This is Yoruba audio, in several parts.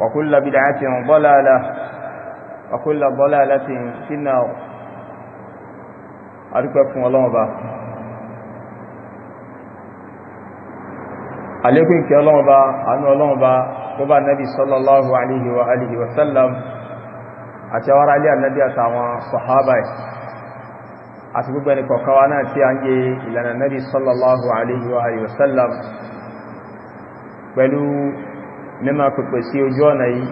وكل بدعة ضلالة وكل ضلالة في النار أركبكم الله با عليكم كي الله با أنو الله با قبى النبي صلى الله عليه وآله وسلم أتوار علي النبي أتوى صحابة أتبقى أن كوكوانا تيانجي إلى النبي صلى الله عليه وآله وسلم pẹ̀lú mímá pẹ̀pẹ̀ sí ojú ọ̀nà yìí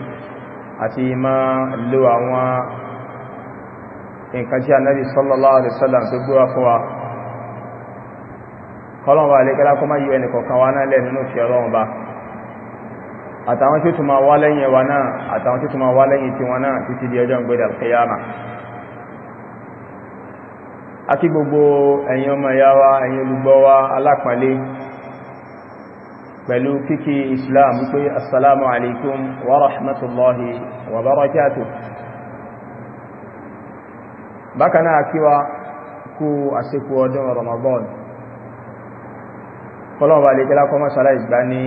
àti ma lo àwọn nǹkan tí a sallallahu alaihi wasallam tó gbúra fún wa kọlọ̀wà alẹ́gẹ́lá kọ́ máa yíò ẹnì kọ̀ọ̀kan wá náà lẹ́nu fi ọlọ́run a àtàwọn tí ó tún máa wá lẹ́yìn wa náà àtàwọn tí ó tún wá lẹ́yìn tiwọn náà títí di ọjọ́ a kí gbogbo ọmọ pẹ̀lú kíkí islam pé assalamu alaikum wa rahmatullahi wa barakatuh bákanáà kíwa kú àsìkò ọdún ramadan kọlọ̀wà lè kí lákọ́ mọ́sálà ìgbà ní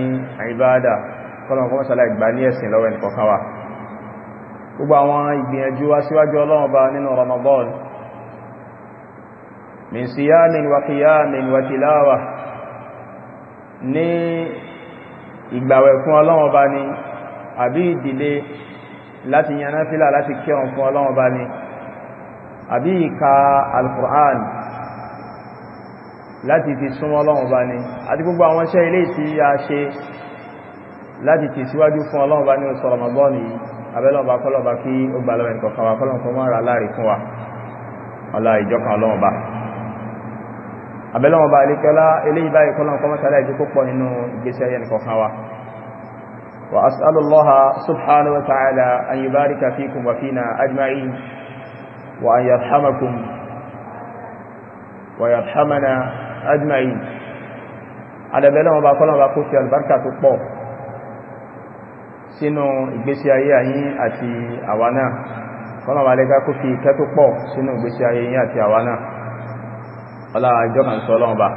àìbáadà kọlọ̀wà mọ́sálà ìgbà ní ẹ̀sìn lọ́wọ́ ẹnìkọ̀kọ́wà gbogbo àwọn ìgbìyànjú wá síwájú ọlọ́run bá nínú ramadan min siyamin wa qiyamin wa tilawa ní ìgbàwẹ̀ fún ọlọ́wọ́n bá ní àbí ìdílé láti yaná fílà láti kírun fún ọlọ́wọ́n bá ní àbí ìka alkùrán láti fi súnmọ́ ọlọ́wọ́n bá ní àti gbogbo àwọn iṣẹ́ ilé tí a ṣe láti ti síwájú fún ọlọ́wọ́n bá ní oṣù ọlọ́mọbọ́ọ̀nì abẹ́lọ́wọ́n bá kọ́lọ́wọ́n bá kí ó gbàlọ́wẹ́ nǹkan kan wá kọ́lọ́wọ́n kan mọ́ra láàrin fún wa ọlá àbẹ́lọ́wọ́ bá alékẹ́lá eléyìí báyìí kọ́lọ́n kọ́mọ́ sáré ẹ̀jẹ́ púpọ̀ nínú ìgbésí ayé nìkọ̀ọ̀kan wa wa as'alullaha subhanahu wa ta'ala an yubarika fikum wa fina ajma'in wa an yarhamakum wa yarhamana ajma'in àdàbẹ́lọ́wọ́ bá kọ́lọ́n ọlá ìjọ kan sọ ọlọ́run bá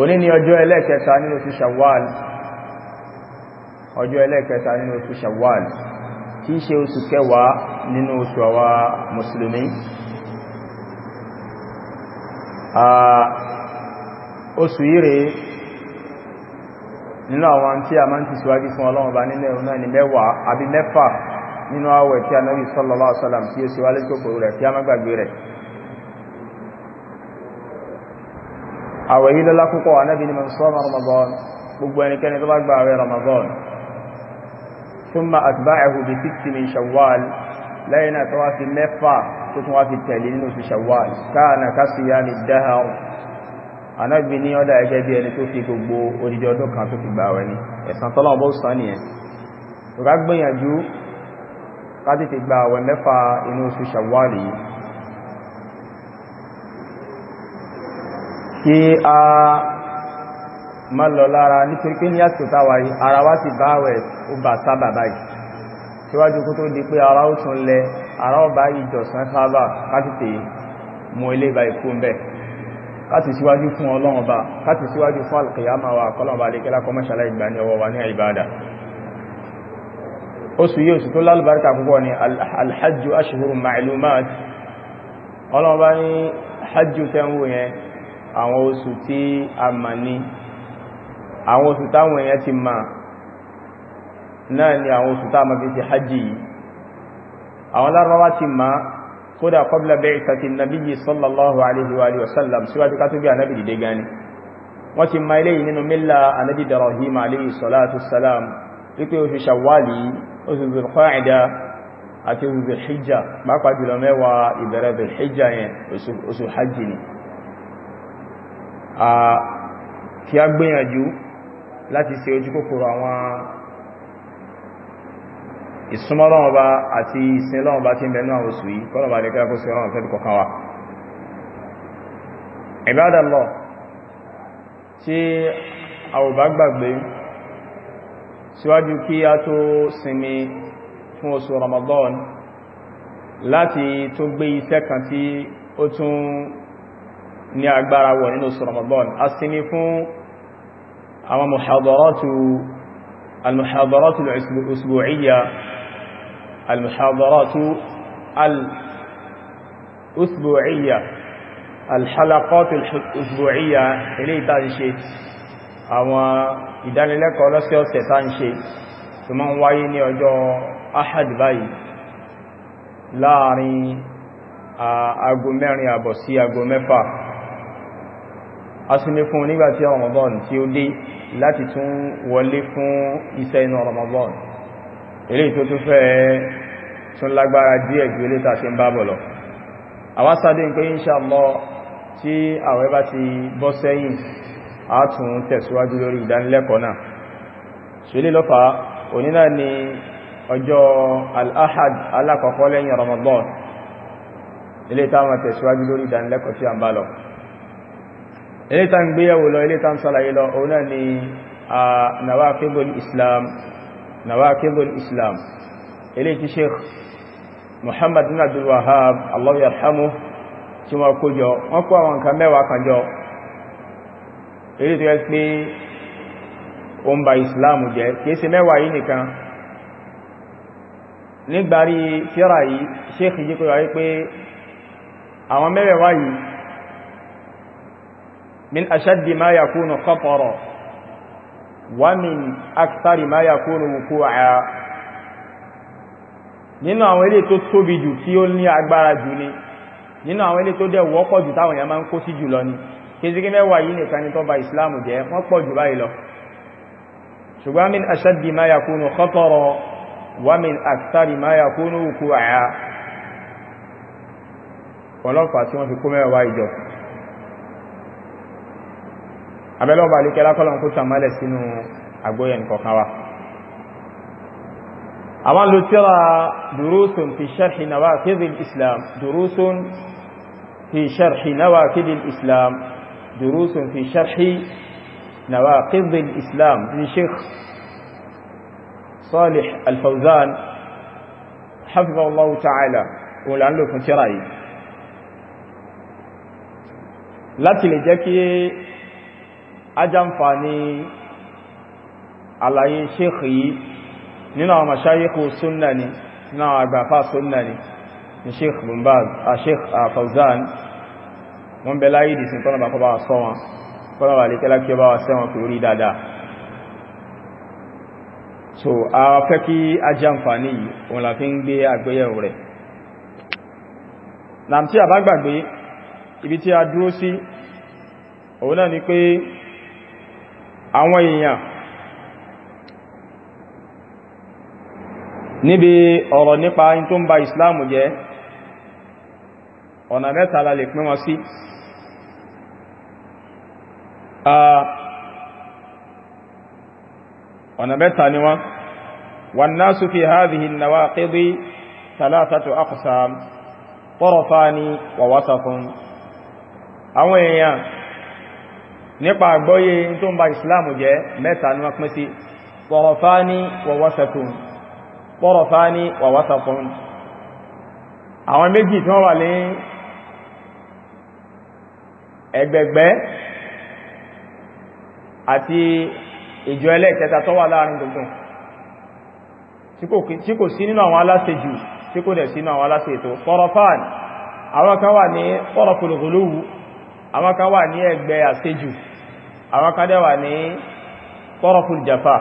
òní ni ọjọ́ ẹlẹ́ẹ̀kẹta nínú oṣù Shawwal ọjọ́ ẹlẹ́ẹ̀kẹta nínú oṣù Shawwal tí í ṣe oṣù kẹwàá nínú oṣù àwa mùsùlùmí oṣù yìí rèé nínú àwọn tí a máa ń ti síwájú fún ọlọ́run bá nílẹ̀ òun náà ni mẹ́wàá àbí mẹ́fà nínú àwẹ̀ tí a náà rí sallallahu àwẹ̀ yìí lọ́lá púpọ̀ anábì ni man sọ́mà ramadan gbogbo ẹnikẹ́ni tó bá gba àwẹ̀ ramadan thumma atba'ahu bi sitti min shawwal lẹ́yìn náà tó wá fi mẹ́fà tó tún wá fi tẹ̀lé nínú oṣù shawwal kana kasiyami dahr kí a má lọ lára nítorí pé ní àsìkò táwà yìí ara wa ti bá àwẹ̀ ó bà sábà báyìí síwájú kó tó di pé ara ó tún lẹ ara ọba ìjọsán sábà kátìtì mú ilé bá ikú ń bẹ̀ káti síwájú fún ọlọ́run ọba káti síwájú fún alkiyama wa kọlọ̀ọba alékẹ́lá kọmọ́ṣàlá ìgbà àwọn oṣù tí a mà ní àwọn oṣù táwọn èèyàn ti ma náà ni àwọn oṣù táwọn fi ti hajji yìí àwọn larabawa ti ma kódà qabla bi'thati nabiyyi sallallahu alaihi wa síwájú ká tó bí anábì dìde gani wọ́n ti ma ilé yìí nínú mílà anábì darahim alaihi salatu salam wípé oṣù shawwali oṣù zulqa'ida àti oṣù zulhijja pàápàá jùlọ mẹ́wàá ìbẹ̀rẹ̀ zulhijja yẹn oṣù hajji ni a kí a gbìyànjú láti ṣe ojú kòkòrò àwọn ìsúnmọ́lọ́wọ́ba àti ìsinlọ́wọ́ba tí ń bẹ̀ẹ́nú àwọn oṣù yìí kọ́lọ̀bà lè kẹ́kọ́ sí ọ̀rọ̀ fẹ́bí kọ̀kan wa Ibadallah tí a ò bá gbàgbé síwájú kí a tó sinmi fún oṣù Ramadan láti tó gbé iṣẹ́ kan tí ó tún ní agbára wọ̀ nínú oṣù Ramadan a sì ní fún àwọn al-muhadaratu al-usbu'iyya al-muhadaratu al-usbu'iyya al-halaqatu al-usbu'iyya ilé ìta ń ṣe àwọn ìdánilẹ́kọ̀ọ́ lọ́sẹ̀ọ̀sẹ̀ ta ń ṣe tó máa ń wáyé ní ọjọ́ ahad báyìí láàrin aago àbọ̀ sí aago asúlé fún nígbàtí Ramadan tí ó dé láti tún wọlé fún iṣẹ́ inú Ramadan ilé tó tún fẹ́ tún lágbára díẹ̀ ju ilé tàṣí ń bá bọ̀ lọ àwa sáré ń pé insha Allah tí àwẹ̀ bá ti bọ́ sẹ́yìn a tún tẹ̀síwájú lórí ìdánilẹ́kọ̀ọ́ náà ṣílé lọ́fà onínà ni ọjọ́ al-ahad alákọ̀ọ́kọ́ lẹ́yìn Ramadan ilé táwọn tẹ̀síwájú lórí ìdánilẹ́kọ̀ọ́ tí a ń bá lọ ilé ta ń gbéyàwó lọ ilé ta ń sàlàyé lọ òun náà ni a nawakibul islam nawakibul islam ilé tí sheikh muhammad bin abdul wahab allah yarhamu tí wọ́n kó jọ wọ́n kó àwọn nǹkan mẹ́wàá kan jọ ilé tó yẹ pé ó ń islam jẹ́ kìí mẹ́wàá yìí nìkan nígbàrí tíra yìí sheikh من أشد ما يكون خطرا ومن أكثر ما يكون وقوعا nínú àwọn ilé tó tóbi jù tí ó ní agbára jù ní nínú àwọn ilé tó dẹ̀ wọ́pọ̀ jù táwọn èèyàn máa ń kó sí jù lọ ní kìsíkí mẹ́wàá yìí nìkan ni tó bà ìsìláàmù jẹ́ wọ́n pọ̀ jù báyìí lọ ṣùgbọ́n min aṣaddi abẹ́lọ́ọ̀bà lè kẹ́lá kọ́lọ̀ kó sàmálẹ̀ sínú àgbóyẹ̀ nìkọ̀kan wa àwọn ló tíra durusun fi sharhi nawaqidil islam durusun fi sharhi nawaqidil islam durusun fi sharhi nawaqidil islam fi sheikh salih alfawzan hafizallahu ajánfàní àlàyé ṣéèkì yìí nínú àwọn mashayikhu súnnà ni nínú àwọn àgbàfà súnnà ni ni ṣéèkì bumbaz a ṣéèkì a Fawzan wọ́n bẹ láyé dìsìn tọ́nà bá kọba sọ wọn kọ́nà wà lè kẹ́lá kí ọ bá wà sẹ́wọn kò rí dáadáa so a fẹ́ kí ajánfàní yìí òun la fi ń gbé àgbéyẹ̀wò rẹ̀ nàmtí àbágbàgbé ibi tí a dúró sí òun náà ni pé àwọn èèyàn níbi ọ̀rọ̀ nípa in tó ń ba ìsìláàmù jẹ́ ọ̀nà mẹ́ta la lè pín wọn sí ọ̀nà mẹ́ta ni wọ́n والناس في هذه النواقض ثلاثة أقسام طرفان ووسط أولا nípa àgbọ́yé tó ń ba ìsìláàmù jẹ́ mẹ́ta ní wọ́n pín sí pọ̀rọ̀fání wọ̀wọ́sàkùn àwọn méjì tí wọ́n wà ní ẹgbẹ̀gbẹ́ àti ìjọ ẹlẹ́ẹ̀kẹta tó wà láàrin gbogbo tí kò sí nínú àwọn aláṣẹ kan wà ní pọ̀rọ̀fúnlùgbòlówù àwọn kan wà ní ẹgbẹ́ àṣejù àwọn kádẹ́wà ní tọ́rọfùl jafa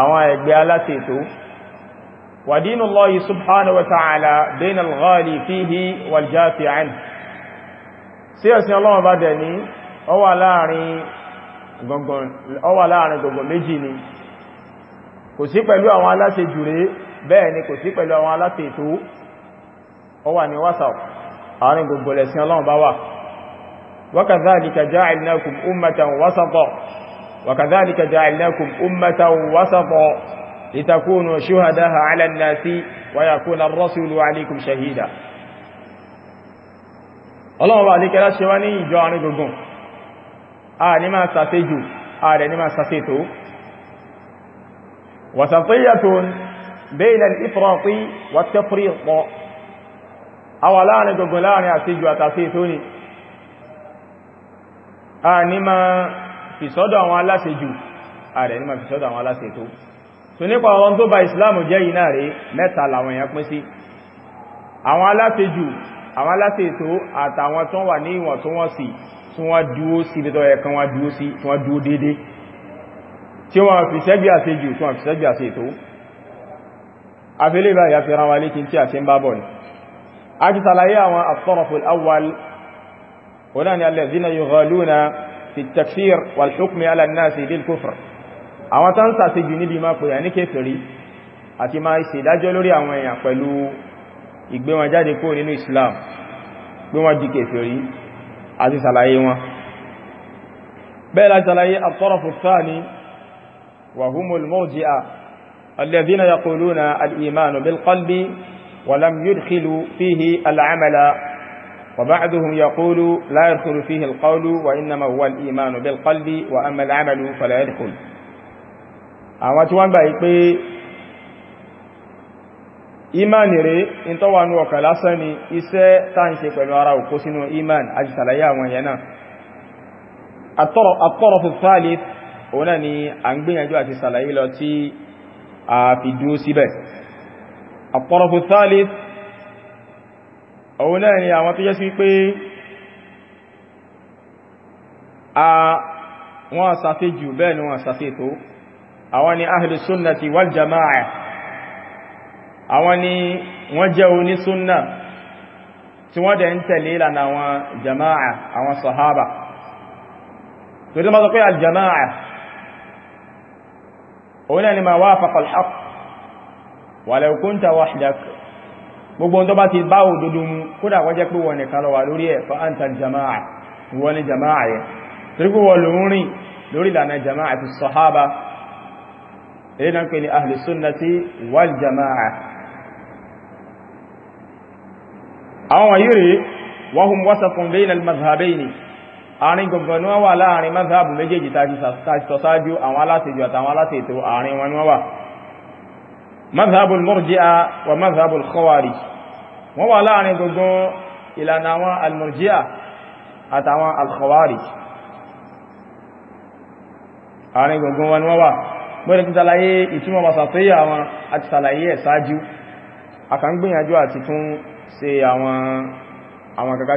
àwọn ẹgbẹ́ alátètò wa dinullahi subhanahu wa ta'ala bainal ghali fihi wal jafi anhu sí ẹ̀sìn ọlọ́wọ́ bá dẹ̀ ní ó wà láàrin gbọ̀ngbọ̀n méjì ni kò sí pẹ̀lú àwọn aláṣẹ jùrẹ́ bẹ́ẹ̀ ni kò sí pẹ̀lú àwọn aláṣẹ ètò ó wà àárín gbogbo ẹ̀sìn ọlọ́wọ́ bá wà وكذلك جعلناكم أمة وسطا وكذلك جعلناكم أمة وسطا لتكونوا شهداء على الناس ويكون الرسول عليكم شهيدا الله عليك لا شواني جواني دوغون آه لما ساسيجو آه ساسيتو وسطية بين الإفراط والتفريط أولان دوغلان يا سيجو أتاسيتوني a ní ma fìsọ́dọ̀ àwọn aláṣejù ààrẹ ní ma fìsọ́dọ̀ àwọn aláṣetó so nípa ọ̀rọ̀ tó ba ìsìláàmù jẹ́ yìí náà rí mẹ́ta làwọn èèyàn pín sí àwọn aláṣejù àwọn aláṣetó àtàwọn tó wà ní ìwọ̀ntúnwọ̀nsì tí wọ́n dúó sí ibi tó yẹ kan wọ́n dúó sí tí wọ́n dúó dédé tí wọ́n fi sẹ́gbẹ̀ àṣejù tí wọ́n fi sẹ́gbẹ̀ àṣetó afẹ́lẹ́ báyìí a fi wa lékin tí a ṣe ń bá bọ̀ ni a ti sàlàyé àwọn at ọ̀nà ni alẹ́zina yughaluna fi takfir wal hukmi ala nasi bil kufr àwọn tán sàṣejù níbi máa pè ní kéfèrí àti máa ìṣèdájọ́ lórí àwọn èèyàn pẹ̀lú ìgbé wọn jáde kó nínú Islam pé wọ́n di kéfèrí àti sàlàyé wọn bẹ́ẹ̀ láti sàlàyé at-tarafu thani wa humul murji'a الذين يقولون الإيمان بالقلب ولم يدخلوا فيه العمل وبعضهم يقول لا يدخل فيه القول وإنما هو الإيمان بالقلب وأما العمل فلا يدخل àwọn tí wọ́n gbà yí pé ìmáni rẹ̀ in tó wà ní ọkà lásán ni iṣẹ́ táà ń ṣe pẹ̀lú ara òkú sínú ìmáni a jì sàlàyé àwọn yẹn náà at-tarafu thalith òun náà ni a ń gbìyànjú àti sàlàyé lọ tí a fi dúó síbẹ̀ at-tarafu thalith òun náà ni àwọn tó jẹ́ sí pé a wọ́n sàfẹ́ jù bẹ́ẹ̀ ni wọ́n sàfẹ́ tó àwọn ni ahlu sunnati wal jama'a àwọn ni wọ́n jẹ́ oní súnnà tí wọ́n dẹ̀ ń tẹ̀lé ìlànà àwọn jama'a àwọn sahaba tó dí mọ́sọ̀ pé aljama'a òun náà ni ma wafaqa al-haqq walau gbogbo tó bá ti bá òdodo mu kódà kó jẹ́ pé wọ́n nìkan lọ wà lórí ẹ̀ fa anta jama'a wọ́n ni jama'a yẹ torípò wọ́n ló ń rìn lórí ìlànà jama'a ti sọ̀hábà èyí na ń pè ní ahli sunnati wal jama'a àwọn wọ̀nyí rèé àárín gbogbo wọn láàrin mazhabu méjèèjì tàbí sọ sáájú àwọn aláṣejù àtàwọn aláṣètò àárín wọn wà mazhabul murji'a wa mazhabul khawarij wọ́n wà láàrin gbogbo ìlànà àwọn al-murji'a àtàwọn al-khawarij àrin gbogbo wọn wọ́n wà mọ́rin ti sàlàyé ìtumọ̀ wasatiyya wọn àti sàlàyé ẹ̀sájú àkàngbìyànjú àti tún ṣe àwọn àwọn kàkà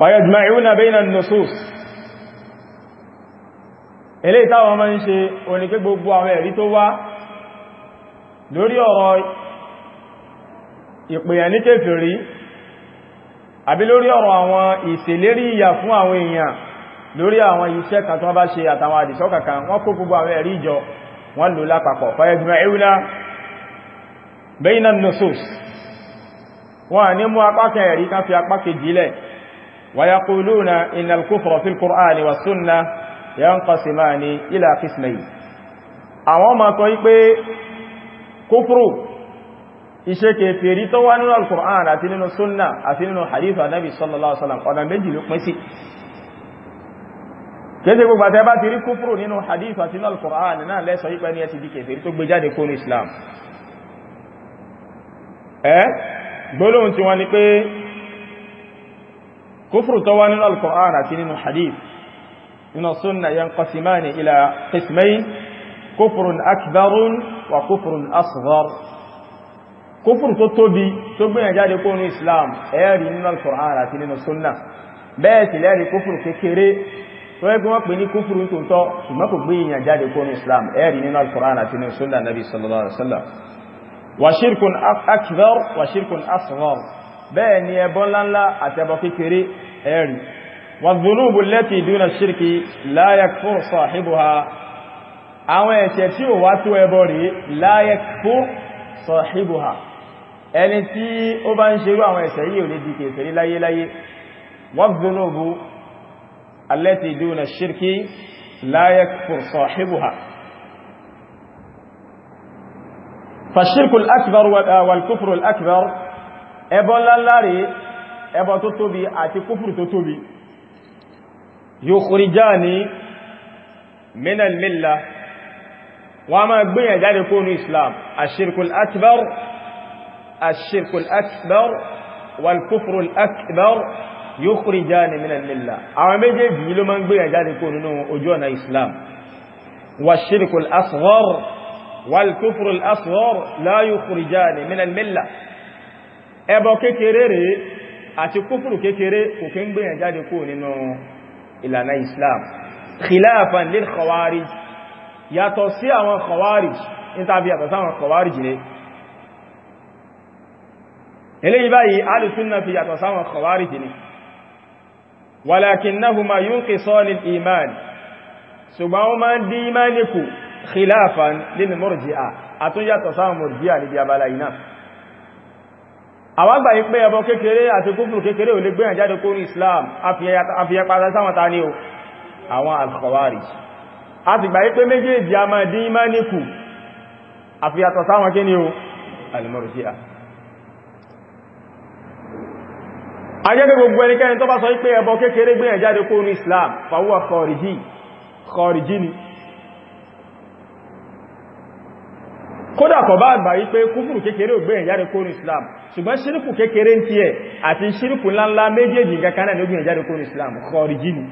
ويجمعون بين النصوص eléyìí táwọn máa ń ṣe òní pé gbogbo àwọn ẹ̀rí tó wá lórí ọ̀rọ̀ ìpèyàn ní kèfèrí àbí lórí ọ̀rọ̀ àwọn ìṣèlérí ìyà fún àwọn èèyàn lórí àwọn iṣẹ́ kan tó bá ṣe àtàwọn àdìsọ́ kankan wọ́n kó gbogbo àwọn ẹ̀rí ìjọ wọ́n lò lápapọ̀ fayajma'una bayna an-nusus wọ́n ní mú apá kan ẹ̀rí kan fi apá kejì ويقولون إن الكفر في القرآن والسنة ينقسمان إلى قسمين àwọn ma sọ wípé kúfùrù iṣẹ́ kèfèrí tó wá nínú al-Qur'an àti nínú súnnà àti nínú hadithu Ànábì sallallahu alaihi wasallam ọ̀nà méjì ló pín sí kéde gbogbo àti ẹbá ti rí kúfùrù nínú hadithu àti nínú al-Qur'an náà lẹ́sọ wípé ní ẹti di kèfèrí tó gbé jáde kó ní Islam ẹ́ gbólóhùn tí wọ́n ni pé kúfùrù tó wá nínú al-Qur'an àti nínú hadith nínú súnnà yanqasimani ila qismayn kúfùrùn akbarun wa kúfùrùn asghar kúfùrù tó tóbi tó gbìyàn jáde kó ní islam ẹ̀rí nínú al-Qur'an àti nínú súnnà bẹ́ẹ̀ sì lẹ́rí kúfùrù kékeré tó ẹgbẹ́ wọ́n pè ní kúfùrù tó tọ́ ṣùgbọ́n kò bẹ́ẹ̀ ni ẹbọ ńláńlá àti ẹbọ kékeré ẹ̀rì wàdùnúbù lẹ́tì ìdúnà ṣírkì láyẹk fún sọ̀hìbùha àwọn ẹ̀ṣẹ̀ tí ó wá tó ẹbọ rí láyẹk fún sọ̀hìbùha ẹni tí ó bá ń ṣerú àwọn ẹ̀ṣẹ̀ yìí lè di kèfèrí láyéláyé wàdùnúbù ẹbọ ńláńlá rẹ̀ ẹbọ tó tóbi àti kúfùrù tó tóbi yukhrijani minal millah wọ́n máa gbìyàn jáde kó ní islam ashirkul akbar ashirkul akbar wal kufrul akbar yukhrijani minal millah àwọn méjèèjì ló máa gbìyàn jáde kó nínú ojú ọ̀nà islam washirkul asghar wal kufrul asghar la yukhrijani minal ẹbọ kékeré rẹ̀ àti kúfùrù kékeré kò kí ń gbìyàn jáde kúrò nínú ìlànà Islam khilafan lil khawarij yàtọ̀ sí àwọn khawarij níta bí yàtọ̀ sí àwọn khawarij rẹ̀ eléyìí báyìí alùsúnnà fi yàtọ̀ sí àwọn khawarij ni walakinnahuma yunqisani al-iman ṣùgbọ́n wọ́n máa ń dí ìmáni kù khilafan lil murji'a àtúnyàtọ̀ sáwọn murji'a níbi abala iná àwágbà yí pé ẹbọ kékeré àti kúfùrù kékeré ò lè gbé àjáde kó ní Islam àfihàn pàtà sáwọn ta ní o àwọn al-Khawarij a ti gbà yí pé méjèèjì a máa dín má ní kù àfihàn sáwọn kí ni o al kódà kọ̀ bá àgbà yí pé kúfùrù kékeré ò gbẹ̀yìn jáde kóòrò islam ṣùgbọ́n ṣíríkù kékeré ń tiẹ̀ àti ṣíríkù ńláńlá méjèèjì nǹkan kan náà ló gbẹ̀yìn jáde kóòrò islam kọ̀ọ̀rìjìnì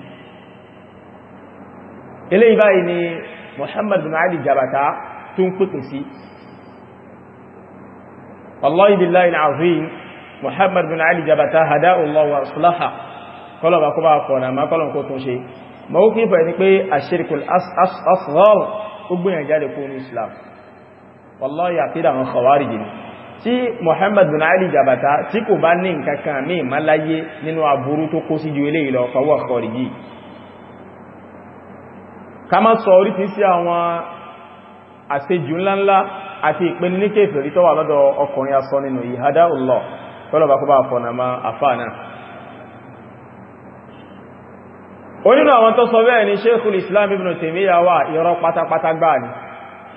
eléyìí báyìí ni Muhammad bin Ali Jabata tó ń pèpè sí wallahi billahi al-azim Muhammad bin Ali Jabata hada Allah wa rasulaha kọlọ̀ bá kó bá kọ̀ọ̀nà má kọlọ̀ kó tún ṣe mawukifa wallahi àkídà wọn khawarij ni tí Muhammad bin Ali Jabata tí kò bá ní nǹkan kan mí máláyé nínú aburú tó kó sí ju eléyìí lọ fahuwa khariji ká má sọ orí ti sí àwọn àṣejù ńláńlá àti ìpinnu ní kéfèrí tó wà lọ́dọ̀ ọkùnrin asọ nínú ìhádá Allah tọ́lọ̀bá kó bá fọ̀nà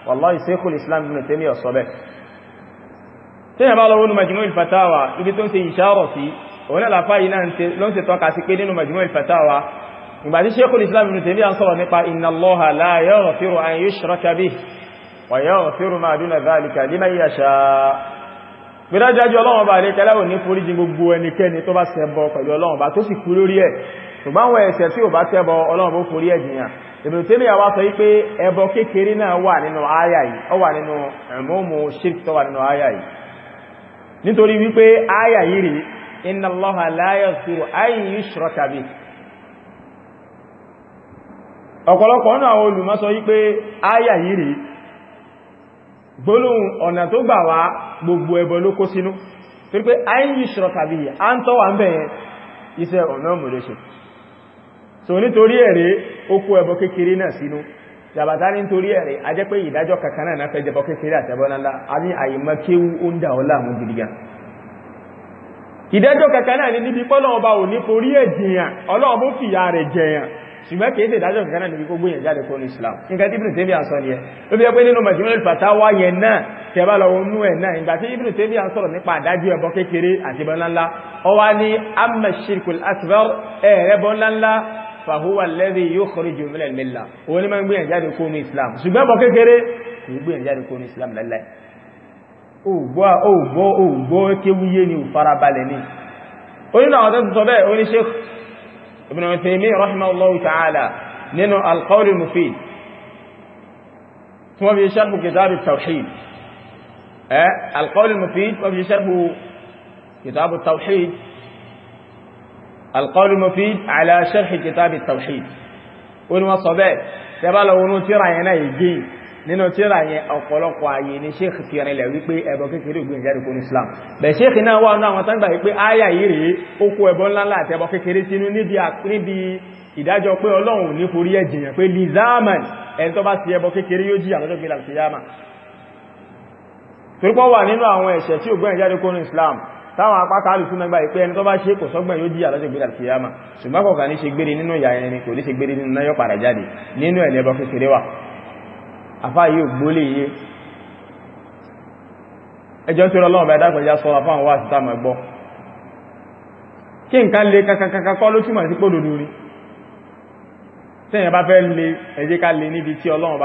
wallahi Sheikhul Islam Ibn Taymiyyah sọ bẹ́ẹ̀ tẹ́yìn bá lọ́wọ́ nínú Majmu' al-Fatawa ibi tó ń ṣe ìṣàrọ̀ sí òun àlàfà yìí náà ló ń ṣe tọ́ka sí pé nínú Majmu' al-Fatawa ìgbàtí Sheikhul Islam Ibn Taymiyyah ń sọ̀rọ̀ nípa inna Allaha la yaghfiru an yushraka bihi wa yaghfiru ma duna dhalika liman yasha gbẹ́dájájú Ọlọ́run bá lè tẹ́lẹ̀ òní foríjì gbogbo ẹnikẹ́ni tó bá ṣẹbọ pẹ̀lú Ọlọ́run bá tó sì kú lórí ẹ̀ ṣùgbọ́n àwọn ẹ̀ṣẹ̀ tí ò bá ṣẹbọ Ọlọ́run bó forí ẹ̀jìyàn Ibn Taymiyyah wá sọ wípé ẹbọ kékeré náà wà nínú àyà yìí ó wà nínú ẹ̀mọ́mù shirk tó wà nínú àyà yìí nítorí wípé àyà yìí rí inna Allaha la yaghfiru an yushraka bihi ọ̀pọ̀lọpọ̀ náà àwọn olùmọ̀ sọ wípé àyà yìí rí gbólóhùn ọ̀nà tó gbà wá gbogbo ẹbọ ló kó sínú torí pé an yushraka bihi à ń tọ́wà ń bẹ̀yẹn iṣẹ́ ọ̀nà mọ̀lẹ́ṣẹ̀ so nítorí ẹ̀rẹ́ ó kó ẹbọ kékeré náà sínú jàbàtà ní nítorí ẹ̀rẹ́ a jẹ́ pé ìdájọ́ kankan náà náà fẹ́ jẹbọ kékeré àtẹbọ ńlá a ní àyímọ́ kéwú ó ń dà ọ́ láàmú gidigan ìdájọ́ kankan náà ní níbi pọ́lọ́ ọba ò ní Islam nǹkan tí Ibn Taymiyyah sọ nìyẹn ló fi ẹgbẹ́ nínú mẹ̀sìmọ́lì fàtàwà yẹn náà tẹ́bà lọ wọnú ẹ̀ náà ìgbà tí Ibn Taymiyyah sọ̀rọ̀ nípa àdájọ́ ẹbọ kékeré àti fàhúwà lẹ́dí yóò kọrí jù mílẹ̀ mílà òun ni ma ń gbìyàn jáde kó ní islam ṣùgbọ́n bọ̀ kékeré kò gbìyàn jáde kó ní islam lẹ́lẹ́ ògbọ́ kéwúyé ni farabalẹ̀ ni onínà àwọn tẹ́sù sọ bẹ́ẹ̀ oní Sheikh Ibn Uthaymeen rahimahullahu ta'ala nínú al-Qawl al-Mufid tí wọ́n fi tawhid القول المفيد على شرح كتاب التوحيد ونما صباح تبا لو نو تيرا ينا يجي nínú tírà yẹn ọ̀pọ̀lọpọ̀ àyè ni sheikh fi rìn lẹ̀ wípé ẹbọ kékeré ògbìn jáde kó ní islam bẹ̀ sheikh náà wà náà wọn tágbà wípé áyà yìí rèé ó kó ẹbọ ńláńlá àti ẹbọ kékeré sínú níbi ìdájọ́ pé ọlọ́run ní forí ẹ̀jìyàn pé lizaman ẹni tó bá sí ẹbọ kékeré yóò jìyà lọ́jọ́ gbé làkìyàmà torípọ̀ wà nínú àwọn ẹ̀ṣẹ̀ tí ògbìn jáde kó ní islam táwọn apáta alùsùn náà gbà pé ẹni tó bá ṣe kò sọ́gbọ̀n yóò jíyà lọ́jọ́ gbéra sí yàmà ṣùgbọ́n kọ̀ọ̀kan ní ṣe gbére nínú ìyá ẹni kò ní ṣe gbére nínú náyọ̀ padà jáde nínú ẹ̀lẹ́bọ̀ kékeré wà afá yóò gbólé yé ẹjọ́ tí ọlọ́run bá dákọjá sọ afá àwọn wáṣítà mọ̀ gbọ́ kí nǹkan lè kankankan kọ́ ló túmọ̀ sí pòdòdó rí tẹ́yìn bá fẹ́ lè ẹ jẹ́ ká lè níbi tí ọlọ́run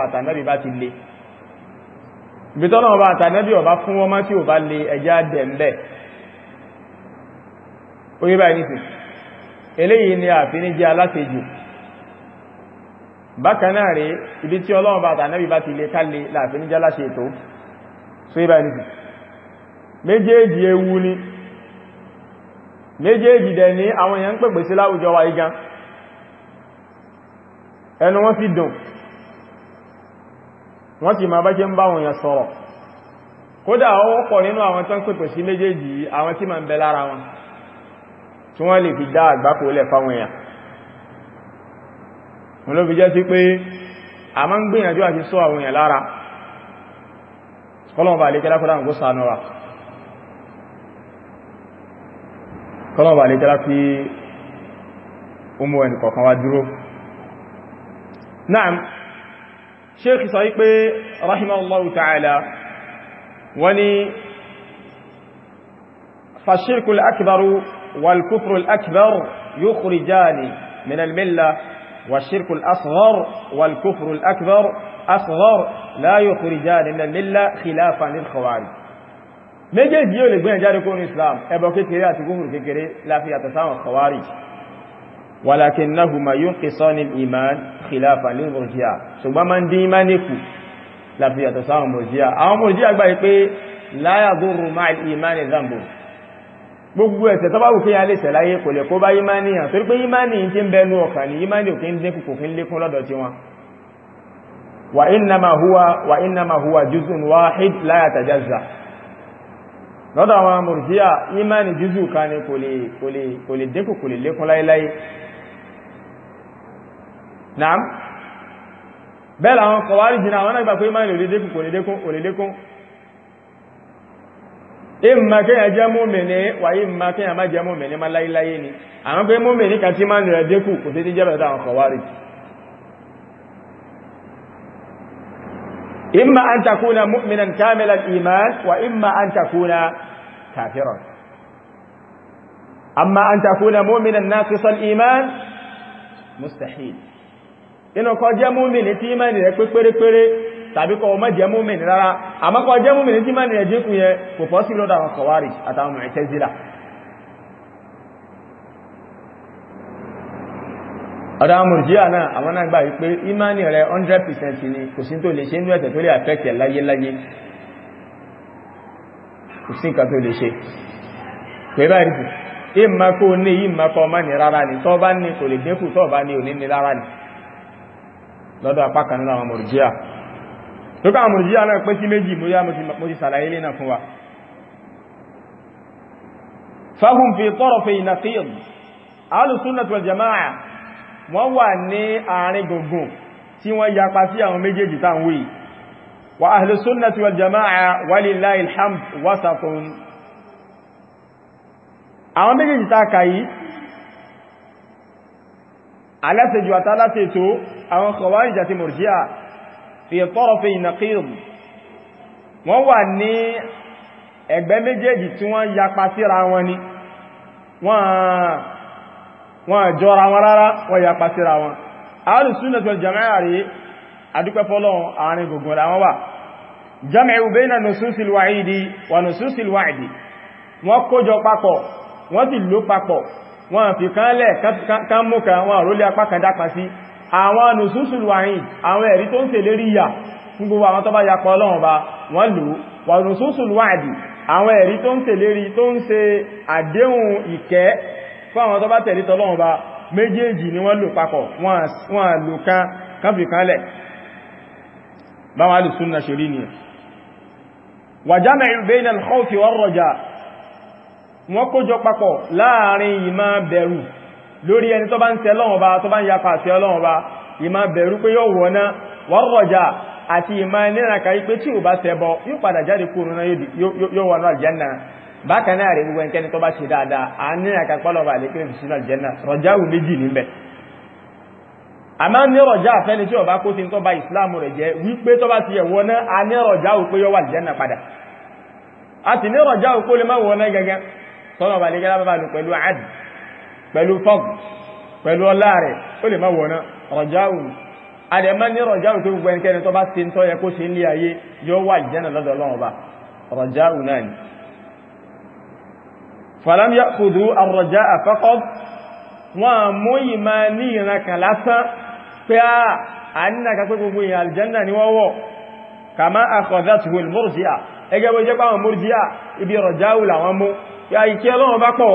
bá tànábì ọba fún wọn má tí ò bá lè ẹjẹ́ àdẹ̀ ń bẹ̀ orí báyìí nìsìn eléyìí ni àfi ní jẹ́ alátejù bákanáà rí ibi tí ọlọ́run bá tànẹ́bì bá ti lè kálẹ̀ láàfi ní jẹ́ ètò orí báyìí nìsìn méjèèjì ewu ni méjèèjì dẹ̀ ní àwọn èèyàn ń pèpè sí láwùjọ wa igan ẹnu wọ́n sì dùn wọ́n sì máa bá jẹ́ ń bá wọn yẹn sọ̀rọ̀ kódà ó pọ̀ nínú àwọn tó ń sí méjèèjì àwọn tí ma ń bẹ lára wọn tí wọ́n lè fi dá àgbákò lẹ̀ fáwọn èèyàn wọn ló fi jẹ́ sí pé a máa ń gbìyànjú àti sọ àwọn èèyàn lára kọlọ̀wọ̀n bà lè kẹ́lá kọ́lá kó sànú wa kọlọ̀wọ̀n bà lè kẹ́lá fi umu ẹni kọ̀kan wá dúró náà sheikh sọ wípé rahimahullahu ta'ala والكفر الأكبر يخرجان من الملة والشرك الأصغر والكفر الأكبر أصغر لا يخرجان من الملة خلافا للخوارج méjèèjì yóò lè gbé ẹ̀jáde kó ní islam ẹbọ kékeré àti kúhùrù kékeré láfíyàtọ̀ sáwọn kọwàrí walakinnahuma yunqisani al-iman khilafan lil-murji'a ṣùgbọ́n ma ń dín imá ní kù láfíyàtọ̀ sáwọn murji'a àwọn murji'a gbáyé pé la yadurru ma'a al-imani dhanbun gbogbo ẹ̀ṣẹ̀ tó bá wù kí a lè ṣẹ̀láyé kò lè kó bá ìmáni hàn torí pé ìmáni tí ń bẹnu ọkàn ní ìmáni òkè ń dínkù kò fi ń lékún lọ́dọ̀ tí wọn wà innama huwa wà àwọn mùrùsíà ìmáni jùzù kan lè lè lékún kò lè lékún ìmà kí ẹ jẹ́ múmìnì wàyí ìmà kí ẹ má jẹ́ múmìnì má láíláyé ni àwọn pé múmìnì kan tí má nìrẹ̀ dínkù kò sí jẹ́ bẹ̀rẹ̀ àwọn kọwàrí ìmà an takuna múmìnan kamilan iman wa ìmà an takuna kafiran amma an takuna múmìnan naqisan iman mustahil inú kó jẹ́ múmìnì tí má nìrẹ̀ pẹ́pẹ́rẹ́pẹ́rẹ́ tàbí kọ ọmọ jẹ́ múmìnì rárá àmọ́kọ jẹ́ múmìnì tí máa ní ẹjẹ́ kú yẹ kò pọ́ sí lọ́dọ̀ àwọn kọwárì àtàwọn Mu'tazila ọ̀dá mùrjíà náà àwọn náà gbà wípé ìmánì rẹ̀ 100% ni kò sí tó lè ṣe ní ẹ̀tẹ̀ tó lè àfẹ́kẹ̀ láyéláyé kò sí nǹkan tó lè ṣe pẹ̀lá ìrìsì ìmá kó ní ìmá ọmọ ní rárá ni tọ́ bá ní kò lè dínkù tọ́ bá ní òní ní rárá ni lọ́dọ̀ apá kan nínú àwọn mùrjíà tó ká àmùrùjí àná pín sí méjì mú yá mo ti sàlàyé lé náà fún wa fahum fi tarafi naqid ahlus sunnah wal jama'a wọ́n wà ní àárín gbogbo tí wọ́n yapa sí àwọn méjèèjì tá wí wa ahlus sunnah wal jama'a walillahi alhamd wasatun àwọn méjèèjì tá kàyí alásẹjù àtàlásẹ̀tò fi tọ́rọfẹ́ ìnàkírùn wọ́n wà ní ẹgbẹ́ méjèèjì tí wọ́n yapa síra wọn ni wọ́n jọra wọn rárá wọ́n yapa síra wọn alùsúnnà tó jama'a rí adúpẹ́ fọ́lọ́run àárín gbogbo àwọn wà jam'u bayna nususil wa'idi wa nususil wa'di wọ́n kójọ papọ̀ wọ́n ti lò papọ̀ wọ́n fi kánlẹ̀ kán mú kan wọ́n rólé apá kan dápa sí àwọn nùsùsù wáyìn àwọn ẹ̀rí tó ń tè lérí ìyà fún gbogbo àwọn tó bá yapa Ọlọ́run bá wọ́n lò wà nùsùsù wáàdì àwọn ẹ̀rí tó ń tè lérí tó ń ṣe àdéhùn ìkẹ́ fún àwọn tó bá tẹ̀lé tọ́lọ́run bá méjèèjì ni wọ́n lórí ẹni tó bá ń ṣe Ọlọ́run Ọba tó bá ń yapa àṣẹ Ọlọ́run Ọba ìmá bẹ̀rù pé yóò wọ̀ná wọ́rọ̀jà àti ìmá nínà kàí pé tí ò bá ṣẹbọ yóò padà jáde kúrò náà yóò wọ̀ná àlìjánà bákan náà rẹ̀ gbogbo ẹnikẹ́ni tó bá ṣe dáadáa à ń nínà kàí pọ́lọ̀ bàlẹ̀ kí sínú àlìjánà rọ̀já wù méjì níbẹ̀ àmá ní rọ̀já àfẹ́ni tí ó bá kó sí tó bá ìsìláàmù rẹ̀ jẹ́ wípé tó bá ti yẹ̀ wọ́ná a ní rọ̀já ò pé yóò wà àlìjánà padà a ti ní rọ̀já ò kó lè má wọ́ná gẹ́gẹ́ tọ́nà bàlẹ̀ gẹ́gẹ́ lábàbà nù pẹ̀lú àdì pẹ̀lú fọ́ọ̀kù pẹ̀lú ọlá rẹ̀ ó lè má wọ̀ná rọ̀jáwù àdẹ̀má ní rọ̀jáwù tó gbogbo ẹnikẹ́ni tó bá ṣe ń tọ́yẹ kó ṣe ń lé ayé yóò wà ìjẹ́nà lọ́dọ̀ Ọlọ́run bá rọ̀jáwù náà ni falam ya'khudhu ar-raja'a faqat wọn mú ìmá ní ìrankan lásán pé a ànínàkà pé gbogbo ìyàn wọ́n jẹ́ pàwọn murji'a ibi rọ̀jáwù làwọn mú ya ìkẹ́ Ọlọ́run bá pọ̀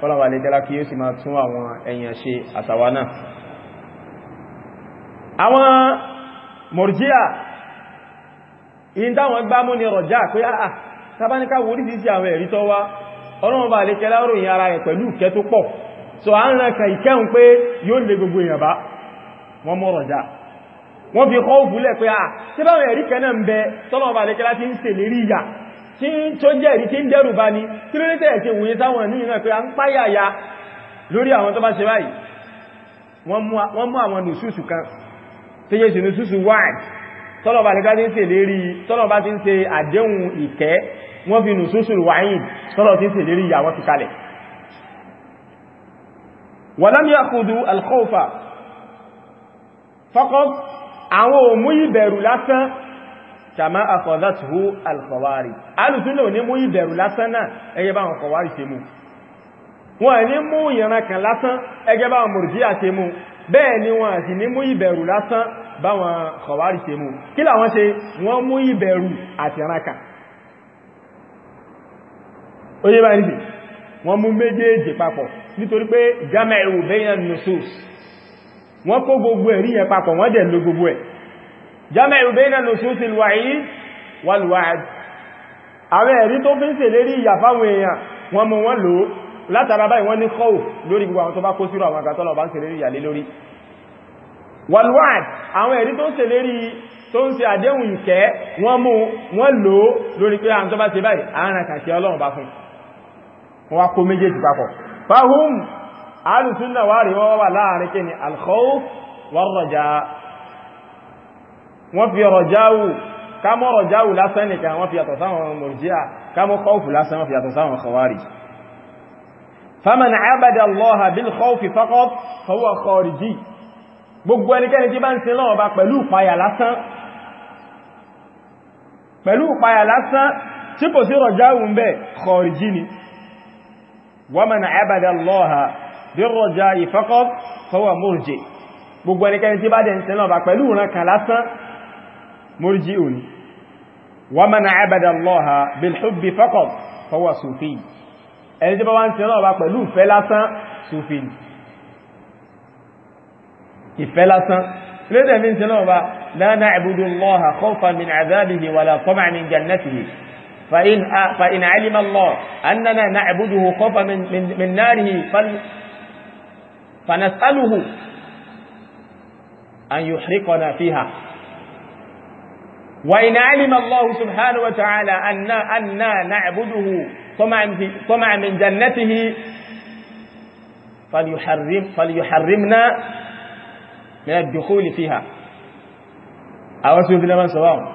kọ́lọ̀wà lè jẹ́lá kí yóò sì máa tún àwọn èèyàn ṣe àtàwà náà àwọn mọ̀rjíà in táwọn gbámú ni rọ̀já pé àà ah, ah, tàbáníká wo ní sí àwọn ẹ̀rí tó wá ọlọ́run lè kẹlá so a ń rẹ̀kà ìkẹ́hùn pé yóò lè gbogbo èèyàn bá wọ́n mọ́ rọ̀já wọ́n fi kọ́ òfúlẹ̀ pé ah, tí ń tó jẹ́ ìrí tí ń dẹ́rù bá ní kí ló ní tẹ́ẹ̀ tí wòye sáwọn ìlú ìrìnà pé a ń páyàyà lórí àwọn tó bá ṣe báyìí wọ́n mú àwọn nùsùsù kan tí yé sí nùsùsù wáàdì tọ́lọ̀bá ti ń ṣe àdéhùn ìkẹ́ wọ́n fi nùsùsù wáyìn kàmá àfọ̀dátúhú alkọ̀wárì alùsúnlẹ̀ ò ní mú ìbẹ̀rù lásán náà ẹgẹ́ bá wọn kọ̀wárì ṣe mú wọn ní mú ìran kan lásán ẹgẹ́ bá wọn mùrùjíà ṣe mú bẹ́ẹ̀ ni wọn sì ní mú ìbẹ̀rù lásán bá wọn kọ̀wárì ṣe mú kí làwọn ṣe wọ́n mú ìbẹ̀rù àti raka wọ́n kó gbogbo ẹ̀rí yẹn papọ̀ wọ́n dẹ̀ lo gbogbo ẹ̀ jama'u bayna nusus al-wa'id wal-wa'd àwọn ẹ̀rí tó fi ń ṣe lérí ìyà fáwọn èèyàn wọn mú wọn lò látara báyìí wọ́n ní kọ́wù lórí gbogbo àwọn tó bá kó sírò àwọn àgbàtọ́lọ̀ bá ń ṣe lérí ìyà lórí wal àwọn ẹ̀rí tó ń lérí tó ń ṣe àdéhùn wọ́n fi rọ̀jáwù kámọ́ rọ̀jáwù lásán nìkan wọ́n fi yàtọ̀ sáwọn mọ̀rjíà kámọ́ kọ́ọ̀fù lásán wọ́n fi yàtọ̀ sáwọn khawarij faman abada allaha bil khawfi faqat fahuwa khariji gbogbo ẹnikẹ́ni tí bá ń sin lọ́wọ́ bá pẹ̀lú ìpayà lásán pẹ̀lú ìpayà lásán tí kò sí rọ̀jáwù ń bẹ khariji ni waman abada allaha dẹ̀ ń sin bá pẹ̀lú ìran lásán murji'un wa man 'abada Allaha bil hubbi faqat fahuwa sufi ẹni tí bá wá ń sin náà bá pẹ̀lú ìfẹ́ lásán sufi ìfẹ́ lásán lédè mi ń sin náà la na'budu Allaha khawfan min 'adhabihi wala tama'an min jannatihi فإن, فإن علم الله أننا نعبده خوفا من, من, من ناره فل فنسأله أن يحرقنا فيها وإن علم الله سبحانه وتعالى أن أنا نعبده طمعا, طمعا من جنته فليحرم فليحرمنا من الدخول فيها أوسوك لمن سواهم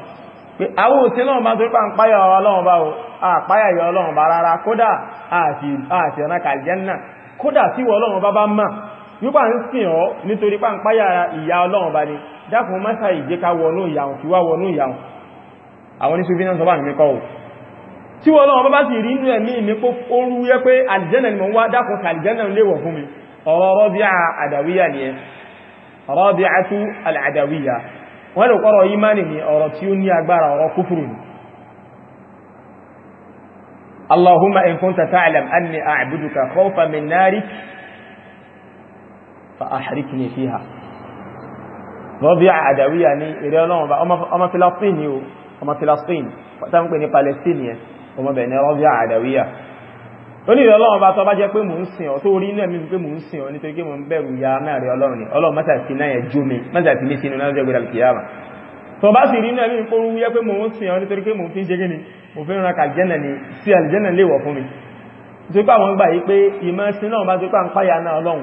àwọn òsìn náà máa tó pà ń páyà ọlọ́run bá o àpáyà yọ ọlọ́run bá rárá kódà àti ọ̀nà kàlìjẹ́ kódà tí wọ́n ọlọ́run bá bá máa nípa ń sìn ọ́ nítorí pa ń páyà ìyá ọlọ́run bá ní dákùn mọ́sá ìjẹ́ká wọnú ìyàwó fi wá wọnú ìyàwó àwọn ní ṣúfí náà sọ bá mi kọ́ tí wọ́n lọ́wọ́ bá sì rí inú ẹ̀mí mi kó orú yẹ pé àlìjẹ́nà ni mo wá dákùn sí àlìjẹ́nà lè wọ̀ fún mi ọ̀rọ̀ Rabi'a àdàwíyà ni ẹ fa ahrikni fiha Rọ́bíà Àdàwíyà ní ìrẹ́ ọlọ́run bá ọmọ Filastin ni o, ọmọ Filastin, tàbí pè ní Palestine yẹn, ọmọ bẹ̀ ní Rọ́bíà Àdàwíyà. Ó ní ìrẹ́ ọlọ́run bá tọ́ bá jẹ́ pé mò ń sìn ọ́, tó orí ilẹ̀ mi pé mò ń sìn ọ́ nítorí pé mò ń bẹ̀rù ya mẹ́rin ọlọ́run ni, ọlọ́run mẹ́ta sí náà yẹn jú mi, mẹ́ta sí ní sínú náà jẹ́ gbẹ̀rẹ̀ kìyàmà. Tó rí ọlọ́run,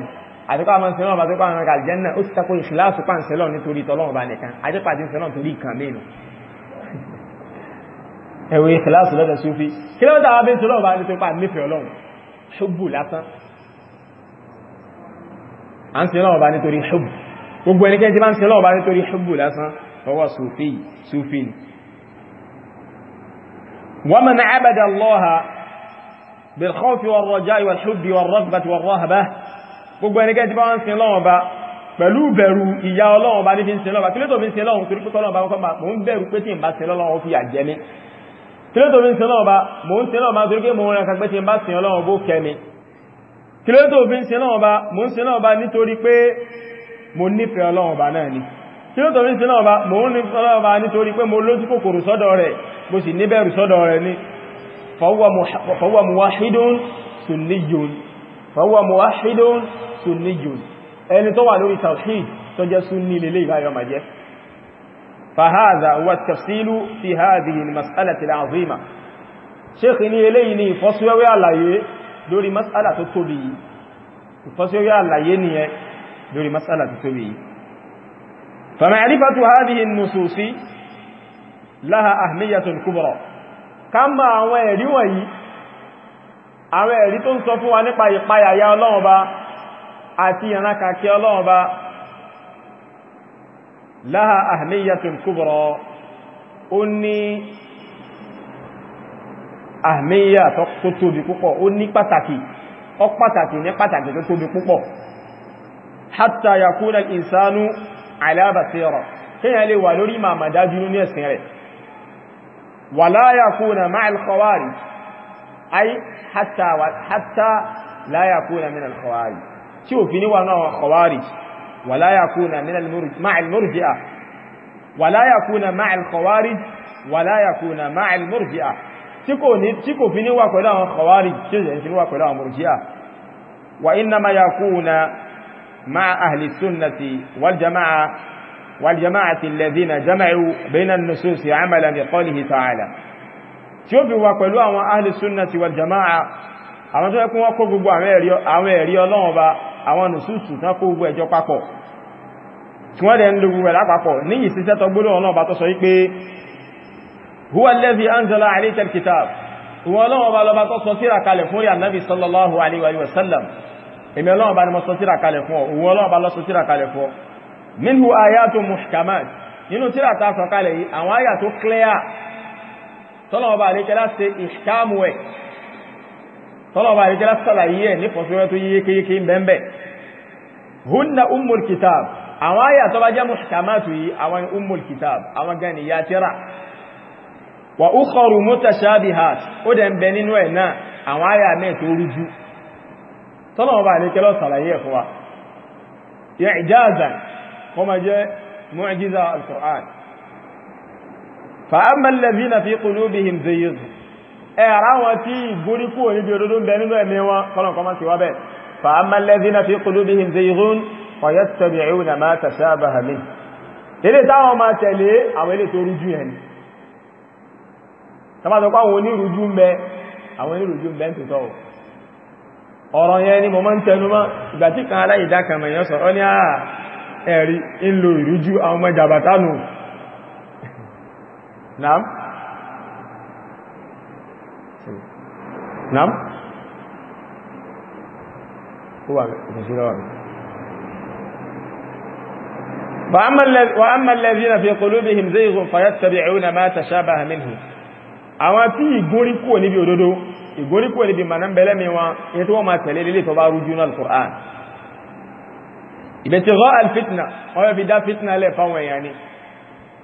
àbíkọ́ àwọn sẹ́lọ́n bá tó pa àwọn àlìjẹ́nà ó ti tako ìṣìláàsù pa ń sẹ́lọ́n nítorí tọ́lọ́run bá nìkan àjẹ́pà ti ń sẹ́lọ́n torí ìkan mẹ́nu ẹ̀wẹ̀ ìṣìláàsù lọ́dọ̀ Súfí kí ló dáwà bí tọ́lọ́run bá nítorí pa nífẹ̀ẹ́ Ọlọ́run ṣubú lásán à ń sẹ́lọ́n bá nítorí ṣubú gbogbo ẹnikẹ́ni tí bá ń sẹ́lọ́n bá nítorí ṣubú lásán ọwọ́ Súfí Súfí ni ومن عبد الله بالخوف والرجاء والحب والرغبة والرهبة gbogbo ẹnikẹ́ tí bá ń sin lọ́wọ́n bá pẹ̀lú bẹ̀rù ìyá ọlọ́wọ́n bá níbi ń sin lọ́wọ́ kílótò fi ń sin lọ́wọ́n torí pé tọ́lọ́wọ́n bá wọ́n mọ̀ ń bẹ̀rù pé tí ń bá sin lọ́wọ́n fi àjẹ́ mi kílótò fi ń sin lọ́wọ́n bá mò ń sin lọ́wọ́n bá torí pé mo rẹ̀ pé tí ń bá sin lọ́wọ́n bó kẹ́ kílótò fi ń sin lọ́wọ́n bá mò ń sin lọ́wọ́n bá nítorí pé mo nífẹ̀ẹ́ ọlọ́wọ́n bá náà ni fọwọ́ muwahidun sunniyun ẹni tó wà lórí tawhid tó jẹ́ sunni lélé ìbáyọ ma jẹ́ fahadha wa tafsilu fi hadhihi al-mas'alati al-azima sheikh ni eléyìí ni ìfọ́síwẹ́wẹ́ àlàyé lórí mas'ala tó tóbi ìfọ́síwẹ́wẹ́ àlàyé àwọn ẹ̀rí tó ń sọ fún wa nípa ìpayàyà ọlọ́run ba àti ìrànkàkẹ́ ọlọ́run ba láha ahmiyatun kubra ó ní ahmiya tó tóbi púpọ̀ ó ní pàtàkì ó pàtàkì ní pàtàkì tó tóbi púpọ̀ hatta yakuna al-insanu أي حتى حتى لا يكون من الخوارج شوف نوع نوع خوارج ولا يكون من المرج مع المرجئة ولا يكون مع الخوارج ولا يكون مع المرجئة تكو ني في نوع كلا خوارج يعني في نوع كلا مرجئة وإنما يكون مع أهل السنة والجماعة والجماعة الذين جمعوا بين النصوص عملا بقوله تعالى tí ó fi wà pẹ̀lú àwọn ahli sunnati wal jama'a àwọn tó yẹ kún wọ́n kó gbogbo àwọn ẹ̀rí Ọlọ́run ba àwọn nùsùsù tán kó gbogbo ẹjọ́ papọ̀ tí wọ́n dẹ̀ ń lo gbogbo ẹ̀ lápapọ̀ ní ìsísẹ́ tó gbóló Ọlọ́run ba tó sọ wípé huwa alladhi anzala alayka alkitab ìwọ̀n Ọlọ́run ba lọba tó sọ tírà kalẹ̀ fún rí annabi sallallahu alaihi wa sallam èmi tọ́lọ̀ọba àríkẹ́lá ṣe ìṣkámù ẹ̀ tọ́lọ̀ọba àríkẹ́lá sàlàyé ẹ̀ nífọ̀síwẹ́ tó yíyékéyéké bẹ́ẹ̀bẹ́ hunna umul kitab àwọn ayà tó bá jẹ́ muhkamatu yìí àwọn umul kitab àwọn gani ya tira wa ó dẹ̀ ń bẹ nínú ẹ̀ náà àwọn quran fàámàlẹ̀bí na fi kùlúbihim zayyid ẹ̀rá wọn tí gúrí kú ò níbi òdúdó bẹ nínú ẹ̀mí wọn kọlọ̀kọ́mọ́ sí wábẹ̀ fàámàlẹ̀bí na fi kùlúbihim zayyidun ọ̀yẹ́tọ̀bìrún ma tashabaha min ilé táwọn máa tẹ̀lé àwọn ẹ̀rí ń ìrújú àwọn ọmọ jàbátánù Naam? Naam? Ó wà ìfẹ̀síra wà. وأما الذين في قلوبهم زيغ فيتبعون ما تشابه منه àwọn tí ìgúnrí kúrò níbi òdodo ìgúnrí kúrò níbi ma náà bẹ̀lẹ́mí wọn yẹ tí wọ́n ma tẹ̀lé lélé tó bá rújú náà al-Qur'an ìbẹ̀tẹ̀ rọ́ alfitna wọ́n yóò fi dá fitna lẹ́ fáwọn èèyàn ni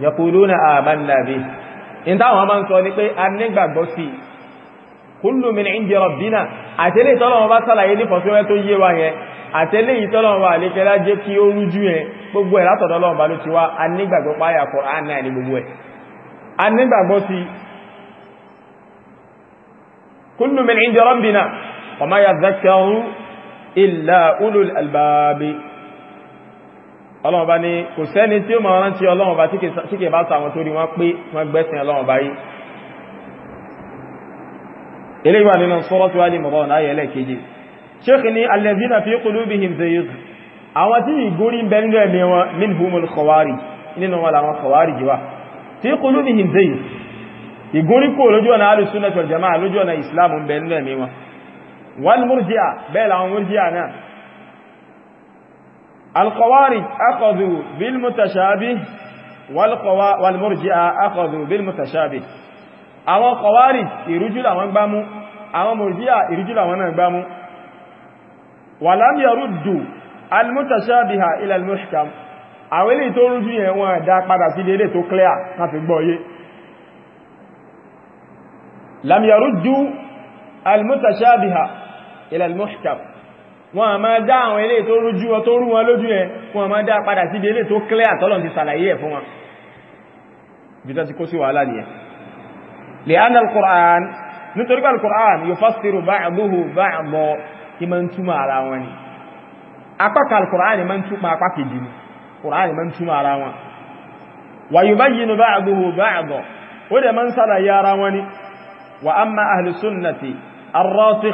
yaquluna amanna bihi in táwọn máa ń sọ ní pé a nígbàgbọ́ sí kullu min indi rabbina àtẹ́lẹ̀ ìtọ́lọ́wọ́ bá sàlàyé ní fọ́síwẹ́ tó yé wa yẹn àtẹ́lẹ̀ ìtọ́lọ́wọ́ àlékẹ́lá jẹ́ kí ó rújú yẹn gbogbo ẹ̀ látọ̀dọ́lọ́wọ́ bá ló ti wá a nígbàgbọ́ páyà Kùránì ní gbogbo ẹ̀ a nígbàgbọ́ sí kullu min indi rabbina wa ma yadhakkaru illa ulul albabi ọlọ́run bá ní kò sẹ́ni tí ó máa rántí ọlọ́run bá tí kè bá sàwọn torí wọ́n pé wọ́n gbẹ́sìn ọlọ́run bá yí ilé ìwà nínú suratu Ali Imran ayẹ̀ ẹlẹ́keje Sheikh ni alladhina fi qulubihim zayg àwọn tí ìgórí bẹ́ńdẹ̀ ní wọn minhumul khawarij nínú wọn làwọn khawarij wà fi qulubihim zayg ìgórí kò lójú ọ̀nà ahlus sunnah wal jamaa الخوارج أخذوا بالمتشابه والمرجئة أخذوا بالمتشابه àwọn kọwàrí ìrújú làwọn gbámú àwọn mọ̀rìdíà ìrújú làwọn náà gbámú wà láàmì ọrúdù almutashabiha ila almuhkam àwọn ilé tó rújú yẹn wọ́n dá padà sí ilé tó clear wọn a máa dá àwọn ilé tó rújú wọn tó rú wọn lójú ẹ wọn a máa dá padà sí ilé tó clear tọ́lọ̀n ti sàlàyé ẹ̀ fún wọn bíta ti kó sí wàhálà nìyẹn lè ánà al nítorí pé al-Qur'an yufassiru ba'duhu ba'dan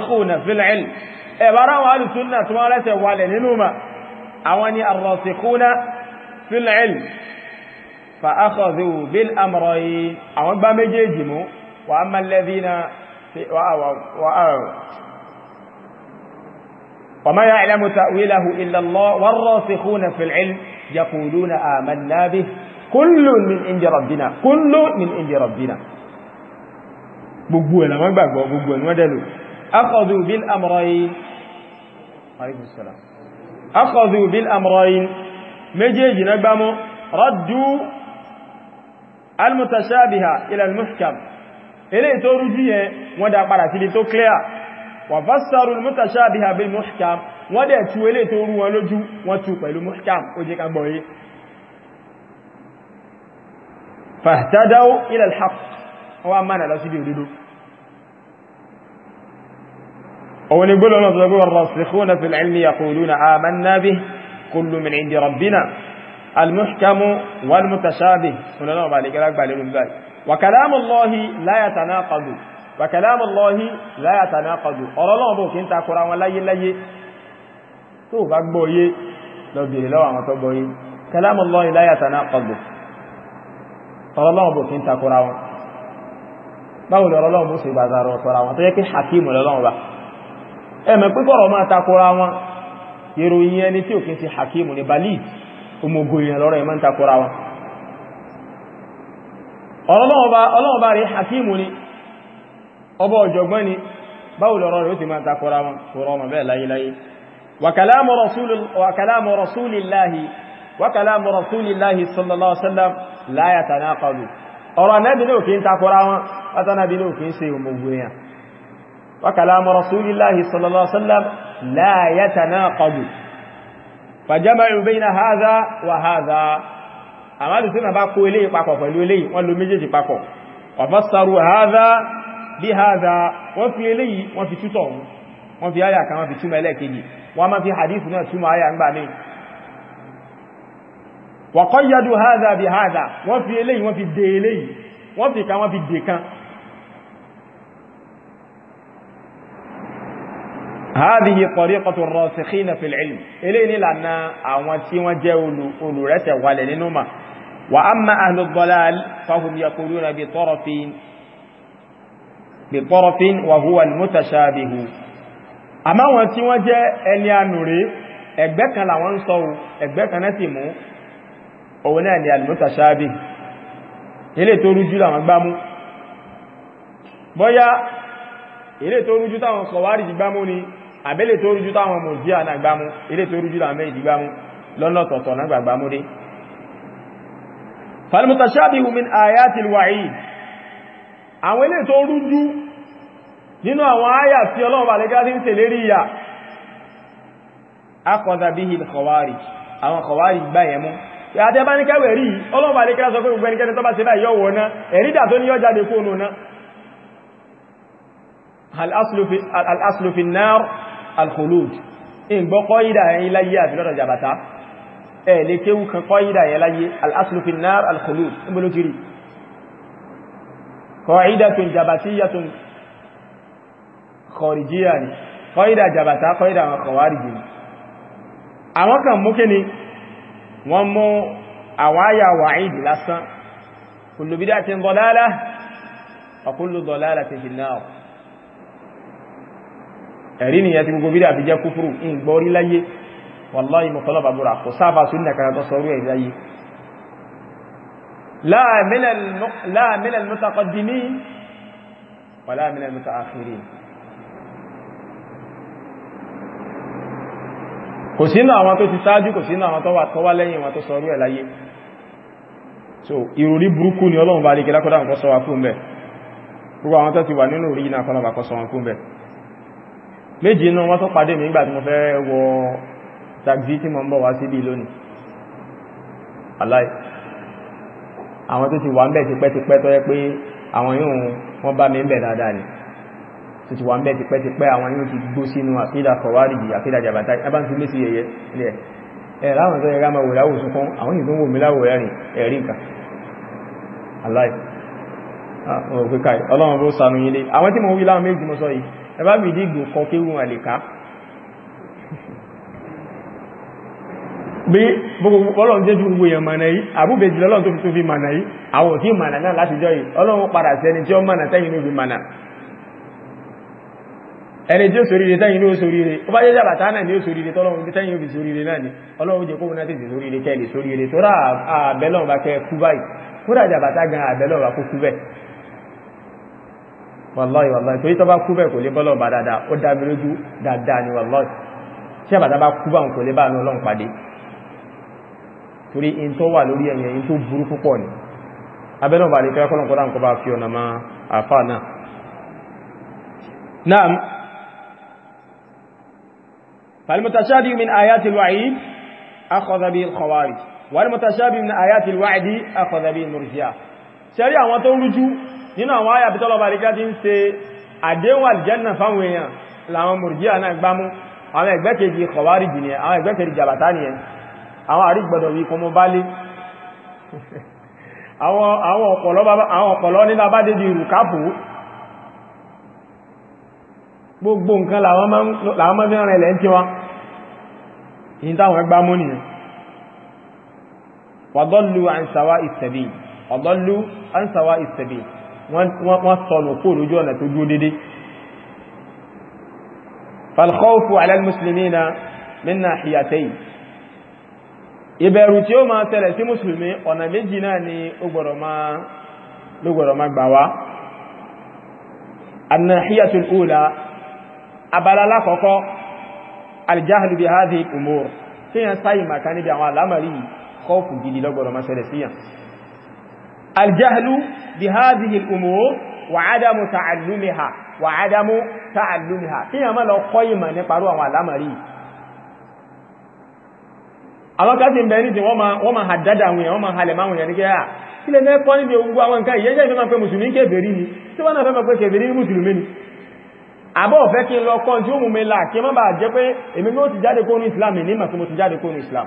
kí ẹ̀bára wọn alùsúnnà tí wọ́n rẹ̀sẹ̀ wàlẹ̀ nínú ma àwọn ni arọ̀sìkúnà fílẹ̀ẹ̀l fa'akọ̀zù bil amrayi àwọn gbá méjèèjì mú wa amma alladhina wa ma ya'lamu ta'wilahu illa Allah warrasikhuna fil ilm yaquluna أخذوا بالأمرين عليكم السلام أخذوا بالأمرين مجيجي نقبامو ردوا المتشابهة إلى المحكم إليه تورجيه ودع قرأت لي تكليا وفسروا المتشابهة بالمحكم ودع توليه تورو ولجو وتوقع المحكم وجيك أبوي فاهتدوا إلى الحق وأمانا لسيدي ولدو òun ni gbọ́lọ́nà tó gbọ́ rasikhuna fil ilmi yaquluna amanna bihi kullu min indi rabbina almuhkamu walmutashabih sunana ba le gara gbale mun bai wa kalamu allahi la yatanaqadu wa kalamu allahi la yatanaqadu ọ̀rọ̀ bó kin ta kura wọn láyé láyé bó kin ta kura wọn tó yẹ kí hakimu lọ́wọ́ bá ẹ̀mẹ̀ pípọ̀rọ̀ máa takora wọn ìròyìn ẹni tí òfin ti hakimu ní balit omogo èèyàn lọ́rọ̀ ẹ̀mọ́ takora wọn ọlọ́wọ́ bá rí hakimu ní ọba ọ̀jọ̀gbọ́n ni báwo lọ́rọ̀ rẹ̀ ó ti máa takora wọn sọ́rọ̀ ọmọ bẹ́ẹ̀ láyéláyé wa kalamu rasulillahi wa kalamu rasulillahi sallallahu alaihi wasallam la yatanaqadu وكلام رسول الله صلى الله عليه وسلم لا يتناقض فجمع بين هذا وهذا أما بسنة باقوا إليه باقوا فلو إليه ولو مجيجي باقوا وفسروا هذا بهذا وفي إليه وفي تتعون وفي آية كما في تتعون إليك وما في حديثنا تتعون آية أنباني وقيدوا هذا بهذا وفي إليه وفي دي إليه وفي كما في دي كان هذه طريقة الراسخين في العلم إليني لأن أعوانتي وجاولوا أولو رسا ولننما وأما أهل الضلال فهم يقولون بطرف بطرف وهو المتشابه أما وانتي وجا أليا نوري أكبرك لأوان صو أكبرك نسيمو أولا أليا المتشابه إلي تورجو لأوان بامو بويا إلي تورجو تأوان صواري جبامو àbẹ́lẹ̀ tó rújú táwọn ọmọ òjí àná gbámú ilé tó rújú láàmẹ́ ìdígbámú lọ́lọ́tọ̀ọ̀tọ̀ náà gbàgbámú dé falmutashabihu min ayatil wa'id àwọn ilé tó rújú nínú àwọn àyà tí ọlọ́run bá lẹ́gá sí ń tèlé rí ìyà akọ̀dà bí i kọwàrí àwọn kọwàrí gbá yẹn mú yàtẹ́ bá ní kẹwẹ̀ rí ọlọ́run bá al-aslu fi nar alkhulud in gbọ́ kọ́ídà yẹn láyé àfi lọ́dọ̀ jàbàtá ẹ̀ lè kéwú kan kọ́ídà yẹn láyé al'aslufin náà alkhulud in bolo jiri kọ́ídà tún jàbàtíyà tún kọ̀rìjíyà ni kọ́ídà jàbàtá kọ́ídà wọn kọ̀wárìjì ni àwọn kan mú kí ni wọ́n mú wa'id lásán kullu bid'atin dalalah wa kullu dalalatin fi nar ẹ̀rí nìyẹn tí gbogbo bídá fi jẹ́ kúfúrú ìgbọ́rí láyé wàláyé mọ̀kànlá bàbúrà kò sáàbà súnnà kan tó sọrú ẹ̀ láyé la min al-mutaqaddimin wala min al-mutaakhirin kò sínú àwọn tó ti sáájú kò sínú àwọn tó wá lẹ́yìn wọn tó sọrú ẹ̀ láyé so ìròrí burúkú ni ọlọ́run bá lè gẹ́lákọ́dá nǹkan sọ wá fún méjì inú wọ́n tó pàdé mi nígbà tí mo fẹ́ wọ taxi tí mo ń bọ̀ wá síbí lónìí aláì àwọn tó ti wà ń bẹ̀ tipẹ́tipẹ́ tó yẹ pé àwọn yóò wọ́n bá mi ń bẹ̀ dáadáa ni tó ti wà ń bẹ̀ tipẹ́tipẹ́ àwọn yóò ti gbó sínú àkídà kọwárìdì àkídà jàbátá ẹbá ń fi lé sí yẹyẹ ilẹ̀ ẹ̀ láwọn tó yẹ ká máa wò láwò sunkún àwọn ìdún wò mí láwò rẹ̀rìn ẹ̀rí nǹkan aláì ah, ọlọ́run bó sanu yín lé àwọn tí mo wí láwọn méjì mo sọ yìí ẹbá bìí dìgbò kan kéwùn àlèká bí gbogbo ọlọ́run jẹ́ ju gbogbo èèyàn mànà yìí àbúbejì lọ́lọ́run tó fi tó fi mànà yìí àwọn òtí mànà náà láti jọ yìí ọlọ́run padà sí ẹni tí ó mànà tẹ́yìn ló fi mànà ẹni tí ó soríire tẹ́yìn ló soríire ó bá jẹ́ jàbàtà náà ni ó soríire tọ́lọ́run tẹ́yìn ó fi soríire náà ni ọlọ́run jẹ́ kóhun náà tètè soríire kẹ́lì soríire tó rà àbẹ́lọ́run bá kẹ́ kú báyìí kó wàláì wàláì torí tó bá kú bẹ́ẹ̀ kò lè bọ́lọ̀ bá dáadáa ó dá mi lójú dáadáa ni wàláì tí àbàdá bá kú bá ń kò lè bá ní ọlọ́run pàdé torí in tó wà lórí ẹ̀yẹ in tó burú púpọ̀ ni abẹ́lọ́ bá lè fẹ́ kọ́lọ̀kọ́lá ń kọ́ bá fi ọ̀nà máa àfà náà naam falmutashabi nínú àwọn àyà bitọ́lọ̀ bá rígá ti ń ṣe àdéhùn àlìjẹ́nà fáwọn èèyàn làwọn mùrùjíà náà gbámú àwọn ẹgbẹ́ kejì kọ̀wárí jì ní àwọn ẹgbẹ́ kejì jàbàtà ní ẹ àwọn àrígbọ̀dọ̀ wí kọmọ bá lé àwọn ọ̀pọ̀lọ́ nílá bá dédì ìrùkápù gbogbo nǹkan làwọn mọ́ bí rẹ̀ lẹ́ntí wọn ìyí táwọn ẹgbà mú nìyàn wàdọ́lù àǹsàwà ìsẹ̀bí wọ́n sọnù kó lójú ọ̀nà tó dúró dédé falkhawfu ala al-muslimina min nahiyatayn ìbẹ̀rù tí ó máa tẹ̀lẹ̀ sí mùsùlùmí ọ̀nà méjì náà ni ó gbọ́dọ̀ máa gbà wá an-nahiyatul ula abala lákọ̀ọ́kọ́ aljahlu bi hadhihi al-umur tí yẹn sáyì màkà níbi àwọn alámàrí kọ́ọ̀fù gidi lọ́gbọ̀dọ̀ máa tẹ̀lẹ̀ síyàn الجهل بهذه الأمور وعدم تعلمها وعدم تعلمها كيما ما لو قيمة نقروا على مري àwọn kan ti ń bẹ̀rẹ̀ ní wọ́n ma hàdádà àwọn èèyàn wọ́n ma halẹ̀ máa wọ̀nyàn ní kí á kí lẹ mẹ́kọ́ níbi ogun àwọn nǹkan ìyẹ́jẹ́ ìfẹ́ máa pẹ́ mùsùlùmí kèfèrí ni tí wọ́n náà fẹ́ máa pẹ́ kèfèrí ní mùsùlùmí ni àbọ́ ọ̀fẹ́ kí lọ kọ́ tí ó mú mi là kí má bàá jẹ́ pé èmi ló ti jáde kó ní Islam ní mà mo ti jáde kó ní Islam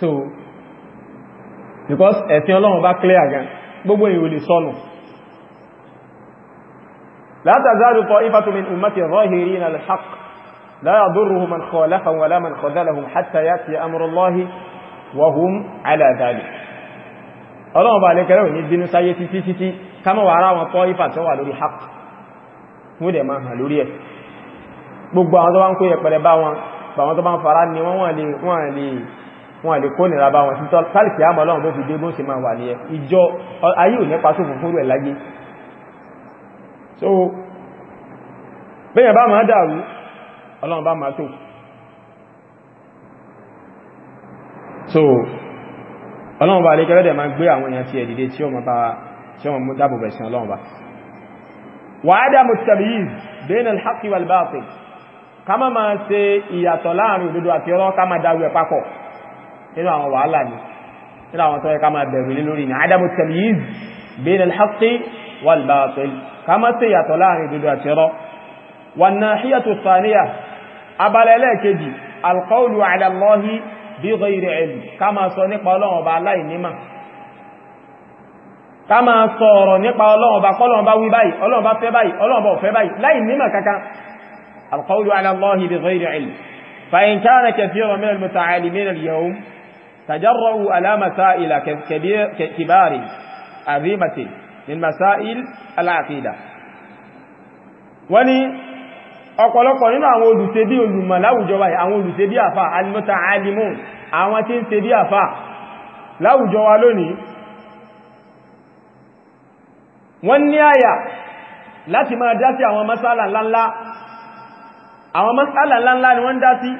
so because ẹ̀sìn ọlọ́run bá clear gan gbogbo èyí ò lè sọnù la tazalu ta'ifatu min ummati zahirina al-haqq la yadurruhum man khalafahum wala man khadhalahum hatta ya'ti amru Allahi wa hum ala dhalik ọlọ́run bá lẹ́kẹ̀rẹ́ òní bínú sáyé títí títí kama wà ara wọn tọ́ ipa lórí haqq mú dẹ̀ máa lórí ẹ̀ gbogbo àwọn tó bá ń kó yẹpẹrẹ bá wọn bàwọn tó bá ń fara ní wọ́n wọ́n lè wọn àlè kó nìra bá wọn sí tọ́ tálìkì àmọ́ ọlọ́run tó fi dé bó ṣe máa wà nìyẹn ìjọ ayé ò nípa tó fún fúrú ẹ̀ so bẹ́yàn bá máa dàrú ọlọ́run bá máa tó so ọlọ́run bá lè kẹ́rẹ́ dẹ̀ máa gbé àwọn èèyàn ti ẹ̀dìdé tí ó mọ̀ dábò bẹ̀sìn ọlọ́run bá nínú àwọn wàhálà ni nínú àwọn tó yẹ ká máa bẹ̀rù lé lórí ní adamu tamyiz bain al-haqqi wal batil ká má ṣe yàtọ̀ láàrin dúdú àti rọ́ wan nahiyatu thaniya abala ẹlẹ́ẹ̀kejì al-qawlu ala Allahi bi ghayri ilm ká máa sọ nípa ọlọ́run ọba aláìnímà ká máa sọ ọ̀rọ̀ تجرؤوا على مسائل كبار عظيمة من مسائل العقيدة wọ́n ní ọ̀pọ̀lọpọ̀ nínú àwọn olùṣe bí olùmọ̀ láwùjọ wa àwọn olùṣe bí àfà alimọ́ta alimun àwọn tí ń ṣe bí àfà láwùjọ wa lónìí wọ́n ní àyà láti máa dá sí àwọn masala ńláńlá ni wọ́n dá sí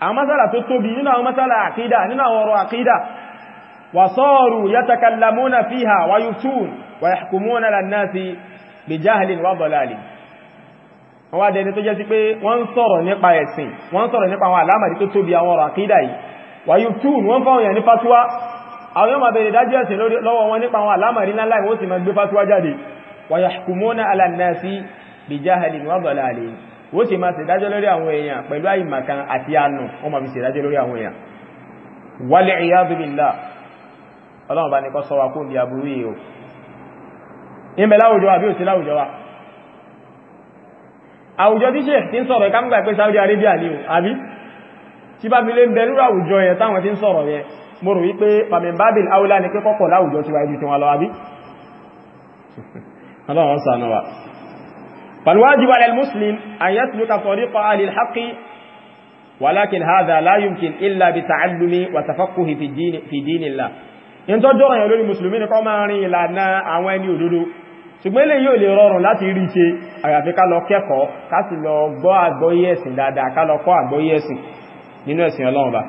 àwọn masala tó tóbi nínú àwọn masala àkídà nínú àwọn ọ̀rọ̀ àkídà wà sọ́ọ̀rù yatakallamuna fíhà wà yutun wà yahkumuna lannasi bi jahlin wà dalalin wọ́n wá dẹni tó jẹ́ sí pé wọ́n sọ̀rọ̀ nípa ẹ̀sìn wọ́n sọ̀rọ̀ nípa àwọn alámàrí tó tóbi àwọn ọ̀rọ̀ àkídà yìí wà yutun wọ́n fáwọn èèyàn ní fatuwa àwọn yóò máa bèèrè dájú ẹ̀sìn lọ́wọ́ wọn nípa àwọn alámàrí ńláńlá ìwọ́n sì máa gbé fatuwa jáde wà yahkumuna ala nnasi bi jahlin wà dalalin wọ́n sì máa ṣèdájọ́ lórí àwọn èèyàn pẹ̀lú àìmàkan àti ànù wọ́n máa fi ṣèdájọ́ lórí àwọn èèyàn wal iyadu ọlọ́run bá ní kọ́ sọ wa kó ní aburú yìí o ìbẹ̀ láwùjọ àbí òsì láwùjọ wa àwùjọ tí ṣe tí ń sọ̀rọ̀ ìkámgbà pé Saudi Arabia ní o àbí tí bá bilé ń bẹ lúrà àwùjọ yẹn táwọn tí ń sọ̀rọ̀ yẹn mo rò wípé pàmìn Babil aula ni pé kọ́kọ̀ láwùjọ ti wá ibi tí wọ́n lọ àbí ọlọ́run sànú wa فالواجب على المسلم أن يسلك طريق أهل الحق ولكن هذا لا يمكن إلا بتعلم وتفقه في دين, في دين الله in tó jọ́rọ̀ yẹn lórí musulmi ní kọ́ máa rin ìlànà àwọn ẹni òdodo ṣùgbọ́n lè yóò lè rọrùn láti rí ṣe àyàfi ká lọ kẹ́kọ̀ọ́ ká sì lọ gbọ́ àgbọ́yé ẹ̀sìn dáadáa ká lọ kọ́ àgbọ́yé ẹ̀sìn nínú ẹ̀sìn ọlọ́ọ̀bá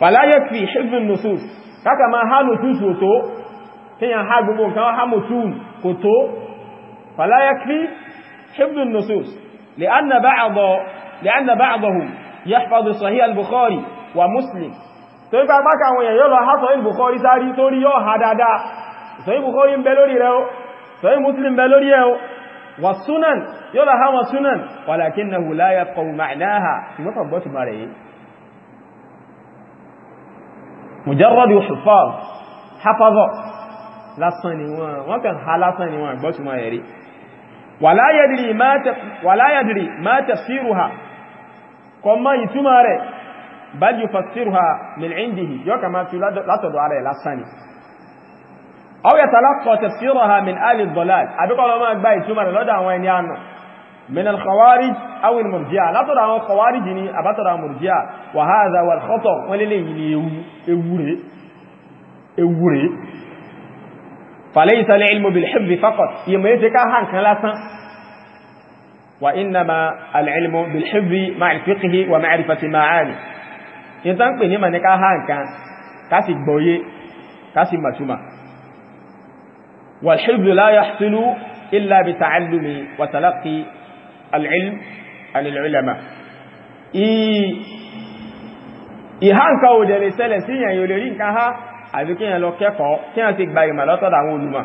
fàláyé fi ṣífin nusus káka máa há nusus ò tó حفظ النصوص لأن, بعض لأن بعضهم يحفظ صحيح البخاري ومسلم تو ما كان عن ويلا حفظ البخاري ساري توري يو هدادا صحيح البخاري بلوري رو صحيح مسلم بلوري رو والسنن يلا ها والسنن ولكنه لا يبقى معناها في مطلب باش ماري مجرد حفاظ حفظ لا صنيوان وكان حالا صنيوان باش ماري wala yadri ma tafsiruha kọmọ ìtumọ̀ rẹ̀ bal yufassiruha min indihi yóò kama fi látọ̀dọ̀ ara ẹ̀ lásán ni aw yatalaqqa tafsiraha min ahli ad-dalal àbíkọ́ lọ máa gba ìtumọ̀ rẹ̀ lọ́dọ̀ àwọn ẹni àánú من الخوارج او المرجئه لا ترى àwọn خوارج ni abatara murji'a wa hadha فليس العلم بالحفظ فقط يميتك هان كان لاسان وانما العلم بالحفظ مع الفقه ومعرفه معاني ينتان بني ما نكا هان كان كاسي غويه كاسي ماتوما والحفظ لا يحصل الا بتعلم وتلقي العلم عن العلماء اي اي هان كاو دلسله سيان يولري كان ها àbí kí yẹn lọ kẹ́kọ̀ọ́ kí yẹn sì gba ìmọ̀ lọ́tọ̀dọ̀ àwọn olùmọ̀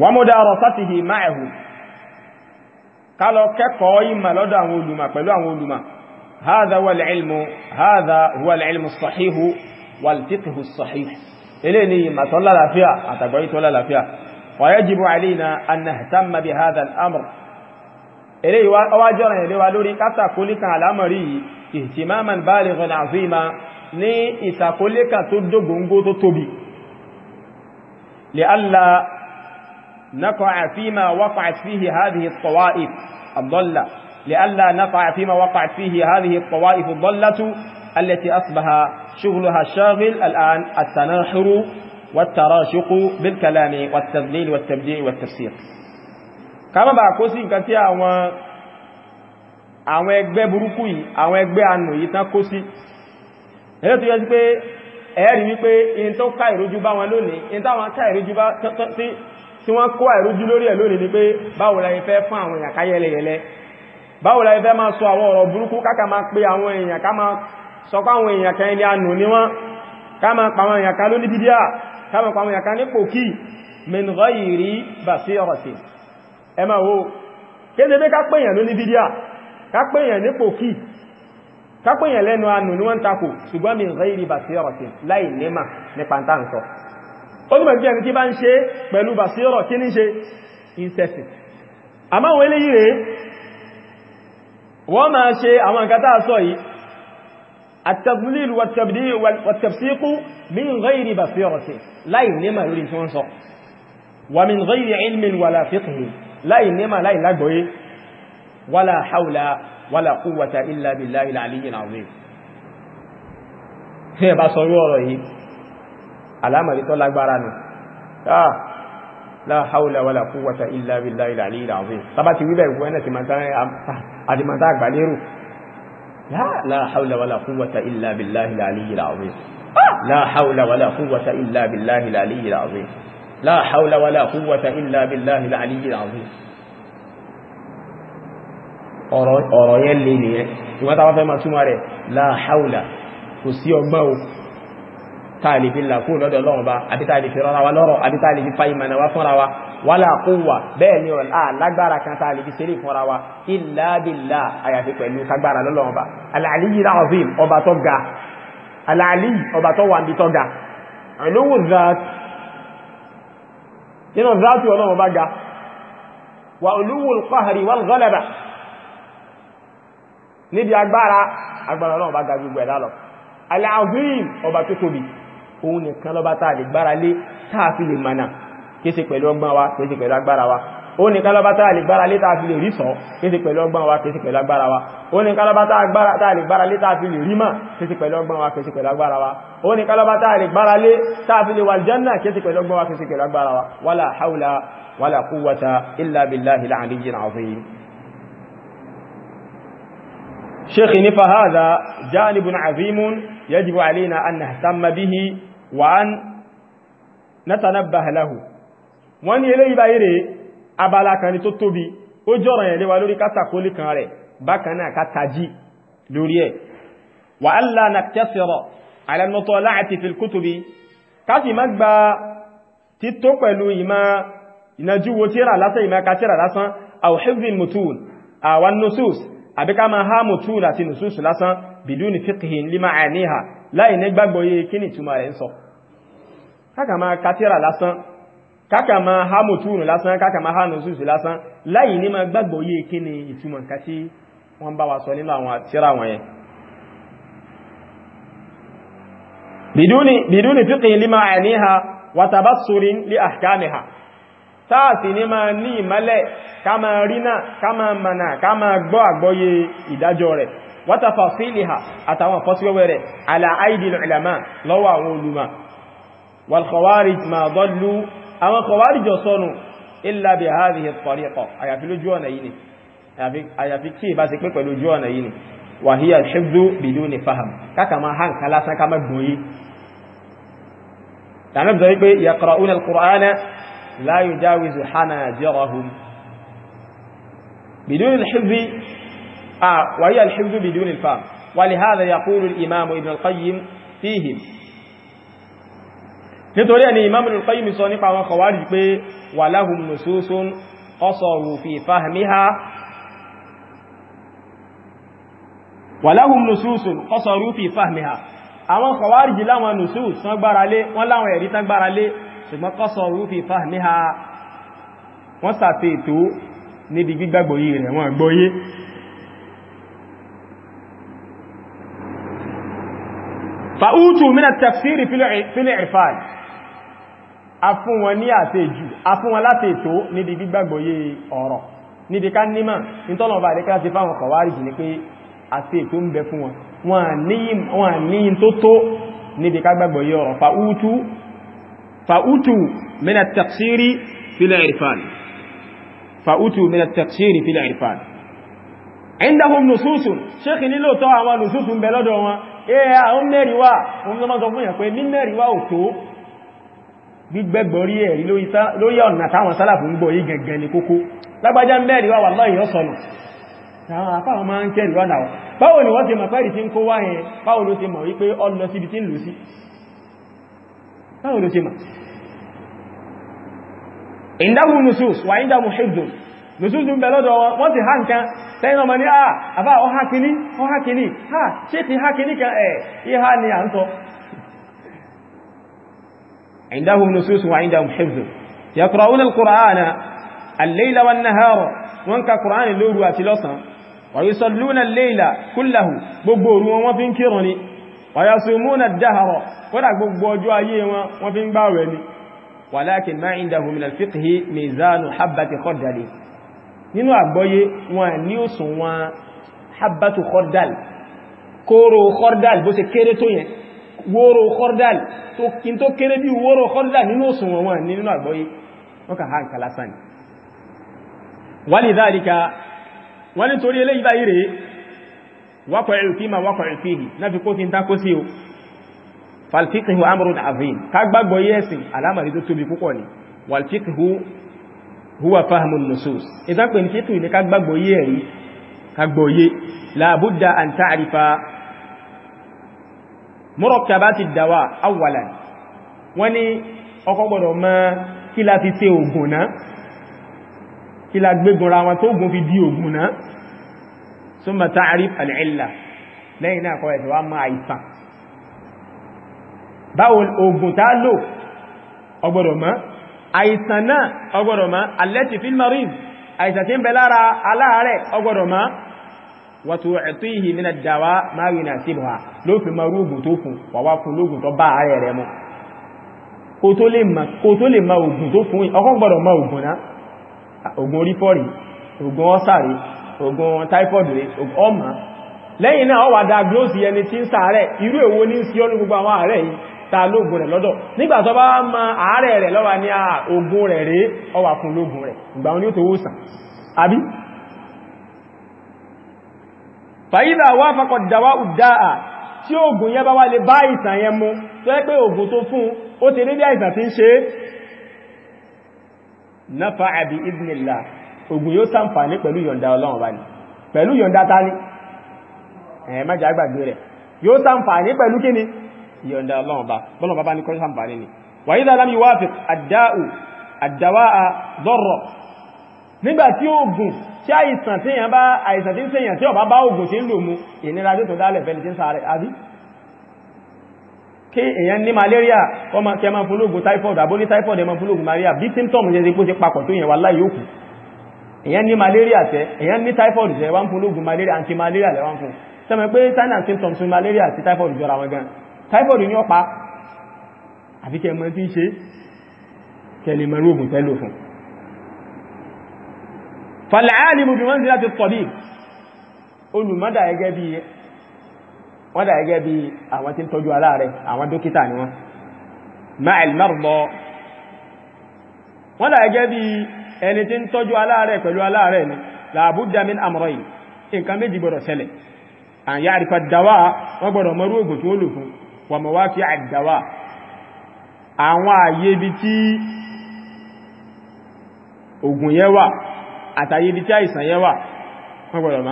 wọ́n mú dá ọ̀rọ̀ sátìhì máa ẹ̀hù ká lọ kẹ́kọ̀ọ́ ìmọ̀ lọ́dọ̀ àwọn olùmọ̀ pẹ̀lú àwọn olùmọ̀ هذا هو العلم هذا هو العلم الصحيح والفقه الصحيح إليني ما تولى لافيا أتقوي تولى لافيا ويجب علينا أن نهتم بهذا الأمر إليه واجرنا إليه ولوري كتا كلك على أمري اهتماما بالغا عظيما ní ìsàkólé kan tó dógóngó tó tóbi li'alla نقع فيما وقعت فيه هذه الطوائف الضلة لئلا نقع فيما وقعت فيه هذه الطوائف الضلة التي أصبح شغلها الشاغل الآن التناحر والتراشق بالكلام والتذليل والتبديع والتفسير كما باكوسي كتي àwọn àwọn ẹgbẹ́ burúkú yìí àwọn ẹgbẹ́ ànú yìí tán kó sí ẹ̀rẹ́ tó yẹ sí pé ẹ̀ẹ́rì wípé in tó ká ìrójú bá wọn lónìí in táwọn ká ìrójú bá tí wọ́n kó àìrójú lórí ẹ̀ lónìí ni pé báwo la ìfẹ́ fún àwọn èèyàn ká yẹlẹyẹlẹ báwo la ìfẹ́ máa sọ àwọn ọ̀rọ̀ burúkú káka máa pe àwọn èèyàn ká máa sọ pé àwọn èèyàn kan ilé ànù ní wọ́n ká máa pa àwọn èèyàn ká lóní bídíà ká máa pa àwọn èèyàn ká ní pòkì min ghayri basirati ẹ máa wo kéde pé ká pèèyàn lóní bídíà ká pèèyàn ní pòkì kápẹ̀yàn lẹ́nu anù ní wọ́n takò ṣùgbọ́n mi ghairi basiratin láì lẹ́mà nípa táǹsọ ó túnmọ̀ bí ẹni tí bá ń ṣe pẹ̀lú basira kí ní ṣe incessant àmá wọ́n eléyìí rẹ̀ wọ́n máa ṣe àwọn nǹkan sọ yìí at-tadlil wat ولا قوة إلا بالله العلي العظيم هي بصوروا الله علامة يطلع بارانو لا لا حول ولا قوة إلا بالله العلي العظيم طبعا تقولي بقى أنا تمانتا أدمانتا أكباليرو لا لا حول ولا قوة إلا بالله العلي العظيم لا حول ولا قوة إلا بالله العلي العظيم لا حول ولا قوة إلا بالله العلي العظيم ọ̀rọ̀ yẹn lè nìyẹn ìwọ́n tàbá fẹ́ máa túnmà rẹ̀ láàáhàúlà kò sí ọgbọ́n o táàlì fi làkún lọ́dọ̀ ọlọ́run bá àbítàlì fi rọ́ra wa lọ́rọ̀ àbítàlì fi fa ìmọ̀nà wa fúnra wa wà láàkúnwà bẹ́ẹ̀ ni ọ̀lá lágbára kan táàlì fi ṣeré fúnra wa illa billah àyàfi pẹ̀lú kágbára lọ́lọ́run bá al-aliyyi al-azim ọba tó ga al-aliyyi ọba tó wà níbi tó ga ẹ̀lówó zaat nínú zaat ọlọ́run bá ga wà olówó al-qahri wal níbi agbára agbára náà bá ga gbogbo ẹ̀dá lọ aláàzín ọba tó tóbi òun nìkan lọ́ba tá a lè gbára lé táà fi lè mànà kéèsè pẹ̀lú ọgbọ́n wa kéèsè pẹ̀lú agbára wa ó ní kálọ́bá tá a lè gbára lé tá a fi lè rí sọ kéèsè pẹ̀lú ọgbọ́n wa kéèsè pẹ̀lú agbára wa ó ní kálọ́bá tá gbára lé tá fi lè rí mà kéèsè pẹ̀lú ọgbọ́n wa kéèsè pẹ̀lú agbára wa شيخ فهذا جانب عظيم يجب علينا أن نهتم به وأن نتنبه له wọ́n ní eléyìí báyìí rẹ̀ abala kan ni tó tóbi ó jọ́rọ̀ yẹn lé wa lórí kásàkólé kan rẹ̀ bákan náà ká tají lórí ẹ̀ wa alla naktasira ala mutala'ati fil kutubi káfí má gba tító pẹ̀lú ìmá ìnajú wo tíra lásán ìmá ka tíra lásán aw hifdhil mutun aw an-nusus àbí ká máa háàmù túùlù àti nùsùsù lásán bìdúnì fíkìhìn lima àníhà láì ní gbàgbọ́ yé kí ni túmọ̀ rẹ̀ ń sọ káàkà máa kátírà lásán káàkà máa háàmù túùlù lásán káàkà máa háàmù nùsùsù lásán láì ní máa gbàgbọ́ yé kí ni ìtumọ̀ nǹkan wọ́n bá wa sọ nínú àwọn àtírà wọn táàsì ní máa ní ìmọ́lẹ̀ ká máa rínà ká máa mànà ká máa gbọ́ àgbọ́yé ìdájọ́ rẹ̀ wátafà sílìhà àtàwọn fọ́síwẹ́wẹ́ rẹ̀ aláàìdìl ìlàmà lọ́wọ́ àwọn olùmọ̀ wàlkọ̀wárì ma dọ́lú àwọn kọ̀wárì jọ لا يجاوز حناجرهم بدون الحفظ آه وهي الحفظ بدون الفهم ولهذا يقول الإمام ابن القيم فيهم nítorí ẹni Imam Ibn al-Qayyim sọ nípa àwọn kọwàrí pé wa lahum nususun qasaru fi fahmiha wa lahum nususun qasaru fi fahmiha àwọn kọwàrí láwọn nusus tán gbáralé wọ́n láwọn ẹ̀rí tán gbáralé ṣùgbọ́n qasaru fi fahmiha wọ́n sàfẹ́ ètò níbi gbígbàgbòyí rẹ̀ wọ́n gbọ́yé fa'útù mínà tafsiri fílẹ̀ ìfàd afún wọn ní àtẹ́jù afún wọn láti ètò níbi gbígbàgbòyí ọ̀rọ̀ níbi ká nímà nítọ́lọ̀bà àdíkà ti fáwọn kọ̀wárìjì ní pé àti ètò ń bẹ fún wọn wọn ní tó tó níbi ká gbàgbòyí ọ̀rọ̀ fa'útù فأتوا من التقصير في العرفان فأتوا من التقصير في العرفان عندهم نصوص شيخ nílò tó àwọn نصوص ń bẹ lọ́dọ̀ wọn eh àwọn mẹ́rin wà wọ́n ló máa sọ fún yàn pé ní mẹ́rin wà ò tó gbigbẹgbori ẹ̀rí lórí ọ̀nà táwọn sálàfù ń gbọ́ yí gẹ̀gẹ̀ ní kókó lágbàjá mẹ́rin wà wallahi yọ́ sọ̀nà àwọn afáwọn máa ń kẹ́rì wọ́n náà báwo ni wọ́n ti mọ̀ pẹ́rì tí ń kó wáyẹn báwo ló ti mọ̀ wípé ọlọ síbi tí ń lò sí báwo ló ṣe mà ìdáhù nusus wà ìdáhù hifdun nusus ló ń bẹ lọ́dọ̀ wọn wọ́n ti ha nǹkan lẹ́yìn ọmọ ní àà àbá ọ hákiní ọ hákiní ha ṣe ti hákiní kan ẹ̀ ìhá ni à ń sọ ìdáhù nusus wà ìdáhù hifdun yaqra'una al wọ́n ka wàyásùmúnà dáhàrọ̀ kódà gbogbo ọjọ́ ayé wọn wọ́n fi ń gbá rẹ̀ ni wàlákin ma indahu min al-fiqhi mizanu habbati khardali nínú àgbọ́yé wọn ní òsùn wọn habbatu khardal kóró khardal bó ṣe kéré tó yẹn wóró khardal tó kín tó kéré bí wóró khardal nínú òsùn wọn wọn nínú waqa'u fima waqa'u fihi náà fi kó sí dákó sí o falfiqhu amrun azim ká gbàgbọ́ yẹ́sìn alámàrí tó tóbi púpọ̀ ni walfiqhu huwa fahmu nusus ìtàpẹ̀ ní fíkì ní ká gbàgbọ́ yé ẹ̀rí ká gbọ́yé la an ta'rifa murakkabati dawa awwalan wọ́n ní ọkọ̀ gbọ́dọ̀ mọ̀ kí la fi ṣe ògùn náà kí la gbégunra wọn fi di ògùn náà ثم تعرف العلة لين أقول سواء ما عيسان báwo oògùn tá lò ọgbọ̀dọ̀ mọ́ àìsàn náà ọgbọ̀dọ̀ mọ́ alẹ́tì filmarin àìsàn tí ń bẹ lára aláàrẹ̀ ọgbọ̀dọ̀ mọ́ wàtò ẹ̀tọ́ ìhì nínà dáwà márùn-ún àti ìbọ̀há ló fi ma rúgbù tó fún wàwá fún lóògùn tó bá ààrẹ rẹ mọ́ ogun typhoid rẹ̀ ọmọ lẹ́yìn náà ọwà diagnose ẹni tí ń ṣàárẹ̀ irú èwo ní sí ọ́nà gbogbo àwọn àárẹ̀ yìí ta lóògùn rẹ̀ lọ́dọ̀ nígbà bá ma àárẹ̀ rẹ̀ lọ́wà ní ogun rẹ̀ rẹ̀ ọwà fún lóògùn rẹ̀ ó tó wó sàn àbí ogun yóò sàǹfàní pẹ̀lú yọ̀ǹda ọlọ́run bá ní pẹ̀lú yọ̀ǹda ta ní ẹ̀ má jẹ́ àgbàgbé rẹ̀ yóò sàǹfàní pẹ̀lú kí ni yọ̀ǹda ọlọ́run bá bọ́lọ̀ bá bá ní kọ́ sàǹfàní ni wà yí dáadáa mi wá fi àdáù àdáwà dọ́rọ̀ nígbà tí ogun tí àìsàn tí èèyàn bá àìsàn tí ń sèyàn tí ọba bá ogun tí ń lò mu ìnira tó kí èèyàn ní malaria kọ́ máa kí a máa fún lóògùn typhoid àbó typhoid ẹ máa fún lóògùn malaria bí symptom yẹn ti pó ti papọ̀ tó yẹn wà láì yóò èyàn ní malaria tẹ́ èyàn ní typhoid tẹ́ wọ́n fún lóògùn malaria àti malaria lẹ́wọ́n fún sẹ́mọ̀ pé sign and symptoms fún malaria àti typhoid jọra wọn gan typhoid ní ọpa àfi kẹmọ tí ń ṣe kẹlẹ̀ mẹ́rú ogun tẹ́lò fún fal'alimu bí wọ́n sí láti tọ̀bí olùmọ́dà gẹ́gẹ́ bí wọ́n dà gẹ́gẹ́ bí àwọn tí ń tọ́jú aláàrẹ àwọn dókítà ni wọ́n ma'al marḍā wọ́n dà gẹ́gẹ́ bí ẹni tí ń tọ́jú aláàrẹ̀ pẹ̀lú aláàrẹ̀ ni làbújá min amrayn nǹkan méjì gbọ́dọ̀ ṣẹlẹ̀ an ya'rifa ad-dawa wọ́n gbọ́dọ̀ mọ́rú ògùn tí ó lò fún wa mawaqi'a dawa àwọn àyè ibi tí ògùn yẹ wà àtàyè ibi tí àìsàn yẹ wà wọ́n gbọ́dọ̀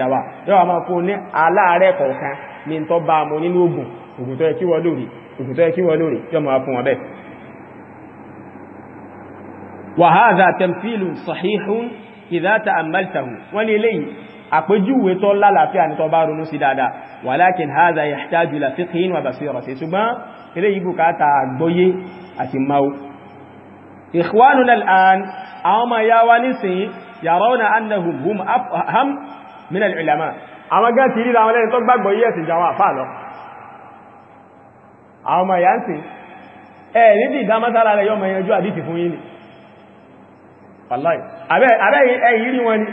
dawa yọ́wà máa kó ní aláàrẹ̀ kọ̀ọ̀kan ní tọ́ bá mọ́ nínú ògùn ògùn tó yẹ kí lórí yọ́ máa fún wọn وهذا تمثيل صحيح إذا تأملته وللي àpéjúwe tó lálàáfíà ní tó bá ronú sí dáadáa walakin hadha yahtaju ila fiqhin wa basirati ṣùgbọ́n ilé yìí bùkátà àgbọ́yé àti máa ikhwanuna al'an àwọn ma yáwa nísìnyí yarawna annahum hum afham min al-ulama àwọn gá ti ríra àwọn lẹ́yìn tó gbàgbọ́ yẹ́ sì jàwọn ẹ̀ nídìí dámátàlá rẹ̀ yọ́ ma àdìtì fún yìí wàláì abẹ́ ẹ̀yìn rí wọn ni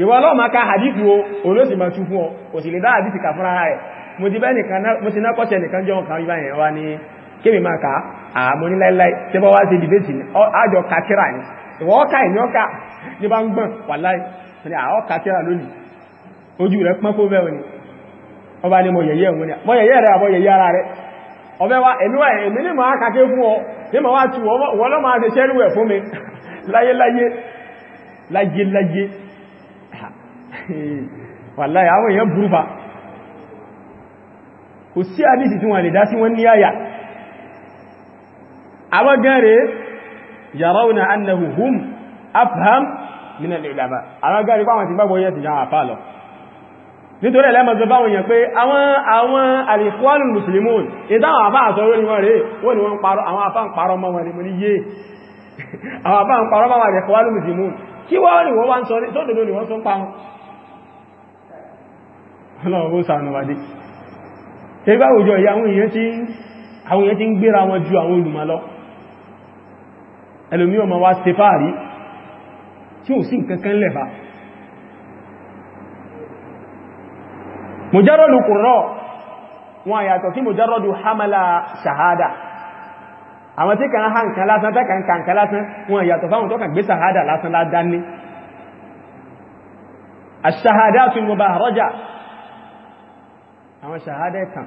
ìwọ ọlọ́ọ̀má ká hadithi o olóòsì ma tún fún ọ kò sì lè dá hadithi ká fúnra rẹ̀ mo ti bẹ́ nìkan mo ti nákọ́ṣẹ́ nìkan jọ kan ríbá yẹn wá ní kémi máa ká àmọ́ ní láíláí tí bọ́ wá sí dìbẹ́tì ní àjọ kàtírà ní ìwọ ọkà ìní ọkà ní bá ń gbọ̀n wàláì ní àwọ kàtírà lónìí ojú rẹ̀ pọ́n kó bẹ́ẹ̀ ni wọ́n bá ní mo yẹ̀yẹ́ òun ni mo yẹ̀yẹ́ rẹ̀ àbọ̀ yẹ̀yẹ́ ara rẹ̀ ọbẹ̀ wa ẹ̀mí wa ẹ̀mí ní mo fún ọ ní mo wá tu wọ́n lọ́ máa ṣe ẹ̀ fún mi láyéláyé láyéláyé wàláyé àwọn èèyàn burúkú kò sí àdísì tí wọ́n lè dá sí wọ́n ní àyà àwọn gẹ́rẹ́ yarawna annahu hum afham min al-ulama àwọn gẹ́rẹ́ pàwọn ti gbàgbọ́ yẹ́ ti jan àfà lọ nítorí ẹlẹ́mọ̀sọ báwọn èèyàn pé àwọn àwọn al-ikhwanul muslimun ìdáwọn àfá ni wọ́n rẹ̀ àwọn àbá ń parọ́ bá wà rẹ̀ kọwàá lómìsì mú kí wọ́n rí wọ́n wá ń sọ ní tóòdòdó ni wọ́n tún pa wọn ọlọ́wọ́ sànúwàdé tẹ́gbà òjò ìyá àwọn èèyàn ti ń gbéra wọn ju àwọn olùmọ̀ lọ ẹlòmí ọmọ shahada àwọn tí kàn hàn kan lásán tẹ́kàn kàn kan lásán wọn yàtọ̀ fáwọn tọ́kàn gbé sàhádà lásán ládání as-shahadatul mubaharaja àwọn sàhádà ẹ̀tàn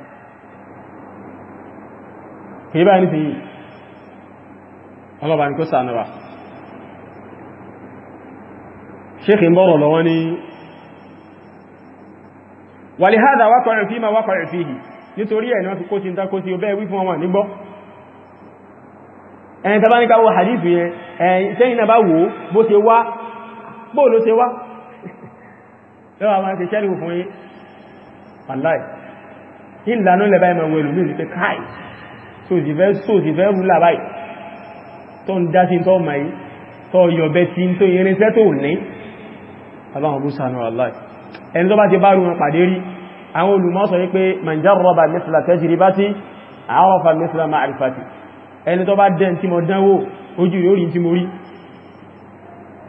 kìí bá ní fi yìí ọlọ́bàá ní kó sànúwà ṣéèkì ń bọ́rọ̀ lọ́wọ́ ní wàlíhádà wákọ̀rẹ̀ fíìmà wákọ̀rẹ̀ nítorí ẹ̀ náà ti kó ẹ̀yìn tàbá ní káwọ́ hadith yẹn ẹ̀yìn tẹ́yìn náà bá wò bó ṣe wá bó ló ṣe wá lọ́wọ́ ma ṣe ṣẹ́lú fún yí aláì ìlànà lẹ́bá ẹmọ ẹwọ ìlú ní pé káì sóòsìfẹ́ rú làbáì tó ń dá sí tó mọ̀ yí tó yọ̀bẹ tí tó irinṣẹ́ tó ní àbáwọn bú sànú aláì ẹni tó bá ti ẹni tó bá dẹ́n tí mo dánwò ojú yóò rí tí mo rí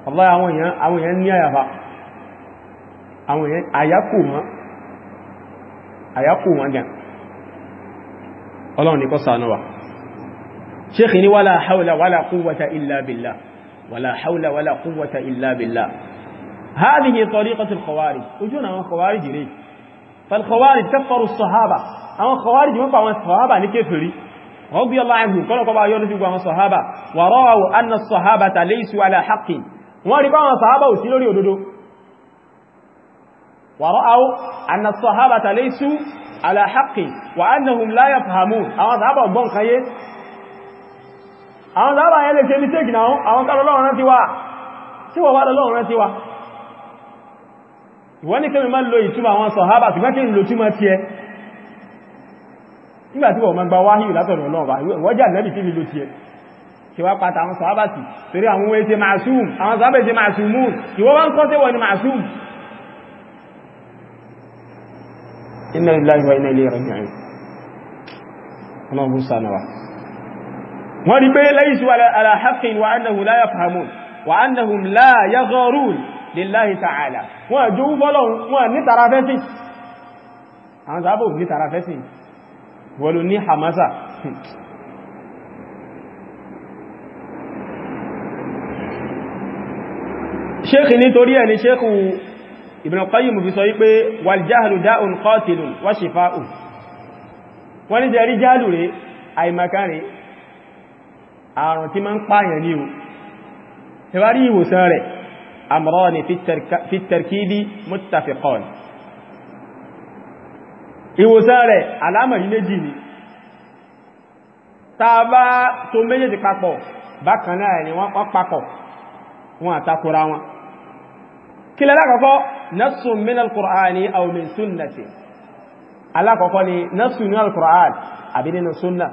ọlá àwọn èèyàn àwọn èèyàn ní àyàfà àwọn èèyàn àyàkò wọn àyàkò wọn gan ọlọ́run ní kó ṣàánú wa ṣéèkì ní wala hawla wala quwwata illa billah wala hawla wala quwwata illa billah هذه طريقة الخوارج وجونا من خوارج ليه فالخوارج كفروا الصحابة أما خوارج ما فعوا الصحابة نكفري radiyallahu anhu kọ́lọ̀kọ́ bá yọ́nú sí gbogbo àwọn sọ̀hábà wà rọ́wàwò anna sọ̀hábà ta laysu ala haqqin wọ́n rí báwọn sọ̀hábà ò sí lórí òdodo wà rọ́wàwò anna sọ̀hábà ta laysu ala haqqin wà annahum la yafhamun àwọn sọ̀hábà gbọ́n kaye àwọn sọ̀hábà yẹn lè ṣe mistake náà àwọn kálọ́ lọ́wọ́ rántí wa tí wọ́n wá lọ́wọ́ rántí wa ìwọ́n ní kí mi máa lo ìtumọ̀ àwọn sọ̀hábà ṣùgbọ́n kí n lo túmọ̀ tiẹ̀ nígbàtí wọ́n ma gba wáhíyù látọ̀dọ̀ náà bá wọ́n jà nẹ́bì tí lílo ti ẹ̀ kí wá pàtà àwọn sàábà sí torí àwọn ohun ètè màásùm àwọn sàábà ètè màásùmù kí wọ́n wá ń kọ́ sí wọ́n ni màásùm inna lillahi ta'ala wọ́n àjò wọ́lọ́run wọ́n ní tara fẹ́sìn àwọn sàábà ní tara fẹ́sìn wọ́n ló ní hamasa ṣéèkì nítorí ẹni ṣéèkù Ibn Qayyim fi sọ wípé waljahlu da'un qatilun wa shifa'u wọ́n ní jẹ́rí jáàlù rẹ̀ àìmakáre àrùn tí ma ń pààyàn ní o tẹwàrí ìwòsàn rẹ̀ amrani fi tarkibi muttafiqan ìwòsàn rẹ̀ alámọ̀rí méjì ni ta bá tó méjèèjì papọ̀ bákan náà ni wọ́n papọ̀ wọn àtakora wọn kí lẹ́lá kọ́kọ́ nasun min al-Qur'ani aw min sunnati alákọ̀ọ́kọ́ ni nasun min al-Qur'an àbí nínú sunna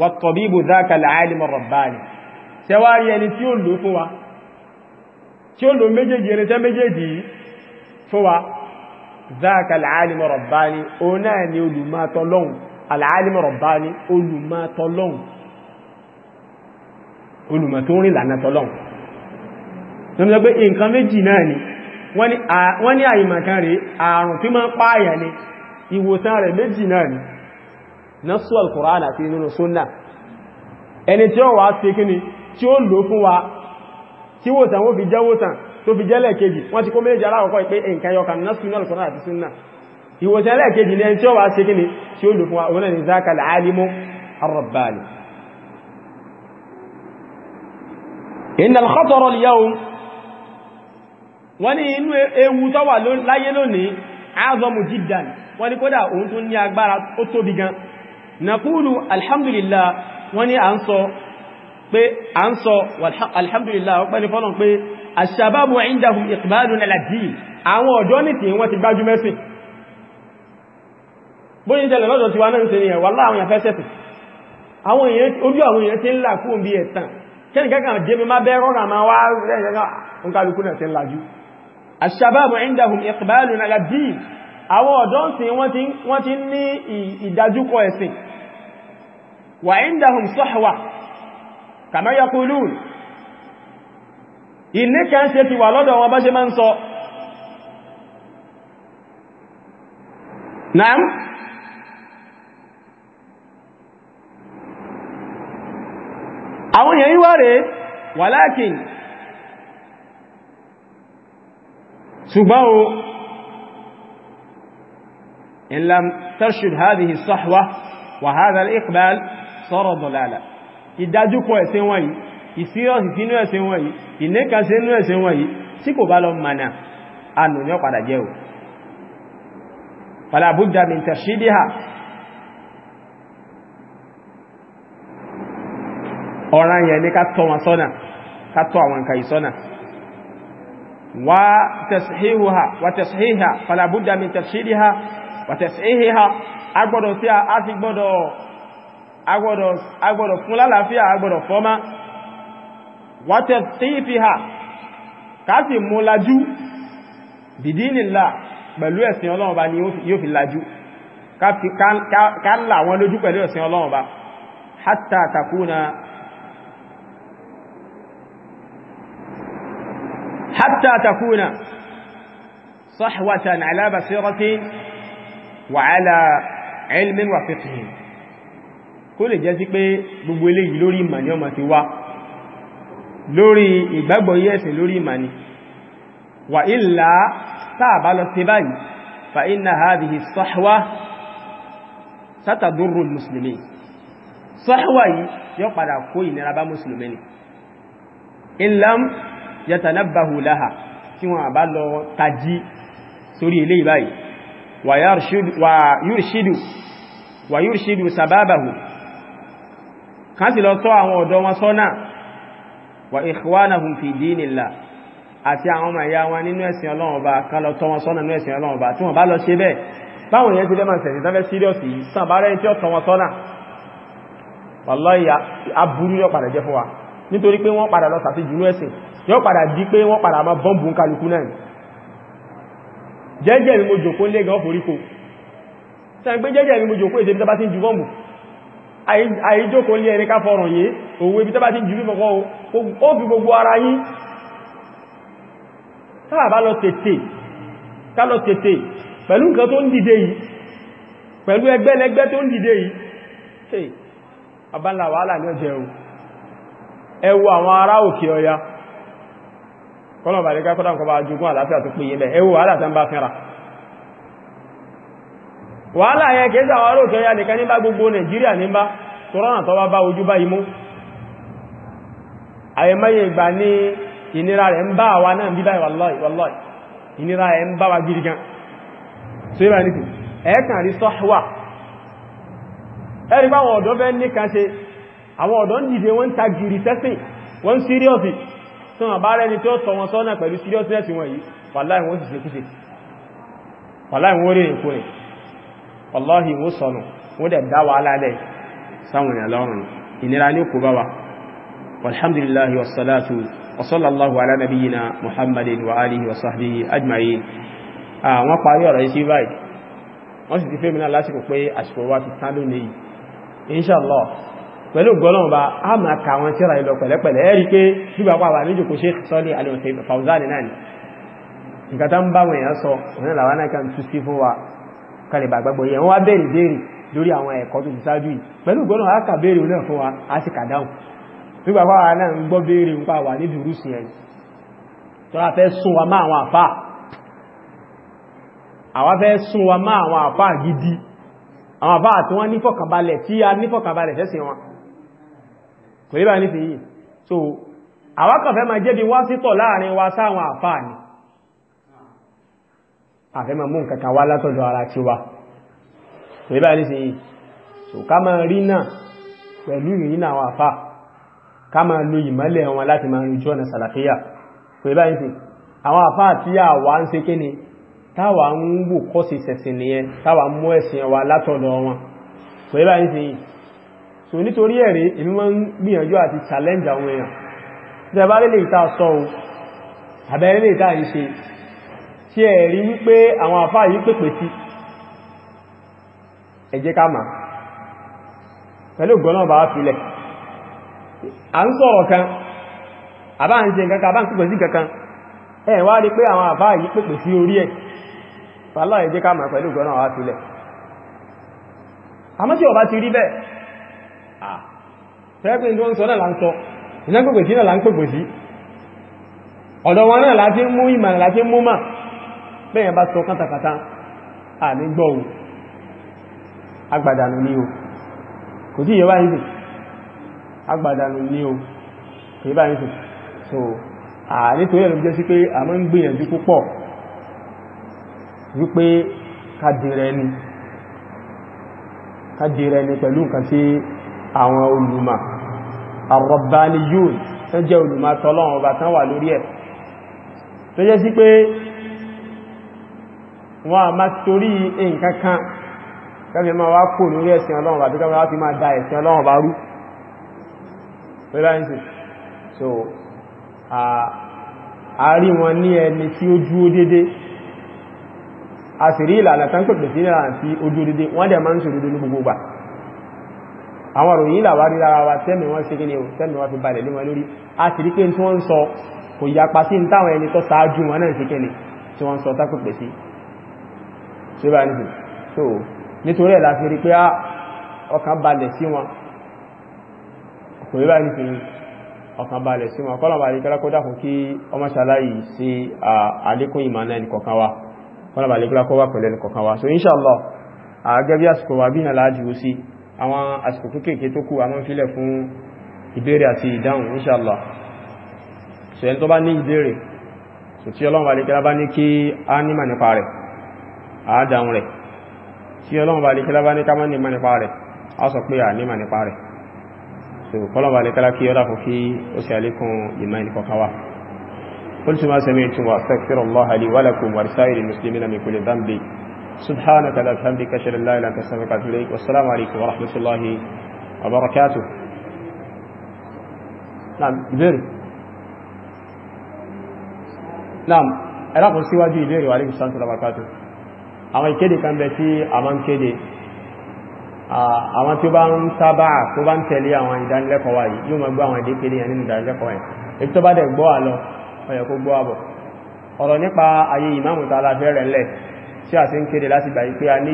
wa tabibu dhaka al-alim ar-rabbani tí ó lò fún wa tí ó lò méjèèjì ẹni tẹ́ méjèèjì fún wa ذاك العالم رباني أنا نيولو ما تلون العالم رباني أولو ما تلون أولو ما توني لأنا تلون nínú ẹgbẹ́ nǹkan méjì náà ni wọ́n ní àìmọ̀kan rẹ̀ àrùn tí máa ń pààyà ní ìwòsàn rẹ̀ méjì náà ni nasu al-Qur'an àti nínú súnnà ẹni tí ó wà á ṣe kíni tí ó lò fún wa tí wòsàn wó fi jẹ́ wòsàn tó fi jẹ́lẹ̀ kejì wọ́n ti kó méjì aláwọ̀kọ́ ìpé nǹkan yọkà national sọ́nà àti sunna ìwòsàn ẹlẹ́ẹ̀kejì ní ẹni tí ó wá ṣe gíní tí ó lò fún àwọn ẹni zákà láàrímú arọ̀bàlì innal khatara al-yawm wọ́n ní inú ewu tó wà láyé lónìí azamu jiddan wọ́n ní kódà òun tún ní agbára ó tóbi gan naqulu alhamdulillah wọ́n ní ń sọ pé à ń sọ alhamdulillah ọpẹ́ ni pé àṣàbábù ìndàhùn ìkìbálù nàlàdí àwọn ọ̀dọ́ ní tí wọ́n ti gbájú mẹ́sìn bóyí jẹ́lẹ̀ lọ́dọ̀ tí wá náà ń ṣe ní ẹ̀wà láwọn èèyàn fẹ́ sẹ́sìn àwọn èèyàn ojú àwọn èèyàn ti ń là fún bí ẹ̀tàn kẹ́ni kankan jẹ́ mi má bẹ́ rọ́nà máa wá rẹ̀ kálukú ilé kẹ́ ń ṣe ti wà lọ́dọ̀ wọn bá ṣe máa ń sọ naam àwọn èèyàn yíwá rẹ̀ walakin ṣùgbọ́n o in lam tarshid hadhihi sahwa wa hadha al-iqbal sara dalala wọ́n yìí ìsírọ̀sì sínú ẹ̀sìn wọn yìí ìnẹ́kàṣẹ́ inú ẹ̀sìn wọn yìí tí kò bá lọ mọ̀nà ànùyàn padà jẹ́ o falabuddha min tashidiha ọ̀ràn yẹn ní ká wọn sọ́nà ká ha. ha fún lálàáfíà fọ́má wàtẹ̀ tífì ha káàsì mú lájú bìdínìlá pẹ̀lú ẹ̀sìn ọlọ́run bá ni yóò fi lájú ká là wọn lójú pẹ̀lú ẹ̀sìn ọlọ́run bá hátà takúna hátà takúna sọ́hwàtàn alábàṣírọ́tí wàhálà ilmin wà fiqhin kó lórí ìgbàgbọ́ yẹ́sìn lórí ìmàní wà ìlà sáàbá lọ sí báyìí fa inna hadhihi sahwa satadurru al-muslimin sahwa yìí yóò padà kó ìnira bá mùsùlùmí ni ìlàm yatanabbahu laha tí wọ́n bá lọ tají sórí ilé ìbáyìí wà yurshidu wà kan sì lọ tọ́ àwọn ọ̀dọ́ wọn sọ́nà wa ikhwanahum fi dinillah àti àwọn ọmọ ìyá wọn nínú ẹ̀sìn ọlọ́run ọba kan lọ tọ́ wọn sọ́nà nínú ẹ̀sìn ọlọ́run ọba tí wọ́n bá lọ ṣe bẹ́ẹ̀ báwọn èèyàn ti fẹ́ máa tẹ̀sí tán fẹ́ síríọ̀sì yìí sàn bá rẹ́ni tí ó tọ́ wọn sọ́nà wallahi aburú yóò padà jẹ́ fún wa nítorí pé wọ́n padà lọ sàti jùlọ ẹ̀sìn yóò padà di pé wọ́n padà máa bọ́m̀bù ń kálukú náà jẹ́jẹ́ mi mo jòkó lé gan foríko sẹ́yìn pé jẹ́jẹ́ mi mo jòkó èdè bí tá bá ti ń ju bọ́m̀bù àìjókòó lé ẹni ká fọ́rọ̀ yé òwú ibi tẹ́bá ti jùlú fọ́kọ́ ó fi gbogbo ara yín sáà bá lọ tètè ká lọ tètè pẹ̀lú nǹkan tó ń dìde yìí pẹ̀lú ẹgbẹ́lẹgbẹ́ tó ń dìde yìí abánlá wàhálà ní ọjẹ́ ẹ̀wù ẹwù àwọn ará òkè ọya kọ́nà bàríkà kọ́dà nǹkan bá jogún àlàáfíà tó péye lẹ̀ ẹwù wàhálà tán bá fẹ́ra wàhálà yẹn kẹsà àwọn aróòkè ya nìkan ní gbogbo nigeria ní bá tọ́rọ̀nà tọ́wà bá ojú bá imú àyẹmẹ́yẹ ìgbà ní ìnira rẹ̀ ń bá àwa náà wallahi wallahi ìnira wa gidi wọ́n ta síríọ̀sì tí wọ́n bá rẹni tí ó wọn sọ́nà pẹ̀lú síríọ̀sì ẹ̀sìn wọ̀nyí sì ṣe kúṣe rí wàláhì wó sọ̀nù ó dẹ̀ dá wa alálẹ̀ sáwọn èèyàn lọ́rùn ìnira ní kò bá wa alhamdulillahi wasalatu wasallallahu ala nabiyina muhammadin wa alihi wa sahbihi ajma'in àwọn parí ọ̀rọ̀ isi báyìí wọ́n sì ti fẹ́ mìíràn lásìkò pé àsìkò wa ti tán lónìí inshallah pẹ̀lú gbọ́lọ́wọ́ bá a máa ka àwọn tíra ìlọ pẹ̀lẹ́pẹ̀lẹ́ ẹ̀rí pé ṣúgbà pàwà ní jòkó Sheikh Salih Al Fawzan náà ni tán bá wọ̀nyàn sọ òun làwọn náà kan tú sí fún wa kalẹ̀ bàgbàgbọ́ yẹ wọ́n wá bẹ̀rẹ̀ béèrè lórí àwọn ẹ̀kọ́ tó ti sáájú yìí pẹ̀lú gbọ́nà a kà béèrè fún wa a sì kà dáhùn nígbà wà ń gbọ́ béèrè ń pa wà ní dùrú sí wa máa àwọn àfà àwa wa máa gidi àwọn àfà tí wọ́n nífọ̀kànbalẹ̀ tí a nífọ̀kànbalẹ̀ fẹ́sìn wọn kò yíba ní so àwa kàn fẹ́ máa jẹ́ bí wá sítọ̀ láàrin wa sáwọn àfẹ́mọ̀ mú nǹkan kan wá látọ̀dọ̀ ara ti wa pẹ̀lú báyìí sí yìí so ká máa rí náà pẹ̀lú ìrìn àwọn àfà ká máa lo ìmọ́lẹ̀ wọn láti máa rí jọ́nà sàlàfíà pẹ̀lú báyìí sí àwọn àfà tí a ń ṣe kí ni táwa ń wò kọ́ sí sẹ̀sìn nìyẹn táwa mú ẹ̀sìn wa látọ̀dọ̀ wọn pẹ̀lú báyìí sí yìí so nítorí ẹ̀rí èmi máa ń gbìyànjú àti challenge àwọn èèyàn tẹ́bá lè lè ìta sọ o àbẹ́rẹ́ lè ìta ìṣe tí ẹ̀ rí wípé àwọn àfáà yìí pèpè sí ẹ jẹ́ ká máa pẹ̀lú gọ́nà bá filẹ̀ à ń sọ̀rọ̀ kan àbá ń ṣe nǹkan àbá ń pèpè sí kankan ẹ wá rí pé àwọn àfáà yìí pèpè sí orí ẹ̀ fàlá ẹ jẹ́ ká máa pẹ̀lú gọ́nà bá filẹ̀ àmọ́ tí ọba ti rí bẹ́ẹ̀ tẹ́gbìn tó ń sọ náà là ń sọ ìlànà pèpè sí náà là ń pèpè sí ọ̀dọ̀ wọn náà láti mú ìmọ̀ láti mú máa bẹ́yẹn bá sọ kátàkátà àní gbọ́wù agbàdànù ní o kò tí yẹba ìsìn agbàdànù ní o kò ìsìn so àní tó yẹ̀lú jẹ́ sí pé a mọ́ ń gbìyànjú púpọ̀ wípé kádìrẹni kádìrẹni pẹ̀lú nǹkan tí àwọn olùmọ̀ àrọ̀bániyún tó jẹ́ olùmọ̀ tọ́lọ́run ọba tán tó jẹ́ sí pé wọn a máa torí nǹkan kan kẹfẹ́ máa wá kò lórí ẹ̀sìn ọlọ́run àbí kẹfẹ́ láti máa da ẹ̀sìn ọlọ́run bá rú pẹ́láìsì so a rí wọn ní ẹni tí ó dúró dédé a sì rí ìlànà tán pẹ̀lú sí ìlànà tí ó dúró dédé wọ́n dẹ̀ máa ń ṣe òdodo ní gbogbo gbà àwọn òròyìn a sì rí pé tí wọ́n ń sọ kò sí ṣe bá ní so nítorí ẹ̀ láti rí pé ah, ọkàn balẹ̀ sí wọn kò rí bá ní fi ọkàn balẹ̀ sí wọn kọ́lọ̀mà lè kọ́lá kó dákùn kí ọmọ ṣàláyì sí àlékún ìmọ̀nà ẹnìkọ̀kan wa so inshallah àgẹ́bí àsìkò wà bí ìnàlájú sí àwọn àsìkò kéèkéé tó kù a máa ń filẹ̀ fún ìbéèrè àti ìdáhùn inshallah so ẹni tó bá ní ìbéèrè so bá ní kí a nímà nípa rẹ̀ àádáhùn rẹ̀ tí ọlọ́run bá lè kí lábá ní ká mọ́ ní mọ́ nípa rẹ̀ a sọ pé à ní mọ́ nípa rẹ̀ so kọ́lọ́run bá lè kálá kí ọlá fún kí ó sì àlékún ìmọ̀ ìnìkọ̀kan wa قلت ما سمعتم واستغفر الله لي ولكم ولسائر المسلمين من كل ذنب سبحانك لا بحمدك اشهد ان لا اله الا انت استغفرك واتوب اليك والسلام عليكم ورحمه الله وبركاته نعم بيري نعم انا قلت سواجي بيري وعليكم السلام ورحمه الله وبركاته àwọn ìkéde kan bẹ tí a máa ń kéde àwọn tí ó bá ń sábà tó bá ń tẹ̀lé àwọn ìdánilẹ́kọ̀ọ́ wa yìí yóò máa gbọ́ àwọn èdè kéde yẹn nínú ìdánilẹ́kọ̀ọ́ yẹn èyí tó bá dẹ̀ gbọ́ àlọ ó yẹ kó gbọ́ àbọ̀ ọ̀rọ̀ nípa ayé ìmáàmù ta la fẹ́rẹ̀ lẹ̀ a ti ń kéde láti gbà a ní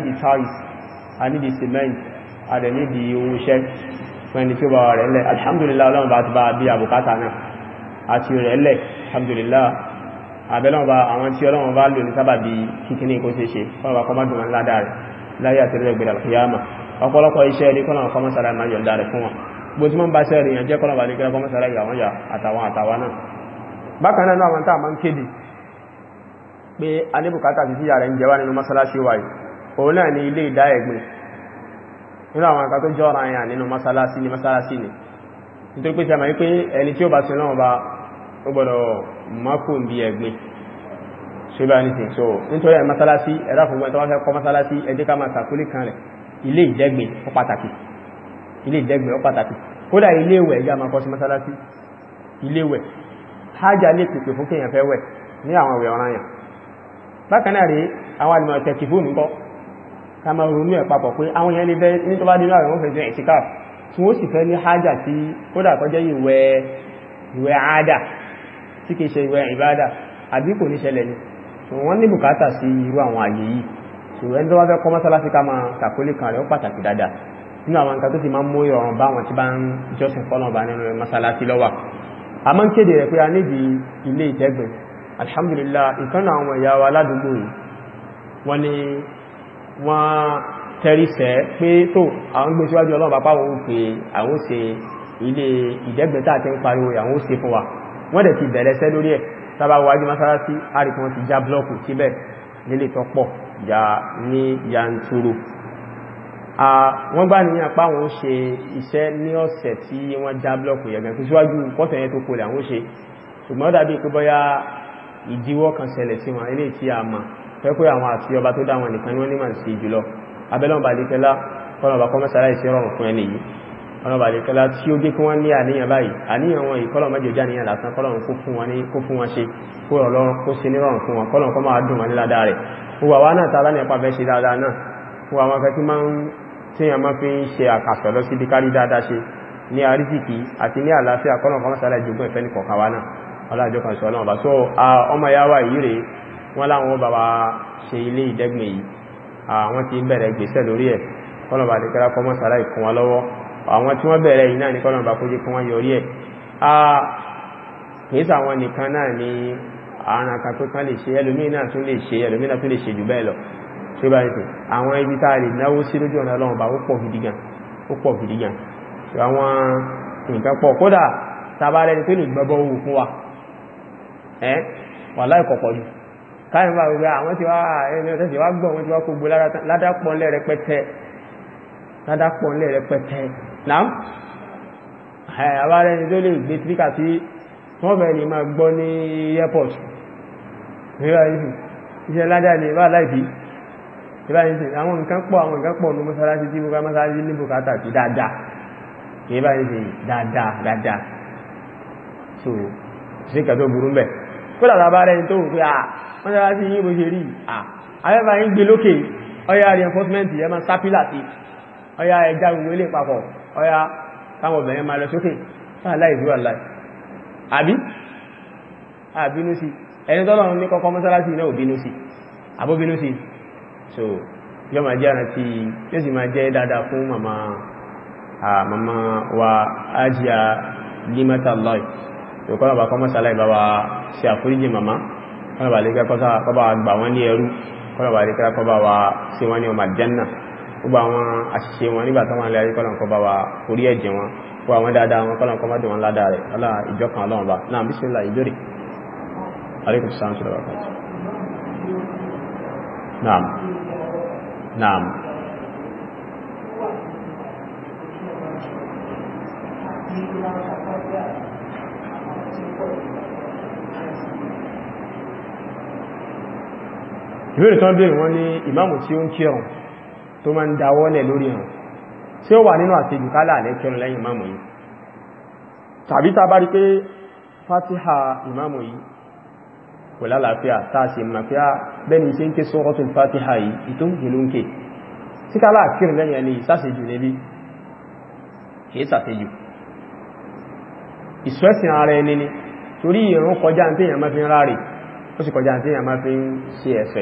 di tiles a ní a dẹ̀ alhamdulillah ọlọ́run bá ti bá bí àbùkátà náà alhamdulillah àbẹ́lọ́wọ́ba àwọn tí ọlọ́wọ́ bá lò ní sábàbí kíkíní kó ṣe ṣe ọlọ́wọ́ kọ́ mọ́dún wọn ládàá rẹ̀ láyé àti rẹ̀ gbẹ̀rẹ̀ kìyàmà ọ̀pọ̀lọpọ̀ iṣẹ́ rí kọ́nà ọkọ̀ mọ́sára máa yọ̀ǹda rẹ̀ fún wọn bó tí wọ́n bá ṣẹ́ rí yàn jẹ́ kọ́nà wàlé gẹ́gẹ́ mọ́sára yà ní bùkátà mọ́sálásí wa yìí ni ilé ìdá ẹ̀gbìn nínú àwọn akẹ́kọ̀ọ́ tó jọra yàn nínú mọ́sálásí ni ni nítorí pé sẹ́mà wípé ẹni tí ó bá sin náà bá ó gbọ́dọ̀ mọ́kùn bí ẹgbẹ́ ṣíbá ní sìn so nítorí ẹ̀ mọ́sálásí ẹ̀rá fún gbọ́n tó wọ́n fẹ́ kọ́ mọ́sálásí ẹjẹ́ ká máa sàkúlì kan rẹ̀ ilé ìdẹ́gbẹ̀ ó pàtàkì ilé ìdẹ́gbẹ̀ ó pàtàkì kódà ilé ìwẹ̀ ẹjá máa kọ́ sí mọ́sálásí ilé ìwẹ̀ hájà lè pèpè fún Ni fẹ́ wẹ̀ ní àwọn ìwẹ̀ ọ̀ràn yàn bákan náà rèé àwọn àlùmọ̀ ọ̀tẹ̀ kìfún nǹkan ká máa ronú ẹ̀ papọ̀ pé àwọn yẹn lè fẹ́ ní tó bá dínú àwọn òfin ìjọ ìtìkáf tí wọ́n sì fẹ́ ní hájà tí kódà kọjá ìwẹ̀ ìwẹ̀ àádà tí kìí ṣe ìwẹ̀ ìbádà àbí kò ní ṣẹlẹ̀ ni wọ́n ní bùkátà sí irú àwọn àyè yìí So ẹni tó wá fẹ́ kọ́ mọ́sálásí ká máa kàkólé kan rẹ̀ ó pàtàkì dáadáa nínú àwọn nǹkan tó ti máa ń mú ìrọ̀rùn bá wọn tí bá ń jọ́sìn fọ́nà bá nínú mọ́sálásí lọ́wà a máa ń kéde rẹ̀ pé a níbi ilé ìtẹ́gbìn alhamdulillah ìkànnà àwọn ẹ̀yà wa aládùúgbò yìí wọ́n ni wọ́n tẹ́rìsẹ̀ pé tó àwọn gbé síwájú ọlọ́run bàbá wọn pé àwọn ó ṣe ilé ìdẹ́gbẹ̀ta àti ń pariwo àwọn ó ṣe fún wa wọ́n dẹ̀ ti bẹ̀rẹ̀ sẹ́ lórí ẹ̀ sábà wájú mọ́sálásí àríkí wọ́n ti já blọ́ọ̀kù síbẹ̀ nílé tó pọ̀ já ní yanturu wọ́n gbá níyàn pa àwọn ó ṣe iṣẹ́ ní ọ̀sẹ̀ tí wọ́n já blọ́ọ̀kù yẹ̀gẹ̀ tó síwájú kọ́sẹ̀ yẹn tó kolẹ̀ àwọn ni wọ́n ní màá ṣe jùlọ abẹ́lọ́ọ̀bà líkẹ́lá kọ́nà ọba kọ́mẹ́sàrá ọlọ́bàá lè kẹ́lá tí ó dé kí wọ́n ní àníyàn báyìí àníyàn wọn ìkọ́lọ̀ mẹ́jọ já níyàn lásán kọ́lọ̀n kó fún wọn ṣe kó ọlọ́run kó sí nírọ̀rùn fún wọn kọ́lọ̀n kọ́ máa dùn wọn níládá rẹ̀ wà wá náà tàbí nípa fẹ́ ṣe dáadáa náà wà wọn kẹ́ tí yàn máa fi ń ṣe àkàsọ̀ lọ sí bí kárí dáadáa ṣe ní àrísìkí àti ní àlàáfíà kọ́lọ̀n kọ́ mọ́sálẹ̀ jùgbọ́n ìfẹ́ ní kọ̀kàwá náà ọlájọ́ kan sọ ọlọ́ọ̀bá so ọmọ yáwà yìí rèé wọ́n láwọn bàbá ṣe wọn lọ́wọ́ àwọn tí wọ́n bẹ̀rẹ̀ iná ní kọ́lọ̀mbà kó jẹ́ kí wọ́n yọrí ẹ̀ kìí sàwọn nìkan náà ni àrùn àkàpẹ́kan lè ṣe ẹlòmínà tún lè ṣe ẹlòmínà tún lè ṣe jù bẹ́ẹ̀ lọ ṣe bá ìpín àwọn ibi tá a lè náwó sí lójú ọ̀nà ọlọ́run bá ó pọ̀ gidigan ó ni pé lè wa ẹ́ wà láì kọ̀kọ̀ jù káyìn bá wípé àwọn tí wá ẹni ọ̀tẹ́ tí wá gbọ́ wọn tí wá kó náà àbárẹni tó lè gbé tíríkà tí wọ́n fẹ́ lè máa gbọ́ ní airport iṣẹ́ ládá ní bá láìpí ìbáyìí àwọn nǹkan pọ̀ àwọn nǹkan pọ̀ ní mọ́sálásí tí mọ́ká mọ́sálásí ní bùkátà sí dáadáa ìbáyìí dáadáa dáadáa so sí kàtó burú mẹ́ kó dàbà bá rẹ̀ tó wù pé à mọ́sálásí yìí bó ṣe rí à ayẹ́bà yìí gbé lókè ọya reinforcement yẹ máa sápílà sí ọya ẹja ìwé lè papọ̀ ọya káwọn obìnrin máa lọ sókè fáàláìsí wà láì àbí àbínú sí ẹni tọ́lọ̀ ní kọ́kọ́ mọ́sálásí náà òbínú sí àbóbínú sí so yọ ma jẹ́ àti yóò sì ma jẹ́ dáadáa fún mama mama wa ájíà limata lọ́ì tó kọ́nà bá kọ́ mọ́sálá ìbá wa ṣe àforíjì mama kọ́nà bá lè kẹ́kọ́ bá gbà wọ́n ní ẹrú kọ́nà bá lè kẹ́kọ́ bá wa ṣe wọ́n ní ọmọ jẹ́nnà gbogbo àwọn àṣìṣe wọn nígbà táwọn ilé ayé kọ́lọ̀kọ́ bá wa orí ẹ̀jẹ̀ wọn gbogbo àwọn dáadáa wọn kọ́lọ̀kọ́ má dùn wọn ládàá rẹ̀ ọlá ìjọkan ọlọ́run bá náà bísílá ìdórè alaikum salam ṣe lọ́wọ́ kan naam naam ìbéèrè tán bèèrè wọ́n ní ìmáàmù tí ó ń kírun tó máa ń dáwọ́lẹ̀ lórí hàn tí ó wà nínú àṣejù kálà lẹ́yìn ìmáàmù yìí tàbí ta bá rí pé fatiha ìmáàmù yìí kò lálàáfíà tàṣì mafíà ah, bẹ́ni ṣe ń ké suratul fatiha yìí ìtò jùlọ ń ké tí kálà kírù lẹ́yìn ẹni ìsàṣejù níbi kìí sàṣejù ìsọ́ẹ̀sìn ara ẹni ni torí ìrún kọjá ń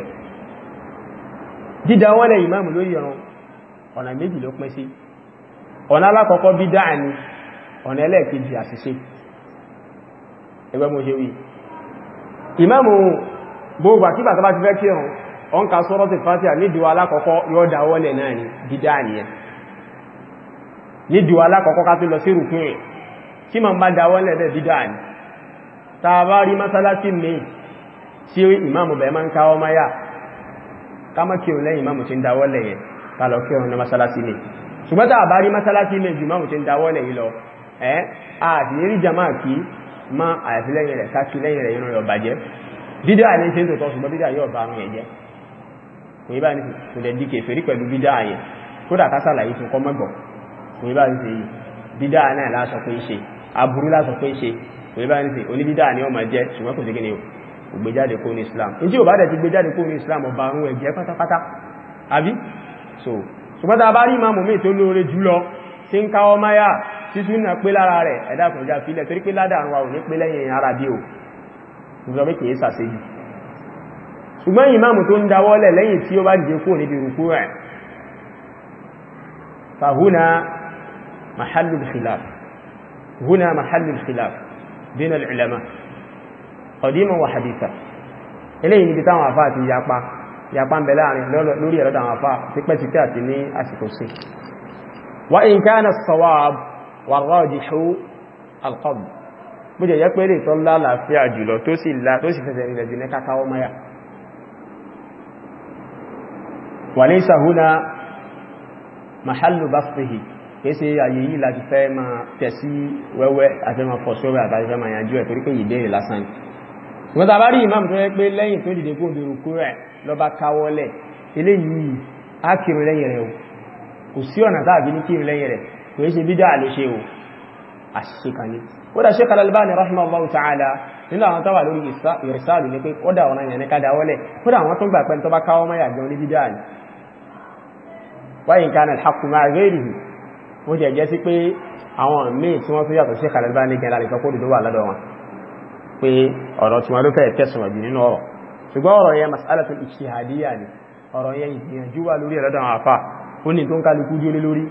dídáwọ́lẹ̀ ìmáàmù lórí ìrun ọ̀nà méjì ló pín sí ọ̀nà alákọ̀ọ́kọ́ bí dáa ni ọ̀nà ẹlẹ́ẹ̀kejì àṣìṣe ẹgbẹ́ mo ṣe wí ìmáàmù gbogbo àkíbà tó bá ti fẹ́ kírun ọ̀n ka sọ́rọ̀ ti fàtíà nídìíwá ni dídá nìyẹn nídìíwá alákọ̀ọ́kọ́ ká tó lọ sí rùkún rẹ̀ kí ma ń bá dáwọ́lẹ̀ bẹ́ dídá kámọ́ kí o lẹ́yìn máàmù tí ń dáwọ́lẹ̀ yẹn kálọ̀ kí ọ̀nà masalasi ní ṣùgbọ́n tá a bá rí masalasi ní jù máàmù tí ń dáwọ́lẹ̀ yìí lọ ẹ́ àti rí jama kí má àyàfi lẹ́yìn rẹ̀ káàkiri lẹ́yìn rẹ̀ yìí yọba jẹ́ bídá ní ṣe tó tọ́ ṣùgbọ́n bídá yóò bá rún ẹ̀jẹ́ kò yí bá ní kò dẹ̀ di kèfèrí pẹ̀lú bídá yẹn kódà ká sàlàyé fún kọ́ mọ́gbọ̀n kò yí bá ní ṣe yìí bídá náà lásọ pé ṣe aburú lásọ pé ṣe kò yí bá ní ṣe oníbídá ni ọmọ jẹ́ ṣùgbọ́n kò sí kí ni o kò gbé jáde kó ní islam in tí ò bá dẹ̀ ti gbé jáde kó ní islam ọba ohun ẹ̀jẹ́ pátápátá àbí so ṣùgbọ́n tá a bá rí ìmáàmù míì tó lóore jùlọ tí ń káwọ́ máyà tí súnà pé lára rẹ̀ ẹ̀dá kò já filẹ̀ torí pé ládà àwọn òní pé lẹ́yìn ara bí qadiman wa hadithan eléyìí níbi táwọn àfáà ti yapa yapa ń bẹ láàrin lórí ẹ̀rọ àwọn àfáà ti pẹ́ ti pẹ́ àti ní àsìkò sí wa in kana as-sawab wa rajihu al-qabd bó jẹ́ pé lè tọ́ lálàáfíà jùlọ tó sì fẹsẹ̀ rí lẹ́jù ní kákáwọ́ maya wà ní sàhúnà mahallu basfihi ayé yìí láti fẹ́ ma tẹ̀sí wẹ́wẹ́ àti ma fọ́ sórí ma yànjú ẹ̀ torí pé lásán ìwọ́n tàbá rí imam tó rẹ pé lẹ́yìn tó dìde kó bèrò kó rẹ̀ lọ́ba káwọ́lẹ̀ eléyìí á kiri lẹ́yìn rẹ̀ o kò sí ọ̀nà tàbí ní kiri lẹ́yìn rẹ̀ kò yí ṣe bídá ló ṣe o àṣìṣe kan ní kódà Sheikh Al-Albani rahimahullahu ta'ala nínú àwọn tọ́wà lórí ìrìsáàlù ní pé kódà àwọn èèyàn ní kádà wọlẹ̀ kódà pé ọ̀rọ̀ tí wọ́n ló fẹ́ tẹ̀sùn jù nínú ọ̀rọ̀ ṣùgbọ́n ọ̀rọ̀ yẹn masalatul ijtihadiyya ni ọ̀rọ̀ yẹn ìgbìyànjú wà lórí ẹ̀rọ àwọn àfà ó ní tó ń kálukú dúró lórí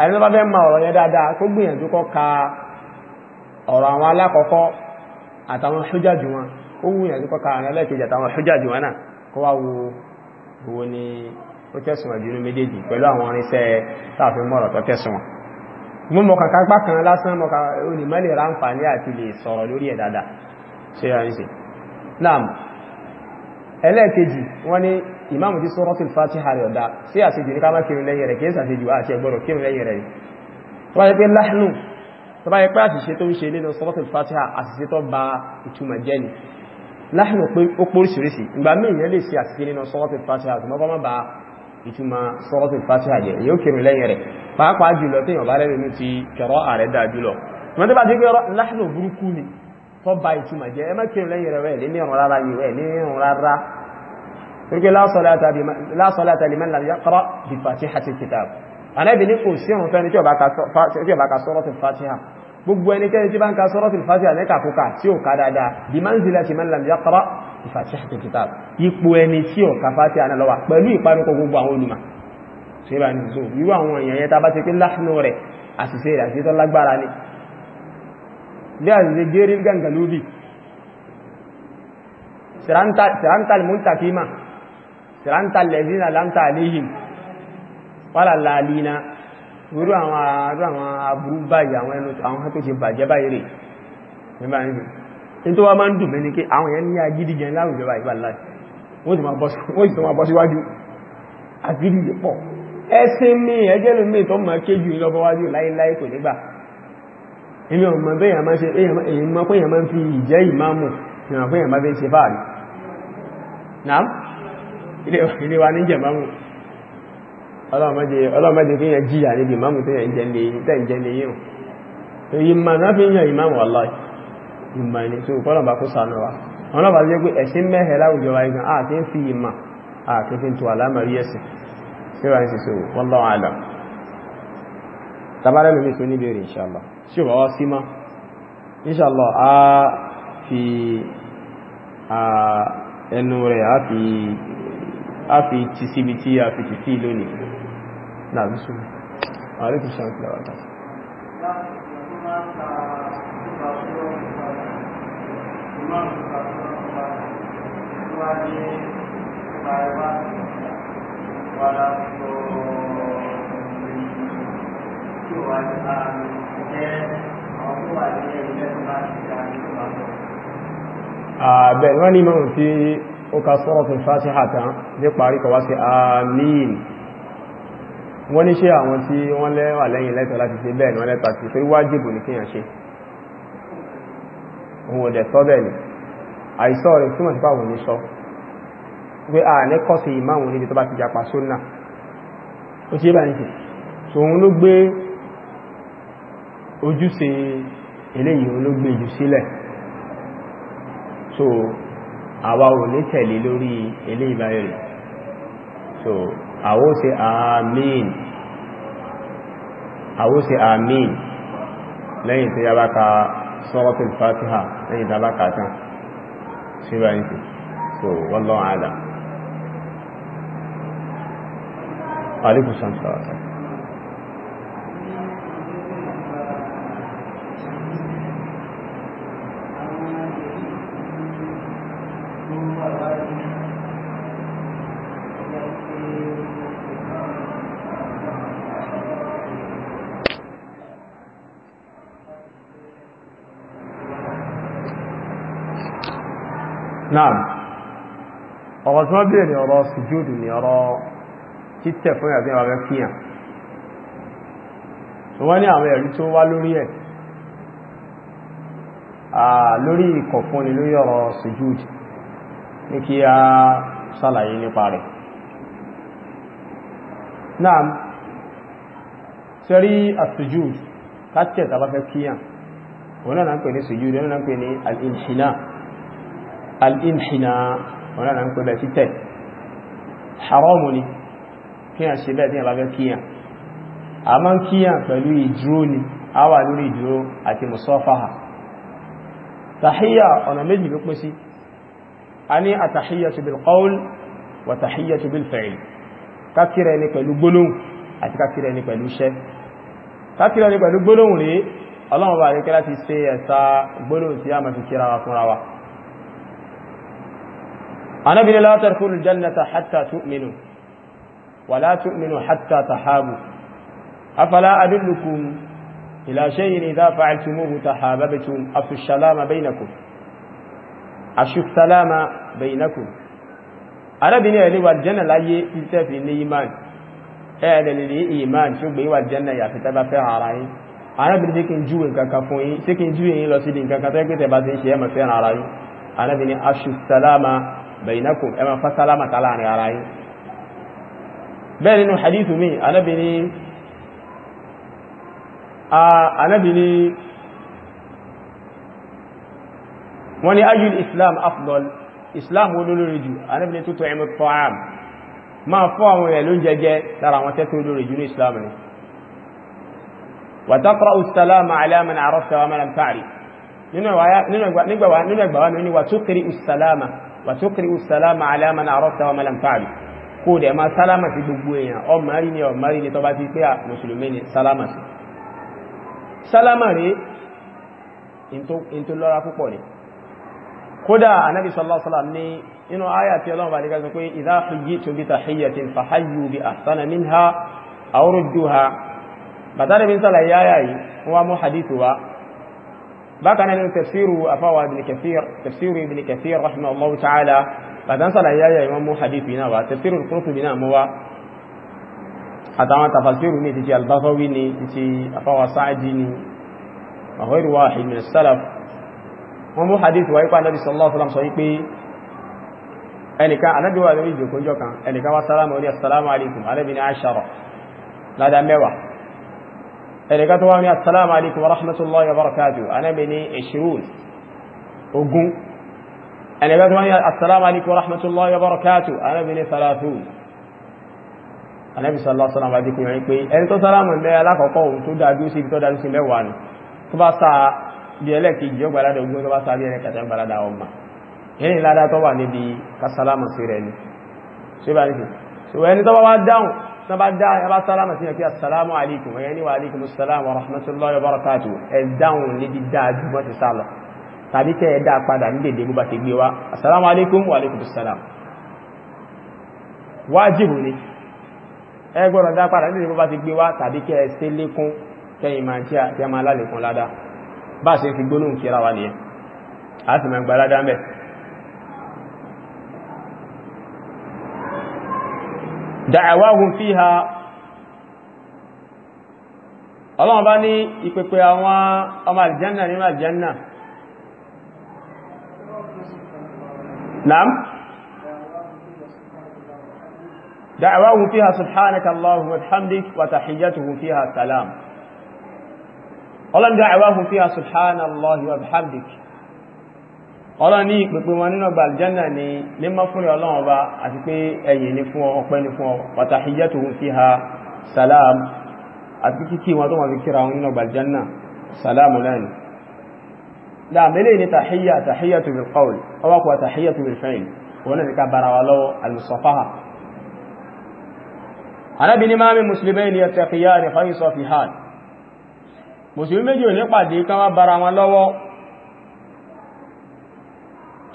àìsàn bá fẹ́ ma ọ̀rọ̀ yẹn dáadáa tó gbìyànjú kọ́ ka ọ̀rọ̀ àwọn alákọ̀ọ́kọ́ àtàwọn ṣójájú wọn ó gbìyànjú kọ́ ka àwọn ẹlẹ́kejì àtàwọn ṣójájú wọn náà kó wá wo wo ni ó tẹ̀sùn jù nínú mo mọ̀ kàkà gbá kan lásán mọ̀ kà àti lè sọ̀rọ̀ lórí ẹ̀ ṣe yà ń ṣe naam ẹlẹ́ẹ̀kejì wọ́n ní ìmáàmù tí suratul Fatiha rẹ̀ ọ̀dá sí àṣejù ní káàmà kírun lẹ́yìn rẹ̀ kìí sàṣejù àti ẹgbọ́rọ̀ kírun lẹ́yìn rẹ̀ tó bá yẹ pé láhánù tó bá yẹ pé àṣìṣe tó ń ṣe nínú suratul Fatiha àṣìṣe tó ba ìtumọ̀ jẹ́ ni láhánù pé ó póríṣiríṣi ìgbà míì lè ṣe àṣìṣe nínú suratul Fatiha tó mọ́ ba tó ba ìtumọ̀ jẹ́ ẹ má kí lẹ́yìn rẹ̀ rẹ̀ ní ìrun rárá yìí rẹ̀ ní ìrun rárá torípé la salata liman lam yaqra bi fatihatil kitab Ànábì ní kò sí ìrun fẹ́ni tí ó bá ka suratul fatiha gbogbo ẹnikẹ́ni tí bá ń ka suratul fatiha ní kàkókà tí ó ka dáadáa bi manzilati man lam yaqra bi fatihatil kitab ipò ẹni tí ó ka fatiha náà lọ́wà pẹ̀lú ìpanukọ̀ gbogbo àwọn olùmọ̀ ṣe bá ní so irú àwọn èèyàn yẹn ta bá ti pé láhùn rẹ̀ àṣìṣe rẹ̀ àṣìṣe tó lágbára ni da jerin gangalubi sirantar muntakima sirantar lezina lamta alihim wàlàlàlìna irú àwọn aburú báyìí àwọn ẹnu àwọn tó ṣe bàjẹ́ báyìí rẹ̀ nígbà ní ní tó wá máa ń dùn mẹ́ni kí àwọn èèyàn ní agídíjẹ láwùjọ báyìí wàlàlì wọ́n ti máa bọ́ síwájú agídíjẹ pọ̀ ẹ̀sìn mi ẹjẹ́ lómi tó mọ̀ kéjù ìlọ́bọ̀wájú èmi ọmọ bẹ́yà máa ṣe èyàn máa pẹ́yà máa fi ìjẹ́ ìmáàmù ìrìnà pẹ́yà máa bẹ́ ṣe fààrí náà ilé wa ní jẹ máàmù ọlọ́mọdé fi yàn jíyà níbi máàmù tó yàn jẹ́ lè yíò èyí ma náà fi yàn ìmáàmù wallahi ìmà ní tó kọ́lọ̀bà kó sànà wa ọlọ́bà jẹ́ pé ẹ̀sìn mẹ́hẹ̀ láwùjọ wa igan àti fi ìmà àti fi tó alámàrí tabara lómi tó ní bèèrè inṣàlá tí ó bá wá sí má inṣàlá a fi ẹnu rẹ̀ a fi ti síbi tí a fi ti sí lónìí náà bí súnmọ́ àríkù sáàkìlá wà tàbí Thank you tí ó wà ní ara mi jẹ́ àwọn tó wà ní ẹgbẹ́ tó bá ti dá ní ọba tó. Àbẹ̀ wọ́n ní mọ́rùn tí ó ka sọ́rọ̀ fún Fatiha tán dé parí kọwa sí Amin. Wọ́n ní ṣe àwọn tí wọ́n lẹ́wà lẹ́yìn lẹ́tọ̀ láti ṣe bẹ́ẹ̀ ni wọ́n lẹ́tọ̀ àti pé wájìbù ní kíyàn ṣe. Òun òdẹ̀ sọ bẹ́ẹ̀ ni. Àìsọ́ rẹ̀ túnmọ̀ sí pàwọn ní sọ ojúṣe eléyìí olóògbé jù sílẹ̀ so àwa ò ní tẹ̀lé lórí eléyìí báyìí so àwọ́ ṣe àmín àwọ́ ṣe àmín lẹ́yìn tí yába ka suratul fatiha lẹ́yìn tí yába ka tán sí bá ń tẹ̀ so wallahu a'lam Alaikum salam. náà ọ̀rọ̀ tí wọ́n bèèrè ọ̀rọ̀ sùjúdù ní ọ̀rọ̀ títẹ̀ fún ìyàgbé ọ̀rẹ́ fíyàn so wọ́n ní àwọn ẹ̀rí tó wá lórí ẹ̀ lórí ìkọ̀fúnni lórí ọ̀rọ̀ sùjúdù ní kí a ṣàlàyé nípa rẹ̀ náà sẹ́rí àsùjúdù káàkiri tàbá fẹ́ kíyàn wọ́n náà ń pè ní sùjúdù wọ́n náà ń pè ní al-inhina al-inhina wọn náà ń pè bẹ̀ títẹ̀ haramu ni kíyàn ṣe bẹ́ẹ̀ tí yàn lábẹ́ kíyàn a máa ń kíyàn pẹ̀lú ìdúró ni a wà lórí ìdúró àti musafaha tahiyya ọ̀nà méjì ló pín sí a ní àtàhíyàtù bil qawl wà tàhíyàtù bil fi'l kákírẹ ni pẹ̀lú gbólóhùn àti kákírẹ ni pẹ̀lú Ànábì ní la tadkhulul jannata hatta tu'minu wa la tu'minu hatta tahabu afala adullukum ila shay'in idha fa'altumuhu tahabbtum afish salama bainakum afish salama bainakum Ànábì ní ẹ̀lẹ́wà jẹ́nà láyé ìsẹ́fì ní iman ẹ̀ẹ̀dẹ̀lẹ̀lẹ̀ iman tí ó gbé wà jẹ́nà yàfi tẹ́bà fẹ́ ara yìí Ànábì ní kí n júwe kankan fún yín sí kí n júwe yín lọ sí di nǹkan kan tó ẹgbẹ́ tẹ́bà ti ń ṣe ẹmọ̀ fẹ́ ara yìí Ànábì ní afish salama bainakum ẹ máa fásálámà tá láàrin ara yín bẹ́ẹ̀ nínú hadithu mi anábìnrin anábìnrin wọ́n ni ayyul islam afdol islam olólórí jù anábìnrin tó tó ẹmọ tọ́ám máa fọ́ àwọn ẹ̀ ló ń jẹjẹ lára àwọn tẹ́tọ́ olórí jù ní islam ni wàtàkọ́ ìsàlámà aláàmìn àrọ́fẹ́ wa wàtúkìrì sàlámà aláàmàna àrọ́ta wọn mẹ́lẹ̀ fàálù kó dẹ̀ máa sálámà sí gbogbo èèyàn ọmọrí ni ọmọrí ni tọba ti pé à mùsùlùmí ni sálámà sí sálámà rí in tó lọ́ra púpọ̀ ni kódà anábi sallásálà ní inú ayà tí ọlọ́run bá ní gáza pé idha huyyitum bi tahiyyatin fahayyu bi ahsana minha aw rudduha bàtà da bin sálà yáyà yìí wọ́n mú hadithu wa bákan náà tafsiru afáwà ibn kathir tafsiru ibn kathir rahimahullahu ta'ala bàtán sàlàyé ayé ìwọ̀n mú hadith iná wa tafsiru al-Qurtubi náà mú wa àtàwọn tafasiru ní títí al-Baghawi ní títí afáwà sáàdì ní ọ̀họ́rì wa min as-salaf wọ́n mú hadith wa ipa nabi sallallahu alaihi wasallam sọ pé ẹnìkan anábi wa ẹnìkan tó wá ní assalamu alaikum wa rahmatullahi wa barakatuh anábì ní ishirun ogun ẹnìkan tó wá ní assalamu alaikum wa rahmatullahi wa barakatuh anábì ní salathun anábì sallallahu alaihi wa sallam wájú kò yẹn pé ẹni tó salamu ilẹ̀ alákọ̀ọ́kọ́ ohun tó dájú sí ibi tó dájú sí mẹ́wàá ni tó bá sa bí ẹlẹ́kìí ó gbalada ogun tó bá ní tán bá dá yàbá sálámà sí ẹ̀kí assalamu alaikum ẹ̀yẹn ni wa alaikum salam wa rahmatullahi wa barakatuh ẹ̀ dáhùn ní dídá jù mọ́ ti sálọ tàbí kẹ́ ẹ̀ dá padà ní dèdè bó bá ti gbé wá assalamu alaikum wa alaikum salam wájìbù ni ẹ gbọ́dọ̀ dá padà tàbí kẹ́ ẹ sí lékún kẹ́yìn máa tí a máa lálẹ́kún ládá bá ṣe fi gbónú kíra wa nìyẹn a sì máa ládá mẹ́ da'awahum fiha ọlọ́run bá ní ìpèpè àwọn ọmọ àlìjánà nínú àlìjánà naam da'awahum fiha subhanaka allahumma wa bihamdik wa tahiyyatuhum fiha salam ọlọ́run da'awahum fiha subhanallahi wa bihamdik ọlọ́run ní ìpèpè wọn nínú ọgbà àlìjánà ni mímọ́ fúnrẹ́ ọlọ́run ọba àti pé ẹ̀yìn ni fún ọ ọpẹ́ ni fún ọ pàtàkì jẹ́ tòun fiha salam àti kíkí wọn tó wọn fi kíra wọn nínú ọgbà àlìjánà salamu lẹ́nu dáàmẹ́lẹ́ ní tàhíyà tàhíyà tó bil qawl ọwọ́pọ̀ tàhíyà tó bil fi'l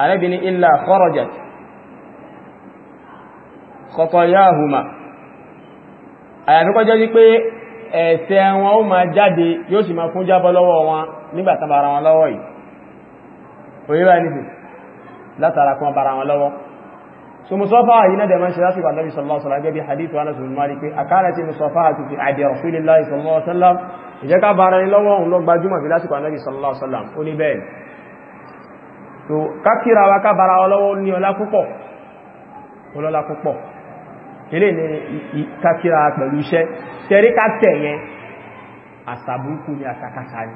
arábìnrin illa kharajat khatayahuma àyàfi kó jẹ́ sí pé ẹ̀ṣẹ̀ wọn ó máa jáde yóò sì máa fún jábọ́ lọ́wọ́ wọn nígbàtán bara wọn lọ́wọ́ yìí òyíwá nífẹ̀ látara kan bara wọn lọ́wọ́ so musafaha yìí náà da man shirafi wa nabi sallallahu alaihi wasallam bi hadith wa anas bin malik akanati musafaha fi adi rasulillahi sallallahu alaihi wasallam ije ka bara ni lọ́wọ́ on lọ gbajúmọ̀ fi lásìkò nabi sallallahu alaihi wasallam ó ní so kákíra wa ká bara ọlọ́wọ́ ní ọlá púpọ̀ ọlọ́lá púpọ̀ ilé ní kákíra pẹ̀lú iṣẹ́ tẹ́rí ká tẹ̀yẹn àsàbúrúkú ní àsàkásá ní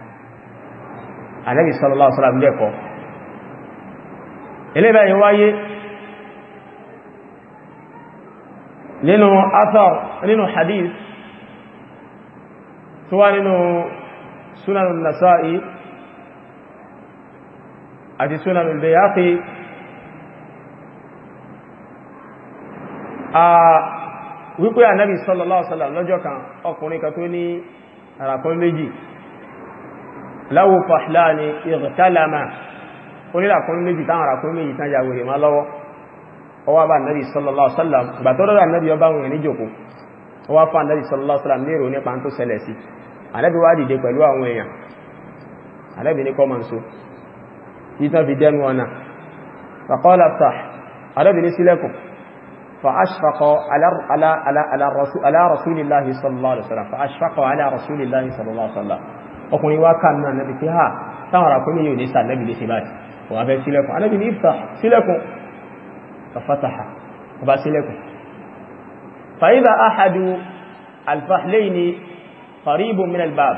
Ànábì sallallahu alaihi wasallam lẹ́kọ̀ọ́ ilé bẹ̀yìn wáyé nínú athar nínú àti sunan al-Bayhaqi wípé ànábì sallallahu alaihi wasallam lọ́jọ́ kan ọkùnrin kan tó ní àràkún méjì láwò fàṣlá ni ìrìtálàmà onílàkún méjì táwọn àràkún méjì tán yàwó ìmá lọ́wọ́ ọwá bá ànábì sallallahu alaihi wasallam gbàtọ́rọ̀ ànábì ọba wọn ní jòkó ọwá sallallahu alaihi wasallam lérò nípa tó ṣẹlẹ̀ sí ànábì wá dìde pẹ̀lú àwọn títàn fi dẹnu ọ̀nà fàkọ́lá tàà arábìnrin sílẹ̀kùn fa'ashfaqo ala rasulillahi sallallahu alaihi wasallam fa'ashfaqo ala rasulillahi sallallahu alaihi wasallam ọkùnrin wá kàn náà nàbí tí ha táwọn arákùnrin yóò ní sàlẹ́bì lè ṣe báyìí wọ́n abẹ́ sílẹ̀kùn anábì ní ìfà sílẹ̀kùn fàfátàhà ọba sílẹ̀kùn fa'idha ahadu alfahlaini qaribun min albab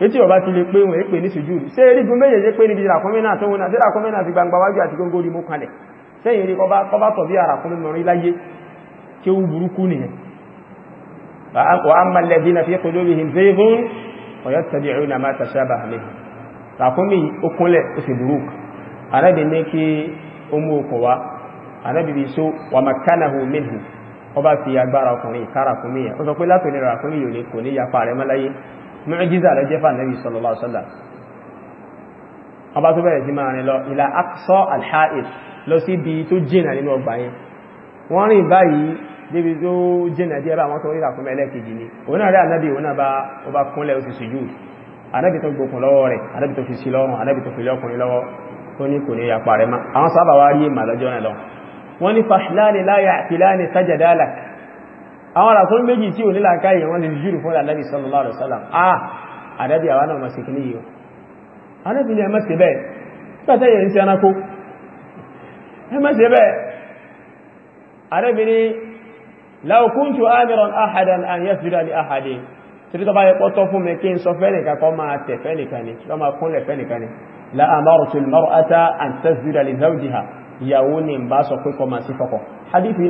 ètí ọba ti lè pé wọn èpè e ní sùjúdù ṣe erigun méjèèjé pé níbi bi tó wọn àti ìràkúnmínà fi gbangba wájú àti góngó rí mú kalẹ̀ sẹ́yìn rí kọba tọ̀ bí àràkúnmí mọ̀rí láyé kí ó ma tashabaha minhu ràkúnmí ó kúnlẹ̀ ó sì burúkú ya ní kí ó mú okùn wá arábì bí so wa makkanahu minhu ọba fi agbára ọkùnrin ìkárakúnmí yẹn ó mu'jiza ló jẹ́ fún Nabi sallallahu alaihi wasallam ọba tó bẹ̀rẹ̀ sí máa rìn lọ ìlà aqsa al-ha'id lọ sí ibi tó jìnà nínú ọgbà yẹn wọ́n rìn báyìí débi tó jìnà díẹ̀ bá wọ́n tó ríra fún ẹlẹ́kejì ni òun náà rí ànábì òun náà bá kúnlẹ̀ ó sì sujud ànábì tó gbókun lọ́wọ́ rẹ̀ àwọn àràtún méjì tí ò ní làákàyè wọ́n lè jùrù fún ànábì sallallahu alaihi wasallam ah àdábì àwọn náà masu kìí yíò ànábì ni ẹmẹ́sẹ̀ bẹ́ẹ̀ pẹ̀tẹ́ yẹ̀ ń sí anákó ẹmẹ́sẹ̀ bẹ́ẹ̀ ànábì ni law kuntu amiran ahadan an yasjuda li ahadin torí tọba yẹpọ̀ tọ́ fún mi kí n sọ fẹ́nìkan kọ́ máa tẹ̀ fẹ́nìkan ni lọ́ máa kúnlẹ̀ fẹ́nìkan ni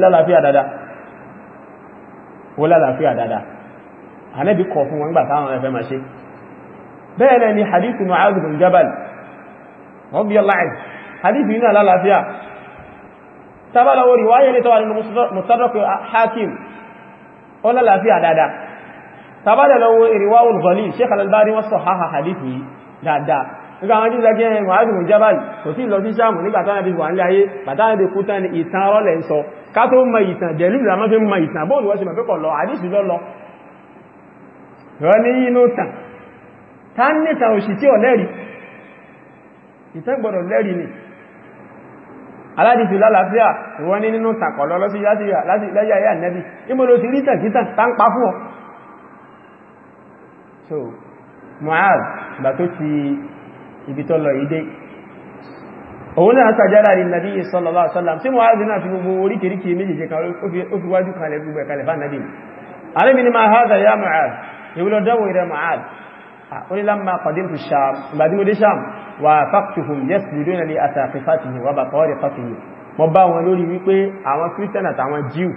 la ó lálàáfíà dáadáa ànábì kọ̀ fún wọn gbà táwọn ẹfẹ́ ma ṣe bẹ́ẹ̀ náà ni hadithu Mu'adh bin Jabal radiyallahu anhu hadithu iná lálàáfíà tábàlọ́wọ́ rí wáyé létọ́wà nínú mustadrak hakim ó lálàáfíà dáadáa tábàlọ́wọ́ ìrìwáwùl ghalil Sheikh al-Albani wọ́n sọ haha hadithu yìí dáadáa nígbà àwọn jíjẹ gẹ́ Mu'adh bin Jabal kò sí lọ sí sáàmù ká tó mọ ìtàn dẹ̀lú ìlàmọ́ fi mọ ìtàn bóòlù wọ́n sí mẹ́fẹ́kọ̀ lọ àdísì lọ́lọ rọ ní inú tàn tá ń nítà òṣì tí ò lẹ́rí ìtàn gbọ́dọ̀ lẹ́rí ni aládìsì lálàáfíà ìwọ́n ní nínú tàn kọ̀ lọ́lọ́ sí lẹ́yà ayé ànẹ́bí ìmọ̀lò sí rítàn títàn tá ń pa fún ọ so Mu'adh gbà tó ti ibi tó lọ ìdé òun náà sàjádà ní nàbí sallallahu alaihi wasallam tí mo á zina fi gbogbo oríkèríkè méjèèjì kan ó fi wájú kalẹ̀ gbogbo ẹ̀kalẹ̀ bá nàbí alẹ́bí ni máa haza ya Mu'adh ìwúlọ dáwò ìrẹ Mu'adh onílámà qadimtu Sham ìbàdí mo dé Sham wà fàktuhum yasjuduna li asaqifatihi wa batariqatihi mo bá wọn lórí wípé àwọn Christian àtàwọn Jew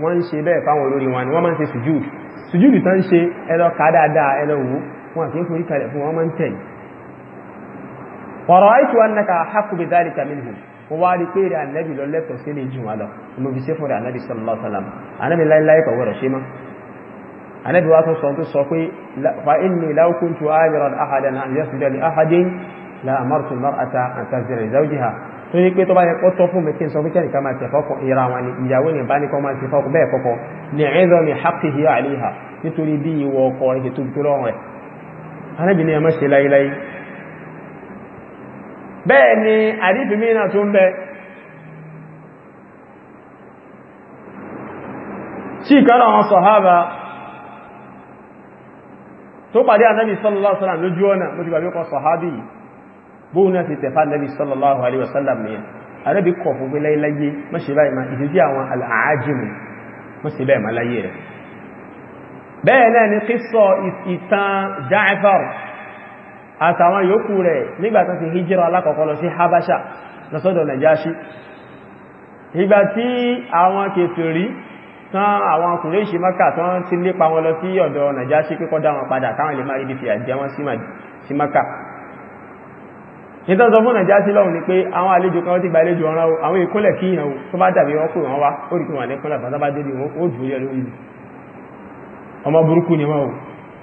wọ́n ń ṣe bẹ́ẹ̀ fáwọn olórí wọn ni wọ́n máa ń ọ̀rọ̀ àìtù annaka àhàkù bí dhalika minhum mo wá rí pé rẹ̀ ànábì lọ lẹ́tọ̀ sí lè jù wọn lọ mo fi ṣe fún rẹ̀ ànábì sallallahu alaihi wasallam ànábì láíláí kọ̀ wọ́rọ̀ ṣe mọ́ ànábì wá tún sọ tó sọ pé fa inni law kuntu amiran ahadan an yasjuda li ahadin la amartu al-mar'ata an tasjuda li bẹ́ẹ̀ ni àdífì mìíràn tó ń bẹ tí ìkọ́nà àwọn sọ̀hábà tó pàdé ànábì sallallahu alaihi wasallam lójú ọ̀nà mo ti gbàgbé kan sọ̀hábì bóun náà ti tẹ̀fà ànábì sallallahu alaihi wasallam nìyẹn kọ̀ àtàwọn yòókù rẹ̀ nígbàtán ti hijira alákọ̀ọ́kọ́ lọ sí habasha lọ́sọ́dọ̀ najashi ìgbà tí àwọn kèfèrí tán àwọn Kùrẹ́ṣì maka tán ti lépa wọn lọ sí ọ̀dọ̀ najashi kíkọ́ dá wọn padà táwọn lè máa ibi fìyà jẹ wọn sí maka nítọ́sọ fún najashi lọ́wọ́ ni pé àwọn àlejò kan ti gba àlejò ọ̀rọ̀ àwọn ìkólẹ̀ kí ìyàwó tó bá dàbí wọn ni wọn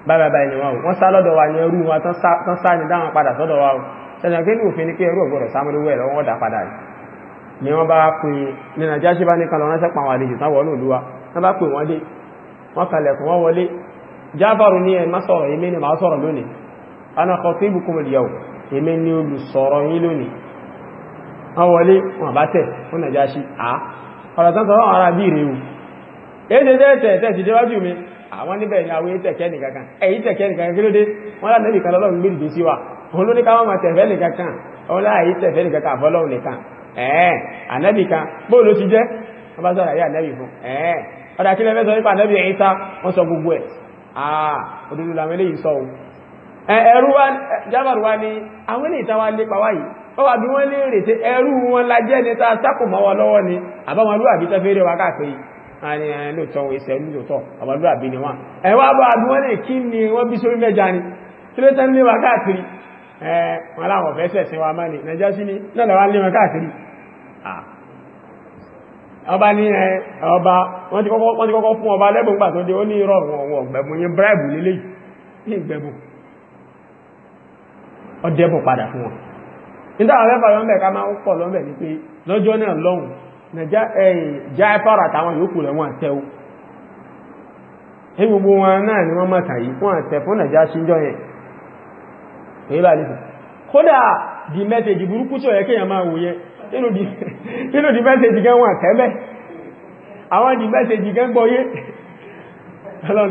báyìí báyìí ni wọ́n wọ́n sá lọ́dọ̀ wa ní ẹrú wọn tán sá ní dáwọn padà sọ́dọ̀ wa ṣẹlẹ̀ pé ní òfin ni pé ẹrú ọ̀gbọ̀rọ̀ sámúlówó ẹ̀ lọ́wọ́ dà padà ni wọ́n bá pè ní ṣe bá ní kan táwọn wọ́n bá wọ́n dé wọ́n wọ́n wọlé jábàrù ní má sọ̀rọ̀ èmi ni màá sọ̀rọ̀ lónìí ana khatibukum al-yawm èmi ni olùsọ̀rọ̀ yín lónìí wọ́n wọlé wọ́n bá tẹ̀ fún nàìjíríà ṣe à ọ̀rọ̀ tán sọ̀rọ̀ èdè àwọn níbẹ̀ ni àwọn tẹ̀kẹ́ nìkankan ẹ̀yí tẹ̀kẹ́ nìkankan kí ló dé wọ́n lá kan lọ́lọ́run gbé dìde sí wa òun ní káwọn máa tẹ̀fẹ́ nìkankan òun lá tẹ̀fẹ́ nìkankan àfọlọ́run nìkan ẹ̀ẹ́ ànẹ́bì kan bóò ló ti jẹ́ wọ́n sọ gbogbo ah, wà bí wọ́n wọn lọ́wọ́ ni àbáwọn olúwàbí àní lóòótọ́ wọn ìṣẹ́ olùtọ́ ọmọdún àbí ni wọ́n ẹ̀wà bá àbí wọ́n lè kí ni wọ́n bí sórí mẹ́ja ni kí ló tán lé wa káàkiri wọn láwọn ọ̀fẹ́ sẹ̀sìn wa máa ní nàìjá sí ni náà lọ́wọ́ lé wọn káàkiri ọba ní ọba wọ́n ti kọ́kọ́ fún ọba lẹ́bùn gbà tó dé ó ní irọ́ wọn gbẹ̀bù yín bíráìbù lílé yìí gbẹ̀bù ọdẹ́bù padà fún wọn nítorí àwọn ẹ̀fà lọ́nbẹ̀ ká máa ń pọ̀ lọ́nbẹ̀ ní pé lọ́jọ́ náà lọ́hùn Ja'far àtàwọn yòókù rẹ̀ wọ́n tẹ́ o ní gbogbo wọn náà ni wọ́n mọ̀tà yìí wọ́n tẹ́ fún Najashi jọ yẹn èyí bá lè kódà di mẹ́tẹ̀jì burúkú tí ó yẹ kéèyàn máa wòye nínú di mẹ́tẹ̀jì gan wọ́n tẹ́mẹ́ àwọn di mẹ́tẹ̀jì gan gbọ́yé ọlọ́run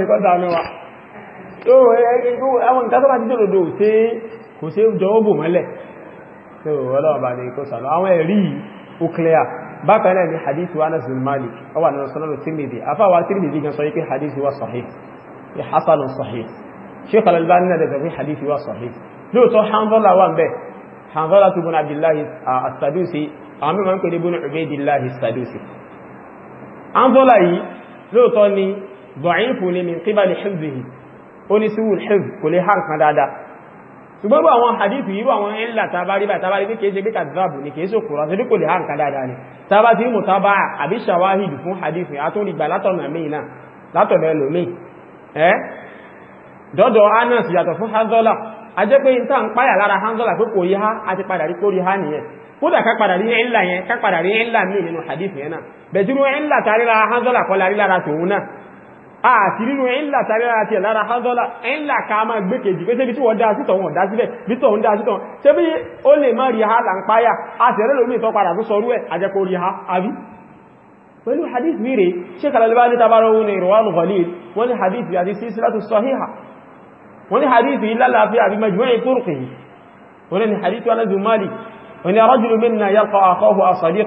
ni kọ́ bákan náà ni hadithu anas bin malik ọwà nínú sanarwa tirmidhi afáwa tirmidhi gan sọ yí pé hadithu wa sahih ya hasanun sahih sheikh al-albani na daga fi hadithu wa sahih lóòótọ́ hanzala wa bẹ hanzala tu bin abdullahi as-sadusi àwọn mẹ́wàá ń pè ní bin ubaidillahi as-sadusi hanzala yìí lóòótọ́ ni dọ̀ífù ni ṣùgbọ́n àwọn hadith irú àwọn ẹ́là tàbárí bá tàbárí pé kìí ṣe pé kàdìrábù ní kìí ṣòkòrò àti pé kò lè hàn kàdáadáa ni tàbá tí mú tàbá àbí ṣàwáhìdù fún hadith àtúndìgbà látọ̀nà míì náà látọ̀nà ẹlòmíì ẹ́ dọ́dọ̀ Anas yàtọ̀ fún Hanzala a jẹ́ pé n tàn páyà lára Hanzala pé kò yí ha àti padà rí kórí ha nìyẹn kódà ká padà àti nínú ìlà tàbí ara ti ẹ̀lára hanzola ìlà ká máa gbé kejì pé sébi tí wọ́n dá sítọ̀ wọn dá síbẹ̀ bí tọ̀ ń dá sítọ̀ ṣe bí ó lè má rí ha làǹpáyà a sì rẹ̀ lómi ìtọ́padà tó sọrú ẹ̀ àjẹkò rí ha àbí pẹ̀lú hadith mire ṣe kàlàlẹ́bá ní tabarọ̀ ohun ìrọ̀wọ́n ghalil wọ́n ní hadith bí àti sísílátù sọ́híhà wọ́n ní hadith yìí lálàáfíà bí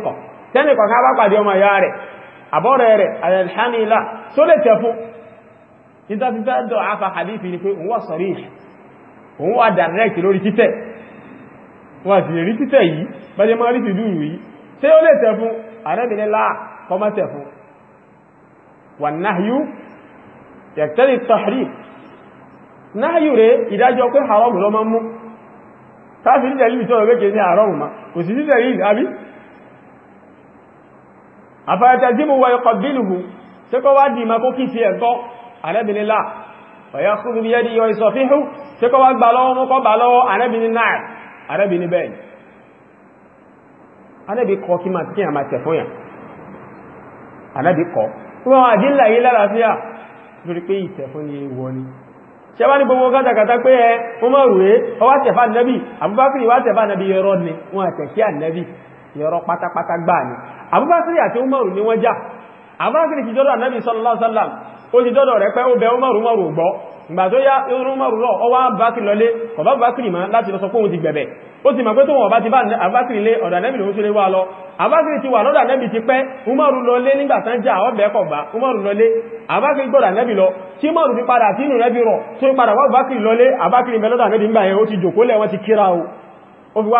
bá àbọ́rẹ̀ rẹ̀ alhamdulillah tó lè tẹ̀ fún títà títà dọ̀ afa hadithi ni pé òun wà sọ̀rí òun wà direct lórí títẹ̀ wà sí rí títẹ̀ yìí bẹ́jẹ́ mọ́ rí fìdú yìí tí ó lè tẹ̀ fún àrẹ́bìnrin láà kọmọ́ tẹ̀ fún wà náhíú yàtẹ́lì tọ̀rí náhíú rẹ̀ ìdájọ́ pé haram afayatazimu wa yuqabbiluhu ṣé kó wá di ma ko kisi e ko arabini la fa yakhudhu bi yadi wa yusafihu ṣé kó wá gbà lọ́wọ́ mu ko gbà lọ́wọ́ arabini na arabini be arabi ko ki ma ti ama te fún yan arabi ko to wa adilla yi lára fi ya lórí pé ite fún ni ewo ni ṣé wá ní gbogbo pátápátá gbà ni abúbásírí àti umaru ni wọ́n já abúbásírí ti dọ́dọ̀ anábi sọ́lọ́sọ́lám ó ti dọ́dọ̀ rẹ̀ pé ó bẹ umaru umaru gbọ́ ìgbà tó yá umaru lọ ọwá bákìrì lọlé ọba bákìrì ma láti lọ sọ pé òun ti gbẹ̀bẹ̀ ó ti mọ̀ pé tó wọn ọba ti bá abákìrì lé ọ̀dọ̀ anẹ́bì lóhun tó lé wá lọ abákìrì ti wà lọ́dọ̀ anẹ́bì ti pẹ́ umaru lọlé nígbà tán já ọbẹ̀ ẹ̀kọ̀ gbà umaru lọlé abákìrì gbọ́dọ̀ anẹ́bì lọ tí umaru fi padà sínú rẹ́bì rọ̀ tó padà wá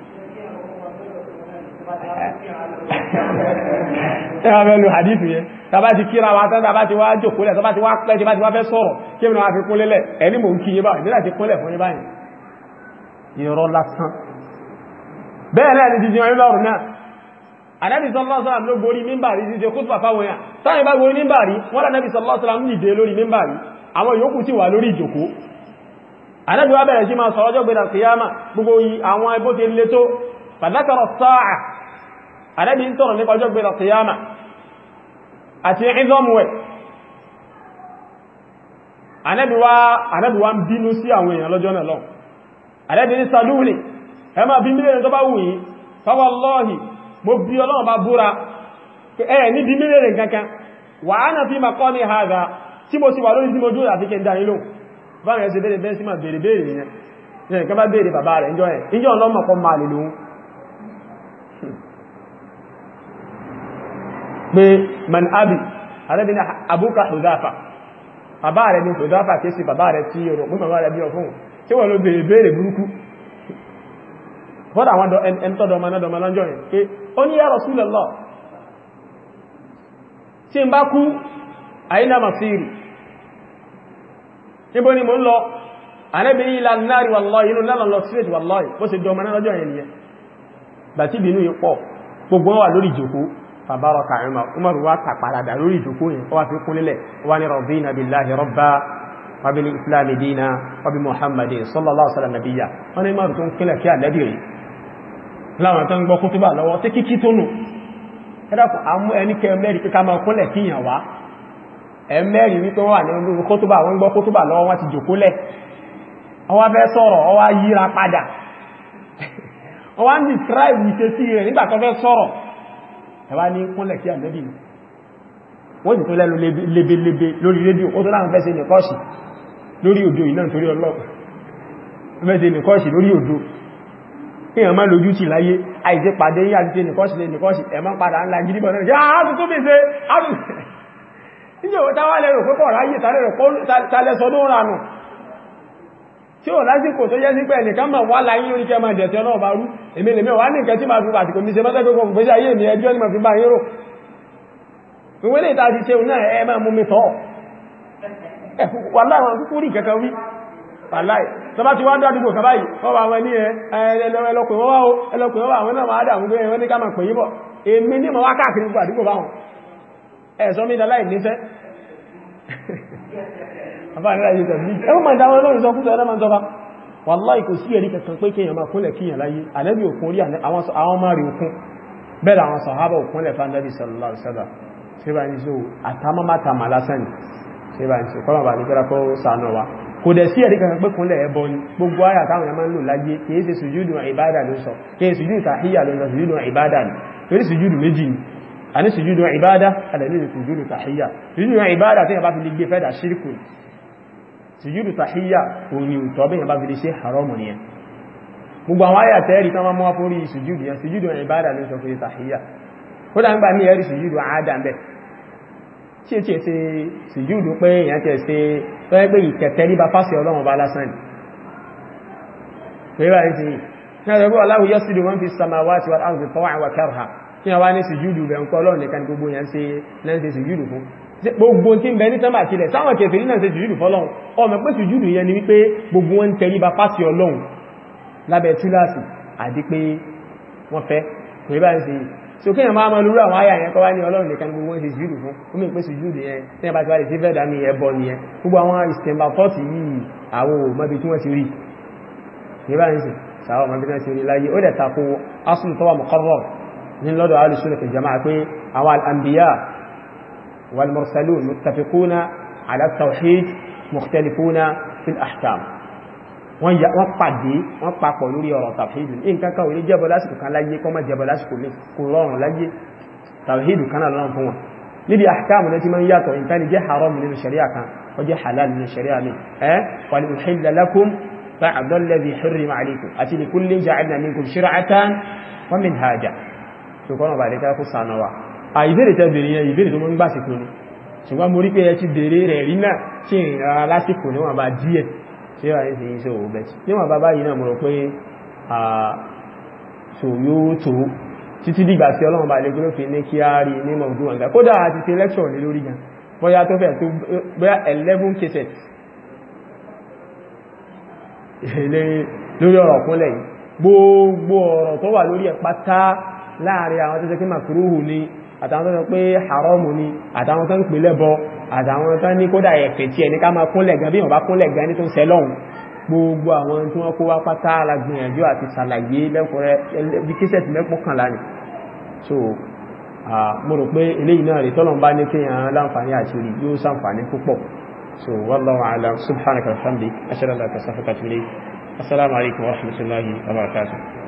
ẹwà mẹ́nu hadith yẹn tàbá ti kíra wa tán tàbá ti wá jòkólẹ̀ tàbá ti wá pẹ́ tí bá ti wá fẹ́ sọ̀rọ̀ kí èmì náà fi kúnlẹ̀lẹ̀ ẹni mò ń kí yé báyìí níláti kúnlẹ̀ fún yé báyìí irọ́ lásán bẹ́ẹ̀ náà ni jíjìn ọ̀rẹ́ lọ́rùn náà anábì sọlọ́sọ́lá ló borí mímbàrí jíjẹ kó tùpà fáwọn yà táwọn ìbá borí mímbàrí bẹ̀rẹ̀ sí máa sọ̀rọ̀jọ́ gbẹ̀dà síyámà gbogbo àwọn ẹbó ti le tó fàdákọ̀rọ̀ sáà àrẹ́bí ń tọ̀rọ̀ nípa ọjọ́ gbẹ̀rẹ̀ kìyàmà àti ìzọ́mùwẹ̀ àrẹ́bí wá ń bínú sí àwọn èèyàn lọ́jọ́ náà lọ àrẹ́bí ní salúlì ẹ máa bí mílẹ̀ tó bá wù yí fáwọlọ́hì mo bí ọlọ́run bá búra ẹ ní bí mílẹ̀ kankan wà á nà fi ma kọ́ ní haza tí mo sì wà lórí tí mo dúró àti kẹta nílò báyẹ̀ sí bẹ́ẹ̀ bẹ́ẹ̀ sí ma bèèrè bèèrè yẹn ìjọ ẹ̀ ìjọ máa lè lóhun pé man abi arẹ́bìn abúka hudafa bàbá rẹ̀ ní hudafa kìí sí bàbá rẹ̀ tí yọrọ̀ mú bàbá rẹ̀ bí ọkùn tí wọ́n ló bèèrè burúkú fọ́dà àwọn ẹntọ́dọ̀mọ́ náà lọ́jọ́ yẹn pé ó ní ya Rasulullah tí ń bá kú àyínà masiri níbo ni mo ń lọ anẹ́bìnrin ilá náàrí wallahi inú lálọ́ lọ sí èdè gbogbo wà lórí ìjòkó fàbárọ̀kà Umar Umar wá tàpàdà lórí ìjókòó yẹn ó wá fi kúnlẹ̀ wá ní rọ̀bìnà billahi rabba wa bil islami dina wa bi muhammadin sallallahu alaihi wasallam nabiyya wọ́n ni márùn tó ń kílẹ̀ kí àlẹ́bì rí láwọn tó ń gbọ́ kútúbà lọ́wọ́ tí kíkí tó nù ẹ̀dàkù àmú ẹni kẹ mẹ́rì kíká máa kúnlẹ̀ kí yàn wá ẹ mẹ́rì wípé wọ́n wà ní orúkú kútúbà wọ́n gbọ́ kútúbà lọ́wọ́ wọ́n ti jòkólẹ̀ ọwá fẹ́ sọ̀rọ̀ ọwá yíra padà ọwá ń describe ìṣesí rẹ̀ nígbà tó fẹ́ sọ̀rọ̀ ẹ̀wá ní kúnlẹ̀ kí ànẹ́bì wọ́n sì tún lẹ́nu lebelebe lórí rédíò ó tó láwọn fẹ́sẹ̀ nìkọ́ọ̀ṣì lórí òdó iná torí ọlọ́pàá èèyàn máa lójú ti láyé àìsí pàdé yí àti nìkọ́sì lè nìkọ́sì ẹ̀mọ́ padà ńlá gidibọ̀ náà jẹ́ àátù tó bèèrè àátù ìjọ tàwà lẹ́rò pẹ́kọ̀ ráyé tàlẹ́sọdún ránù tí ó lásìkò tó jẹ́ sí pé ẹnìkan máa wá láyé orí kẹ́ máa dẹ̀tẹ̀ ọlọ́run bá rú èmi lèmi wà ní nǹkan tí máa fi bàtìkò mi ṣe mọ́tẹ́ gbogbo ìgbésí ayé mi ẹjọ́ ni máa fi bá yírò ìwé lè ta ti ṣe òun náà ẹ máa mú mi tọ́ wàláì wọn kúkú rí kankan wí wàláì tó bá ti wá dádúgbò kan báyìí wọ́n wà wọn ní ẹ ẹlọ́pẹ̀ wọ́n wá o ẹlọ́pẹ̀ wọ́n wà wọn náà wà á dà gbogbo ẹ̀wọ́n ní ká máa pè yíbọ̀ èmi ní mọ̀ wá káàkiri gbogbo àdúgbò báwọn ẹ̀sọ́ mi dá láì níṣẹ́ wàláì kò sí ẹ̀rí kankan pé kíyàn máa kúnlẹ̀ kíyàn láyé ànábì òkun orí àwọn ọmọ rẹ̀ òkun bẹ́ẹ̀rẹ̀ àwọn sàhábà òkúnlẹ̀ fàndàbí sallallahu alaihi wasallam ṣe bá ní so àtàmàmátàmà lásán ni ṣe bá ní so kọ́mà bá ní kẹ́ra kọ́ sànà wa kò dẹ̀ sí ẹ̀rí kankan pé kúnlẹ̀ ẹbọ ni gbogbo ayà táwọn ẹmà ń lò láyé kìí ṣe sùjúdù ìbádà ló sọ kìí sùjúdù tàhíyà ló sọ sùjúdù ìbádà ni torí sùjúdù méjì ni a ní sùjúdù ìbádà alẹ́lẹ́ sùjúdù tàhíyà sùjúdù ìbádà tí a bá fi lè gbé fẹ́dà ṣírkù sùjúdù tàhíyà òní ìtọ́ bí ìyàbá fi lè ṣe haramu ni ẹ gbogbo àwọn ayà tẹ́rì tán máa mọ́ fórí sùjúdù yẹn sùjúdù yẹn ìbádà ló sọ fórí tàhíyà kódà ń gbà ní ẹ̀rí sùjúdù àádà ń bẹ̀ tí ètì ṣe sùjúdù pé èèyàn tẹ̀ ṣe tó yẹ pé ìkẹtẹ́ ní bá fásì ọlọ́run bá ha kí wọn wá ní sùjúdù rẹ̀ ń kọ́ ọlọ́run nìkan gbogbo yẹn gbogbo tí ń bẹ ní sánmà àti ilẹ̀ sáwọn kèfèrí náà ṣe jùjúdù fọ́lọ́run ọmọ pé jùjúdù yẹn ni wípé gbogbo wọn ń tẹríba fásí ọlọ́run lábẹ́ túláàsì àti pé wọ́n fẹ́ kò ibá ń ṣe so kí ẹ̀mọ́ àmọ́ lórí àwọn àyà yẹn kọ́ wá ní ọlọ́run nìkan gbogbo wọn ṣe jùjúdù fún ó mẹ́ pé jùjúdù yẹn tí wọ́n bá ti wá lè sí fẹ́ẹ̀dá ní ẹbọ nìyẹn gbogbo àwọn ìsìnkà fọ́ọ̀tì yìí àwọn òmọbi tí wọ́n ti rí ìbá ń ṣe sàwọn ọmọbi tí wọ́n ti rí láyé ó dẹ̀ tako asùn tọ́wà mọ̀kọ́rọ̀ ní lọ́dọ̀ alùsùn lẹ́kẹ̀ jama'a pé àwọn al-anbiya والمرسلون متفقون على التوحيد مختلفون في الأحكام wọ́n ya wọ́n pàdé wọ́n papọ̀ lórí ọ̀rọ̀ tàfíìdù ní nǹkankan orí jẹ́bọ̀ lásìkò kan láyé kọ́ máa jẹ́bọ̀ lásìkò ní kò rọrùn láyé tàfíìdù kan náà lọ́rùn fún wọn níbi àkáàmù náà ti máa ń yàtọ̀ nǹkan ni jẹ́ haram nínú sharia kan ó jẹ́ halal nínú sharia mi ẹ́ wal uhilla lakum ba'da alladhi harrama alaykum àti li kullin ja'alna minkum shir'atan wa minhaja Ah, ìbéèrè tẹ́ bèèrè yẹn ìbéèrè tó mọ́ ń gbà sìkò ní ṣùgbọ́n mo rí pé ẹ ti bèèrè rẹ̀ rí náà tí ń ra lásìkò níwọ̀n bá díẹ̀ tí ó ráyé sí iṣẹ́ òwò bẹ̀tì níwọ̀n bá báyìí náà mo pé so títí dìgbà sí ọlọ́run láàrin àwọn tó jẹ́ màkúrúhù ni àtàwọn tó sọ pé haramu ni àtàwọn tó ń pè lẹ́bọ àtàwọn tó ní kódà ẹ̀fẹ̀ tí ẹni ká máa kúnlẹ̀ gan bí wọ́n bá kúnlẹ̀ gan ní tó ń sẹ́lọ́hun gbogbo àwọn tí wọ́n kó wá pátá alágbìyànjú àti sàlàyé lẹ́kùnrẹ́ bí kíṣẹ̀ tí mẹ́pọ̀ kan lá ní so mo rò pé eléyìí náà rí tọ́lọ̀ bá ní so wa bihamdika ashhadu an la assalamu alaikum wa rahmatullahi wa barakatuh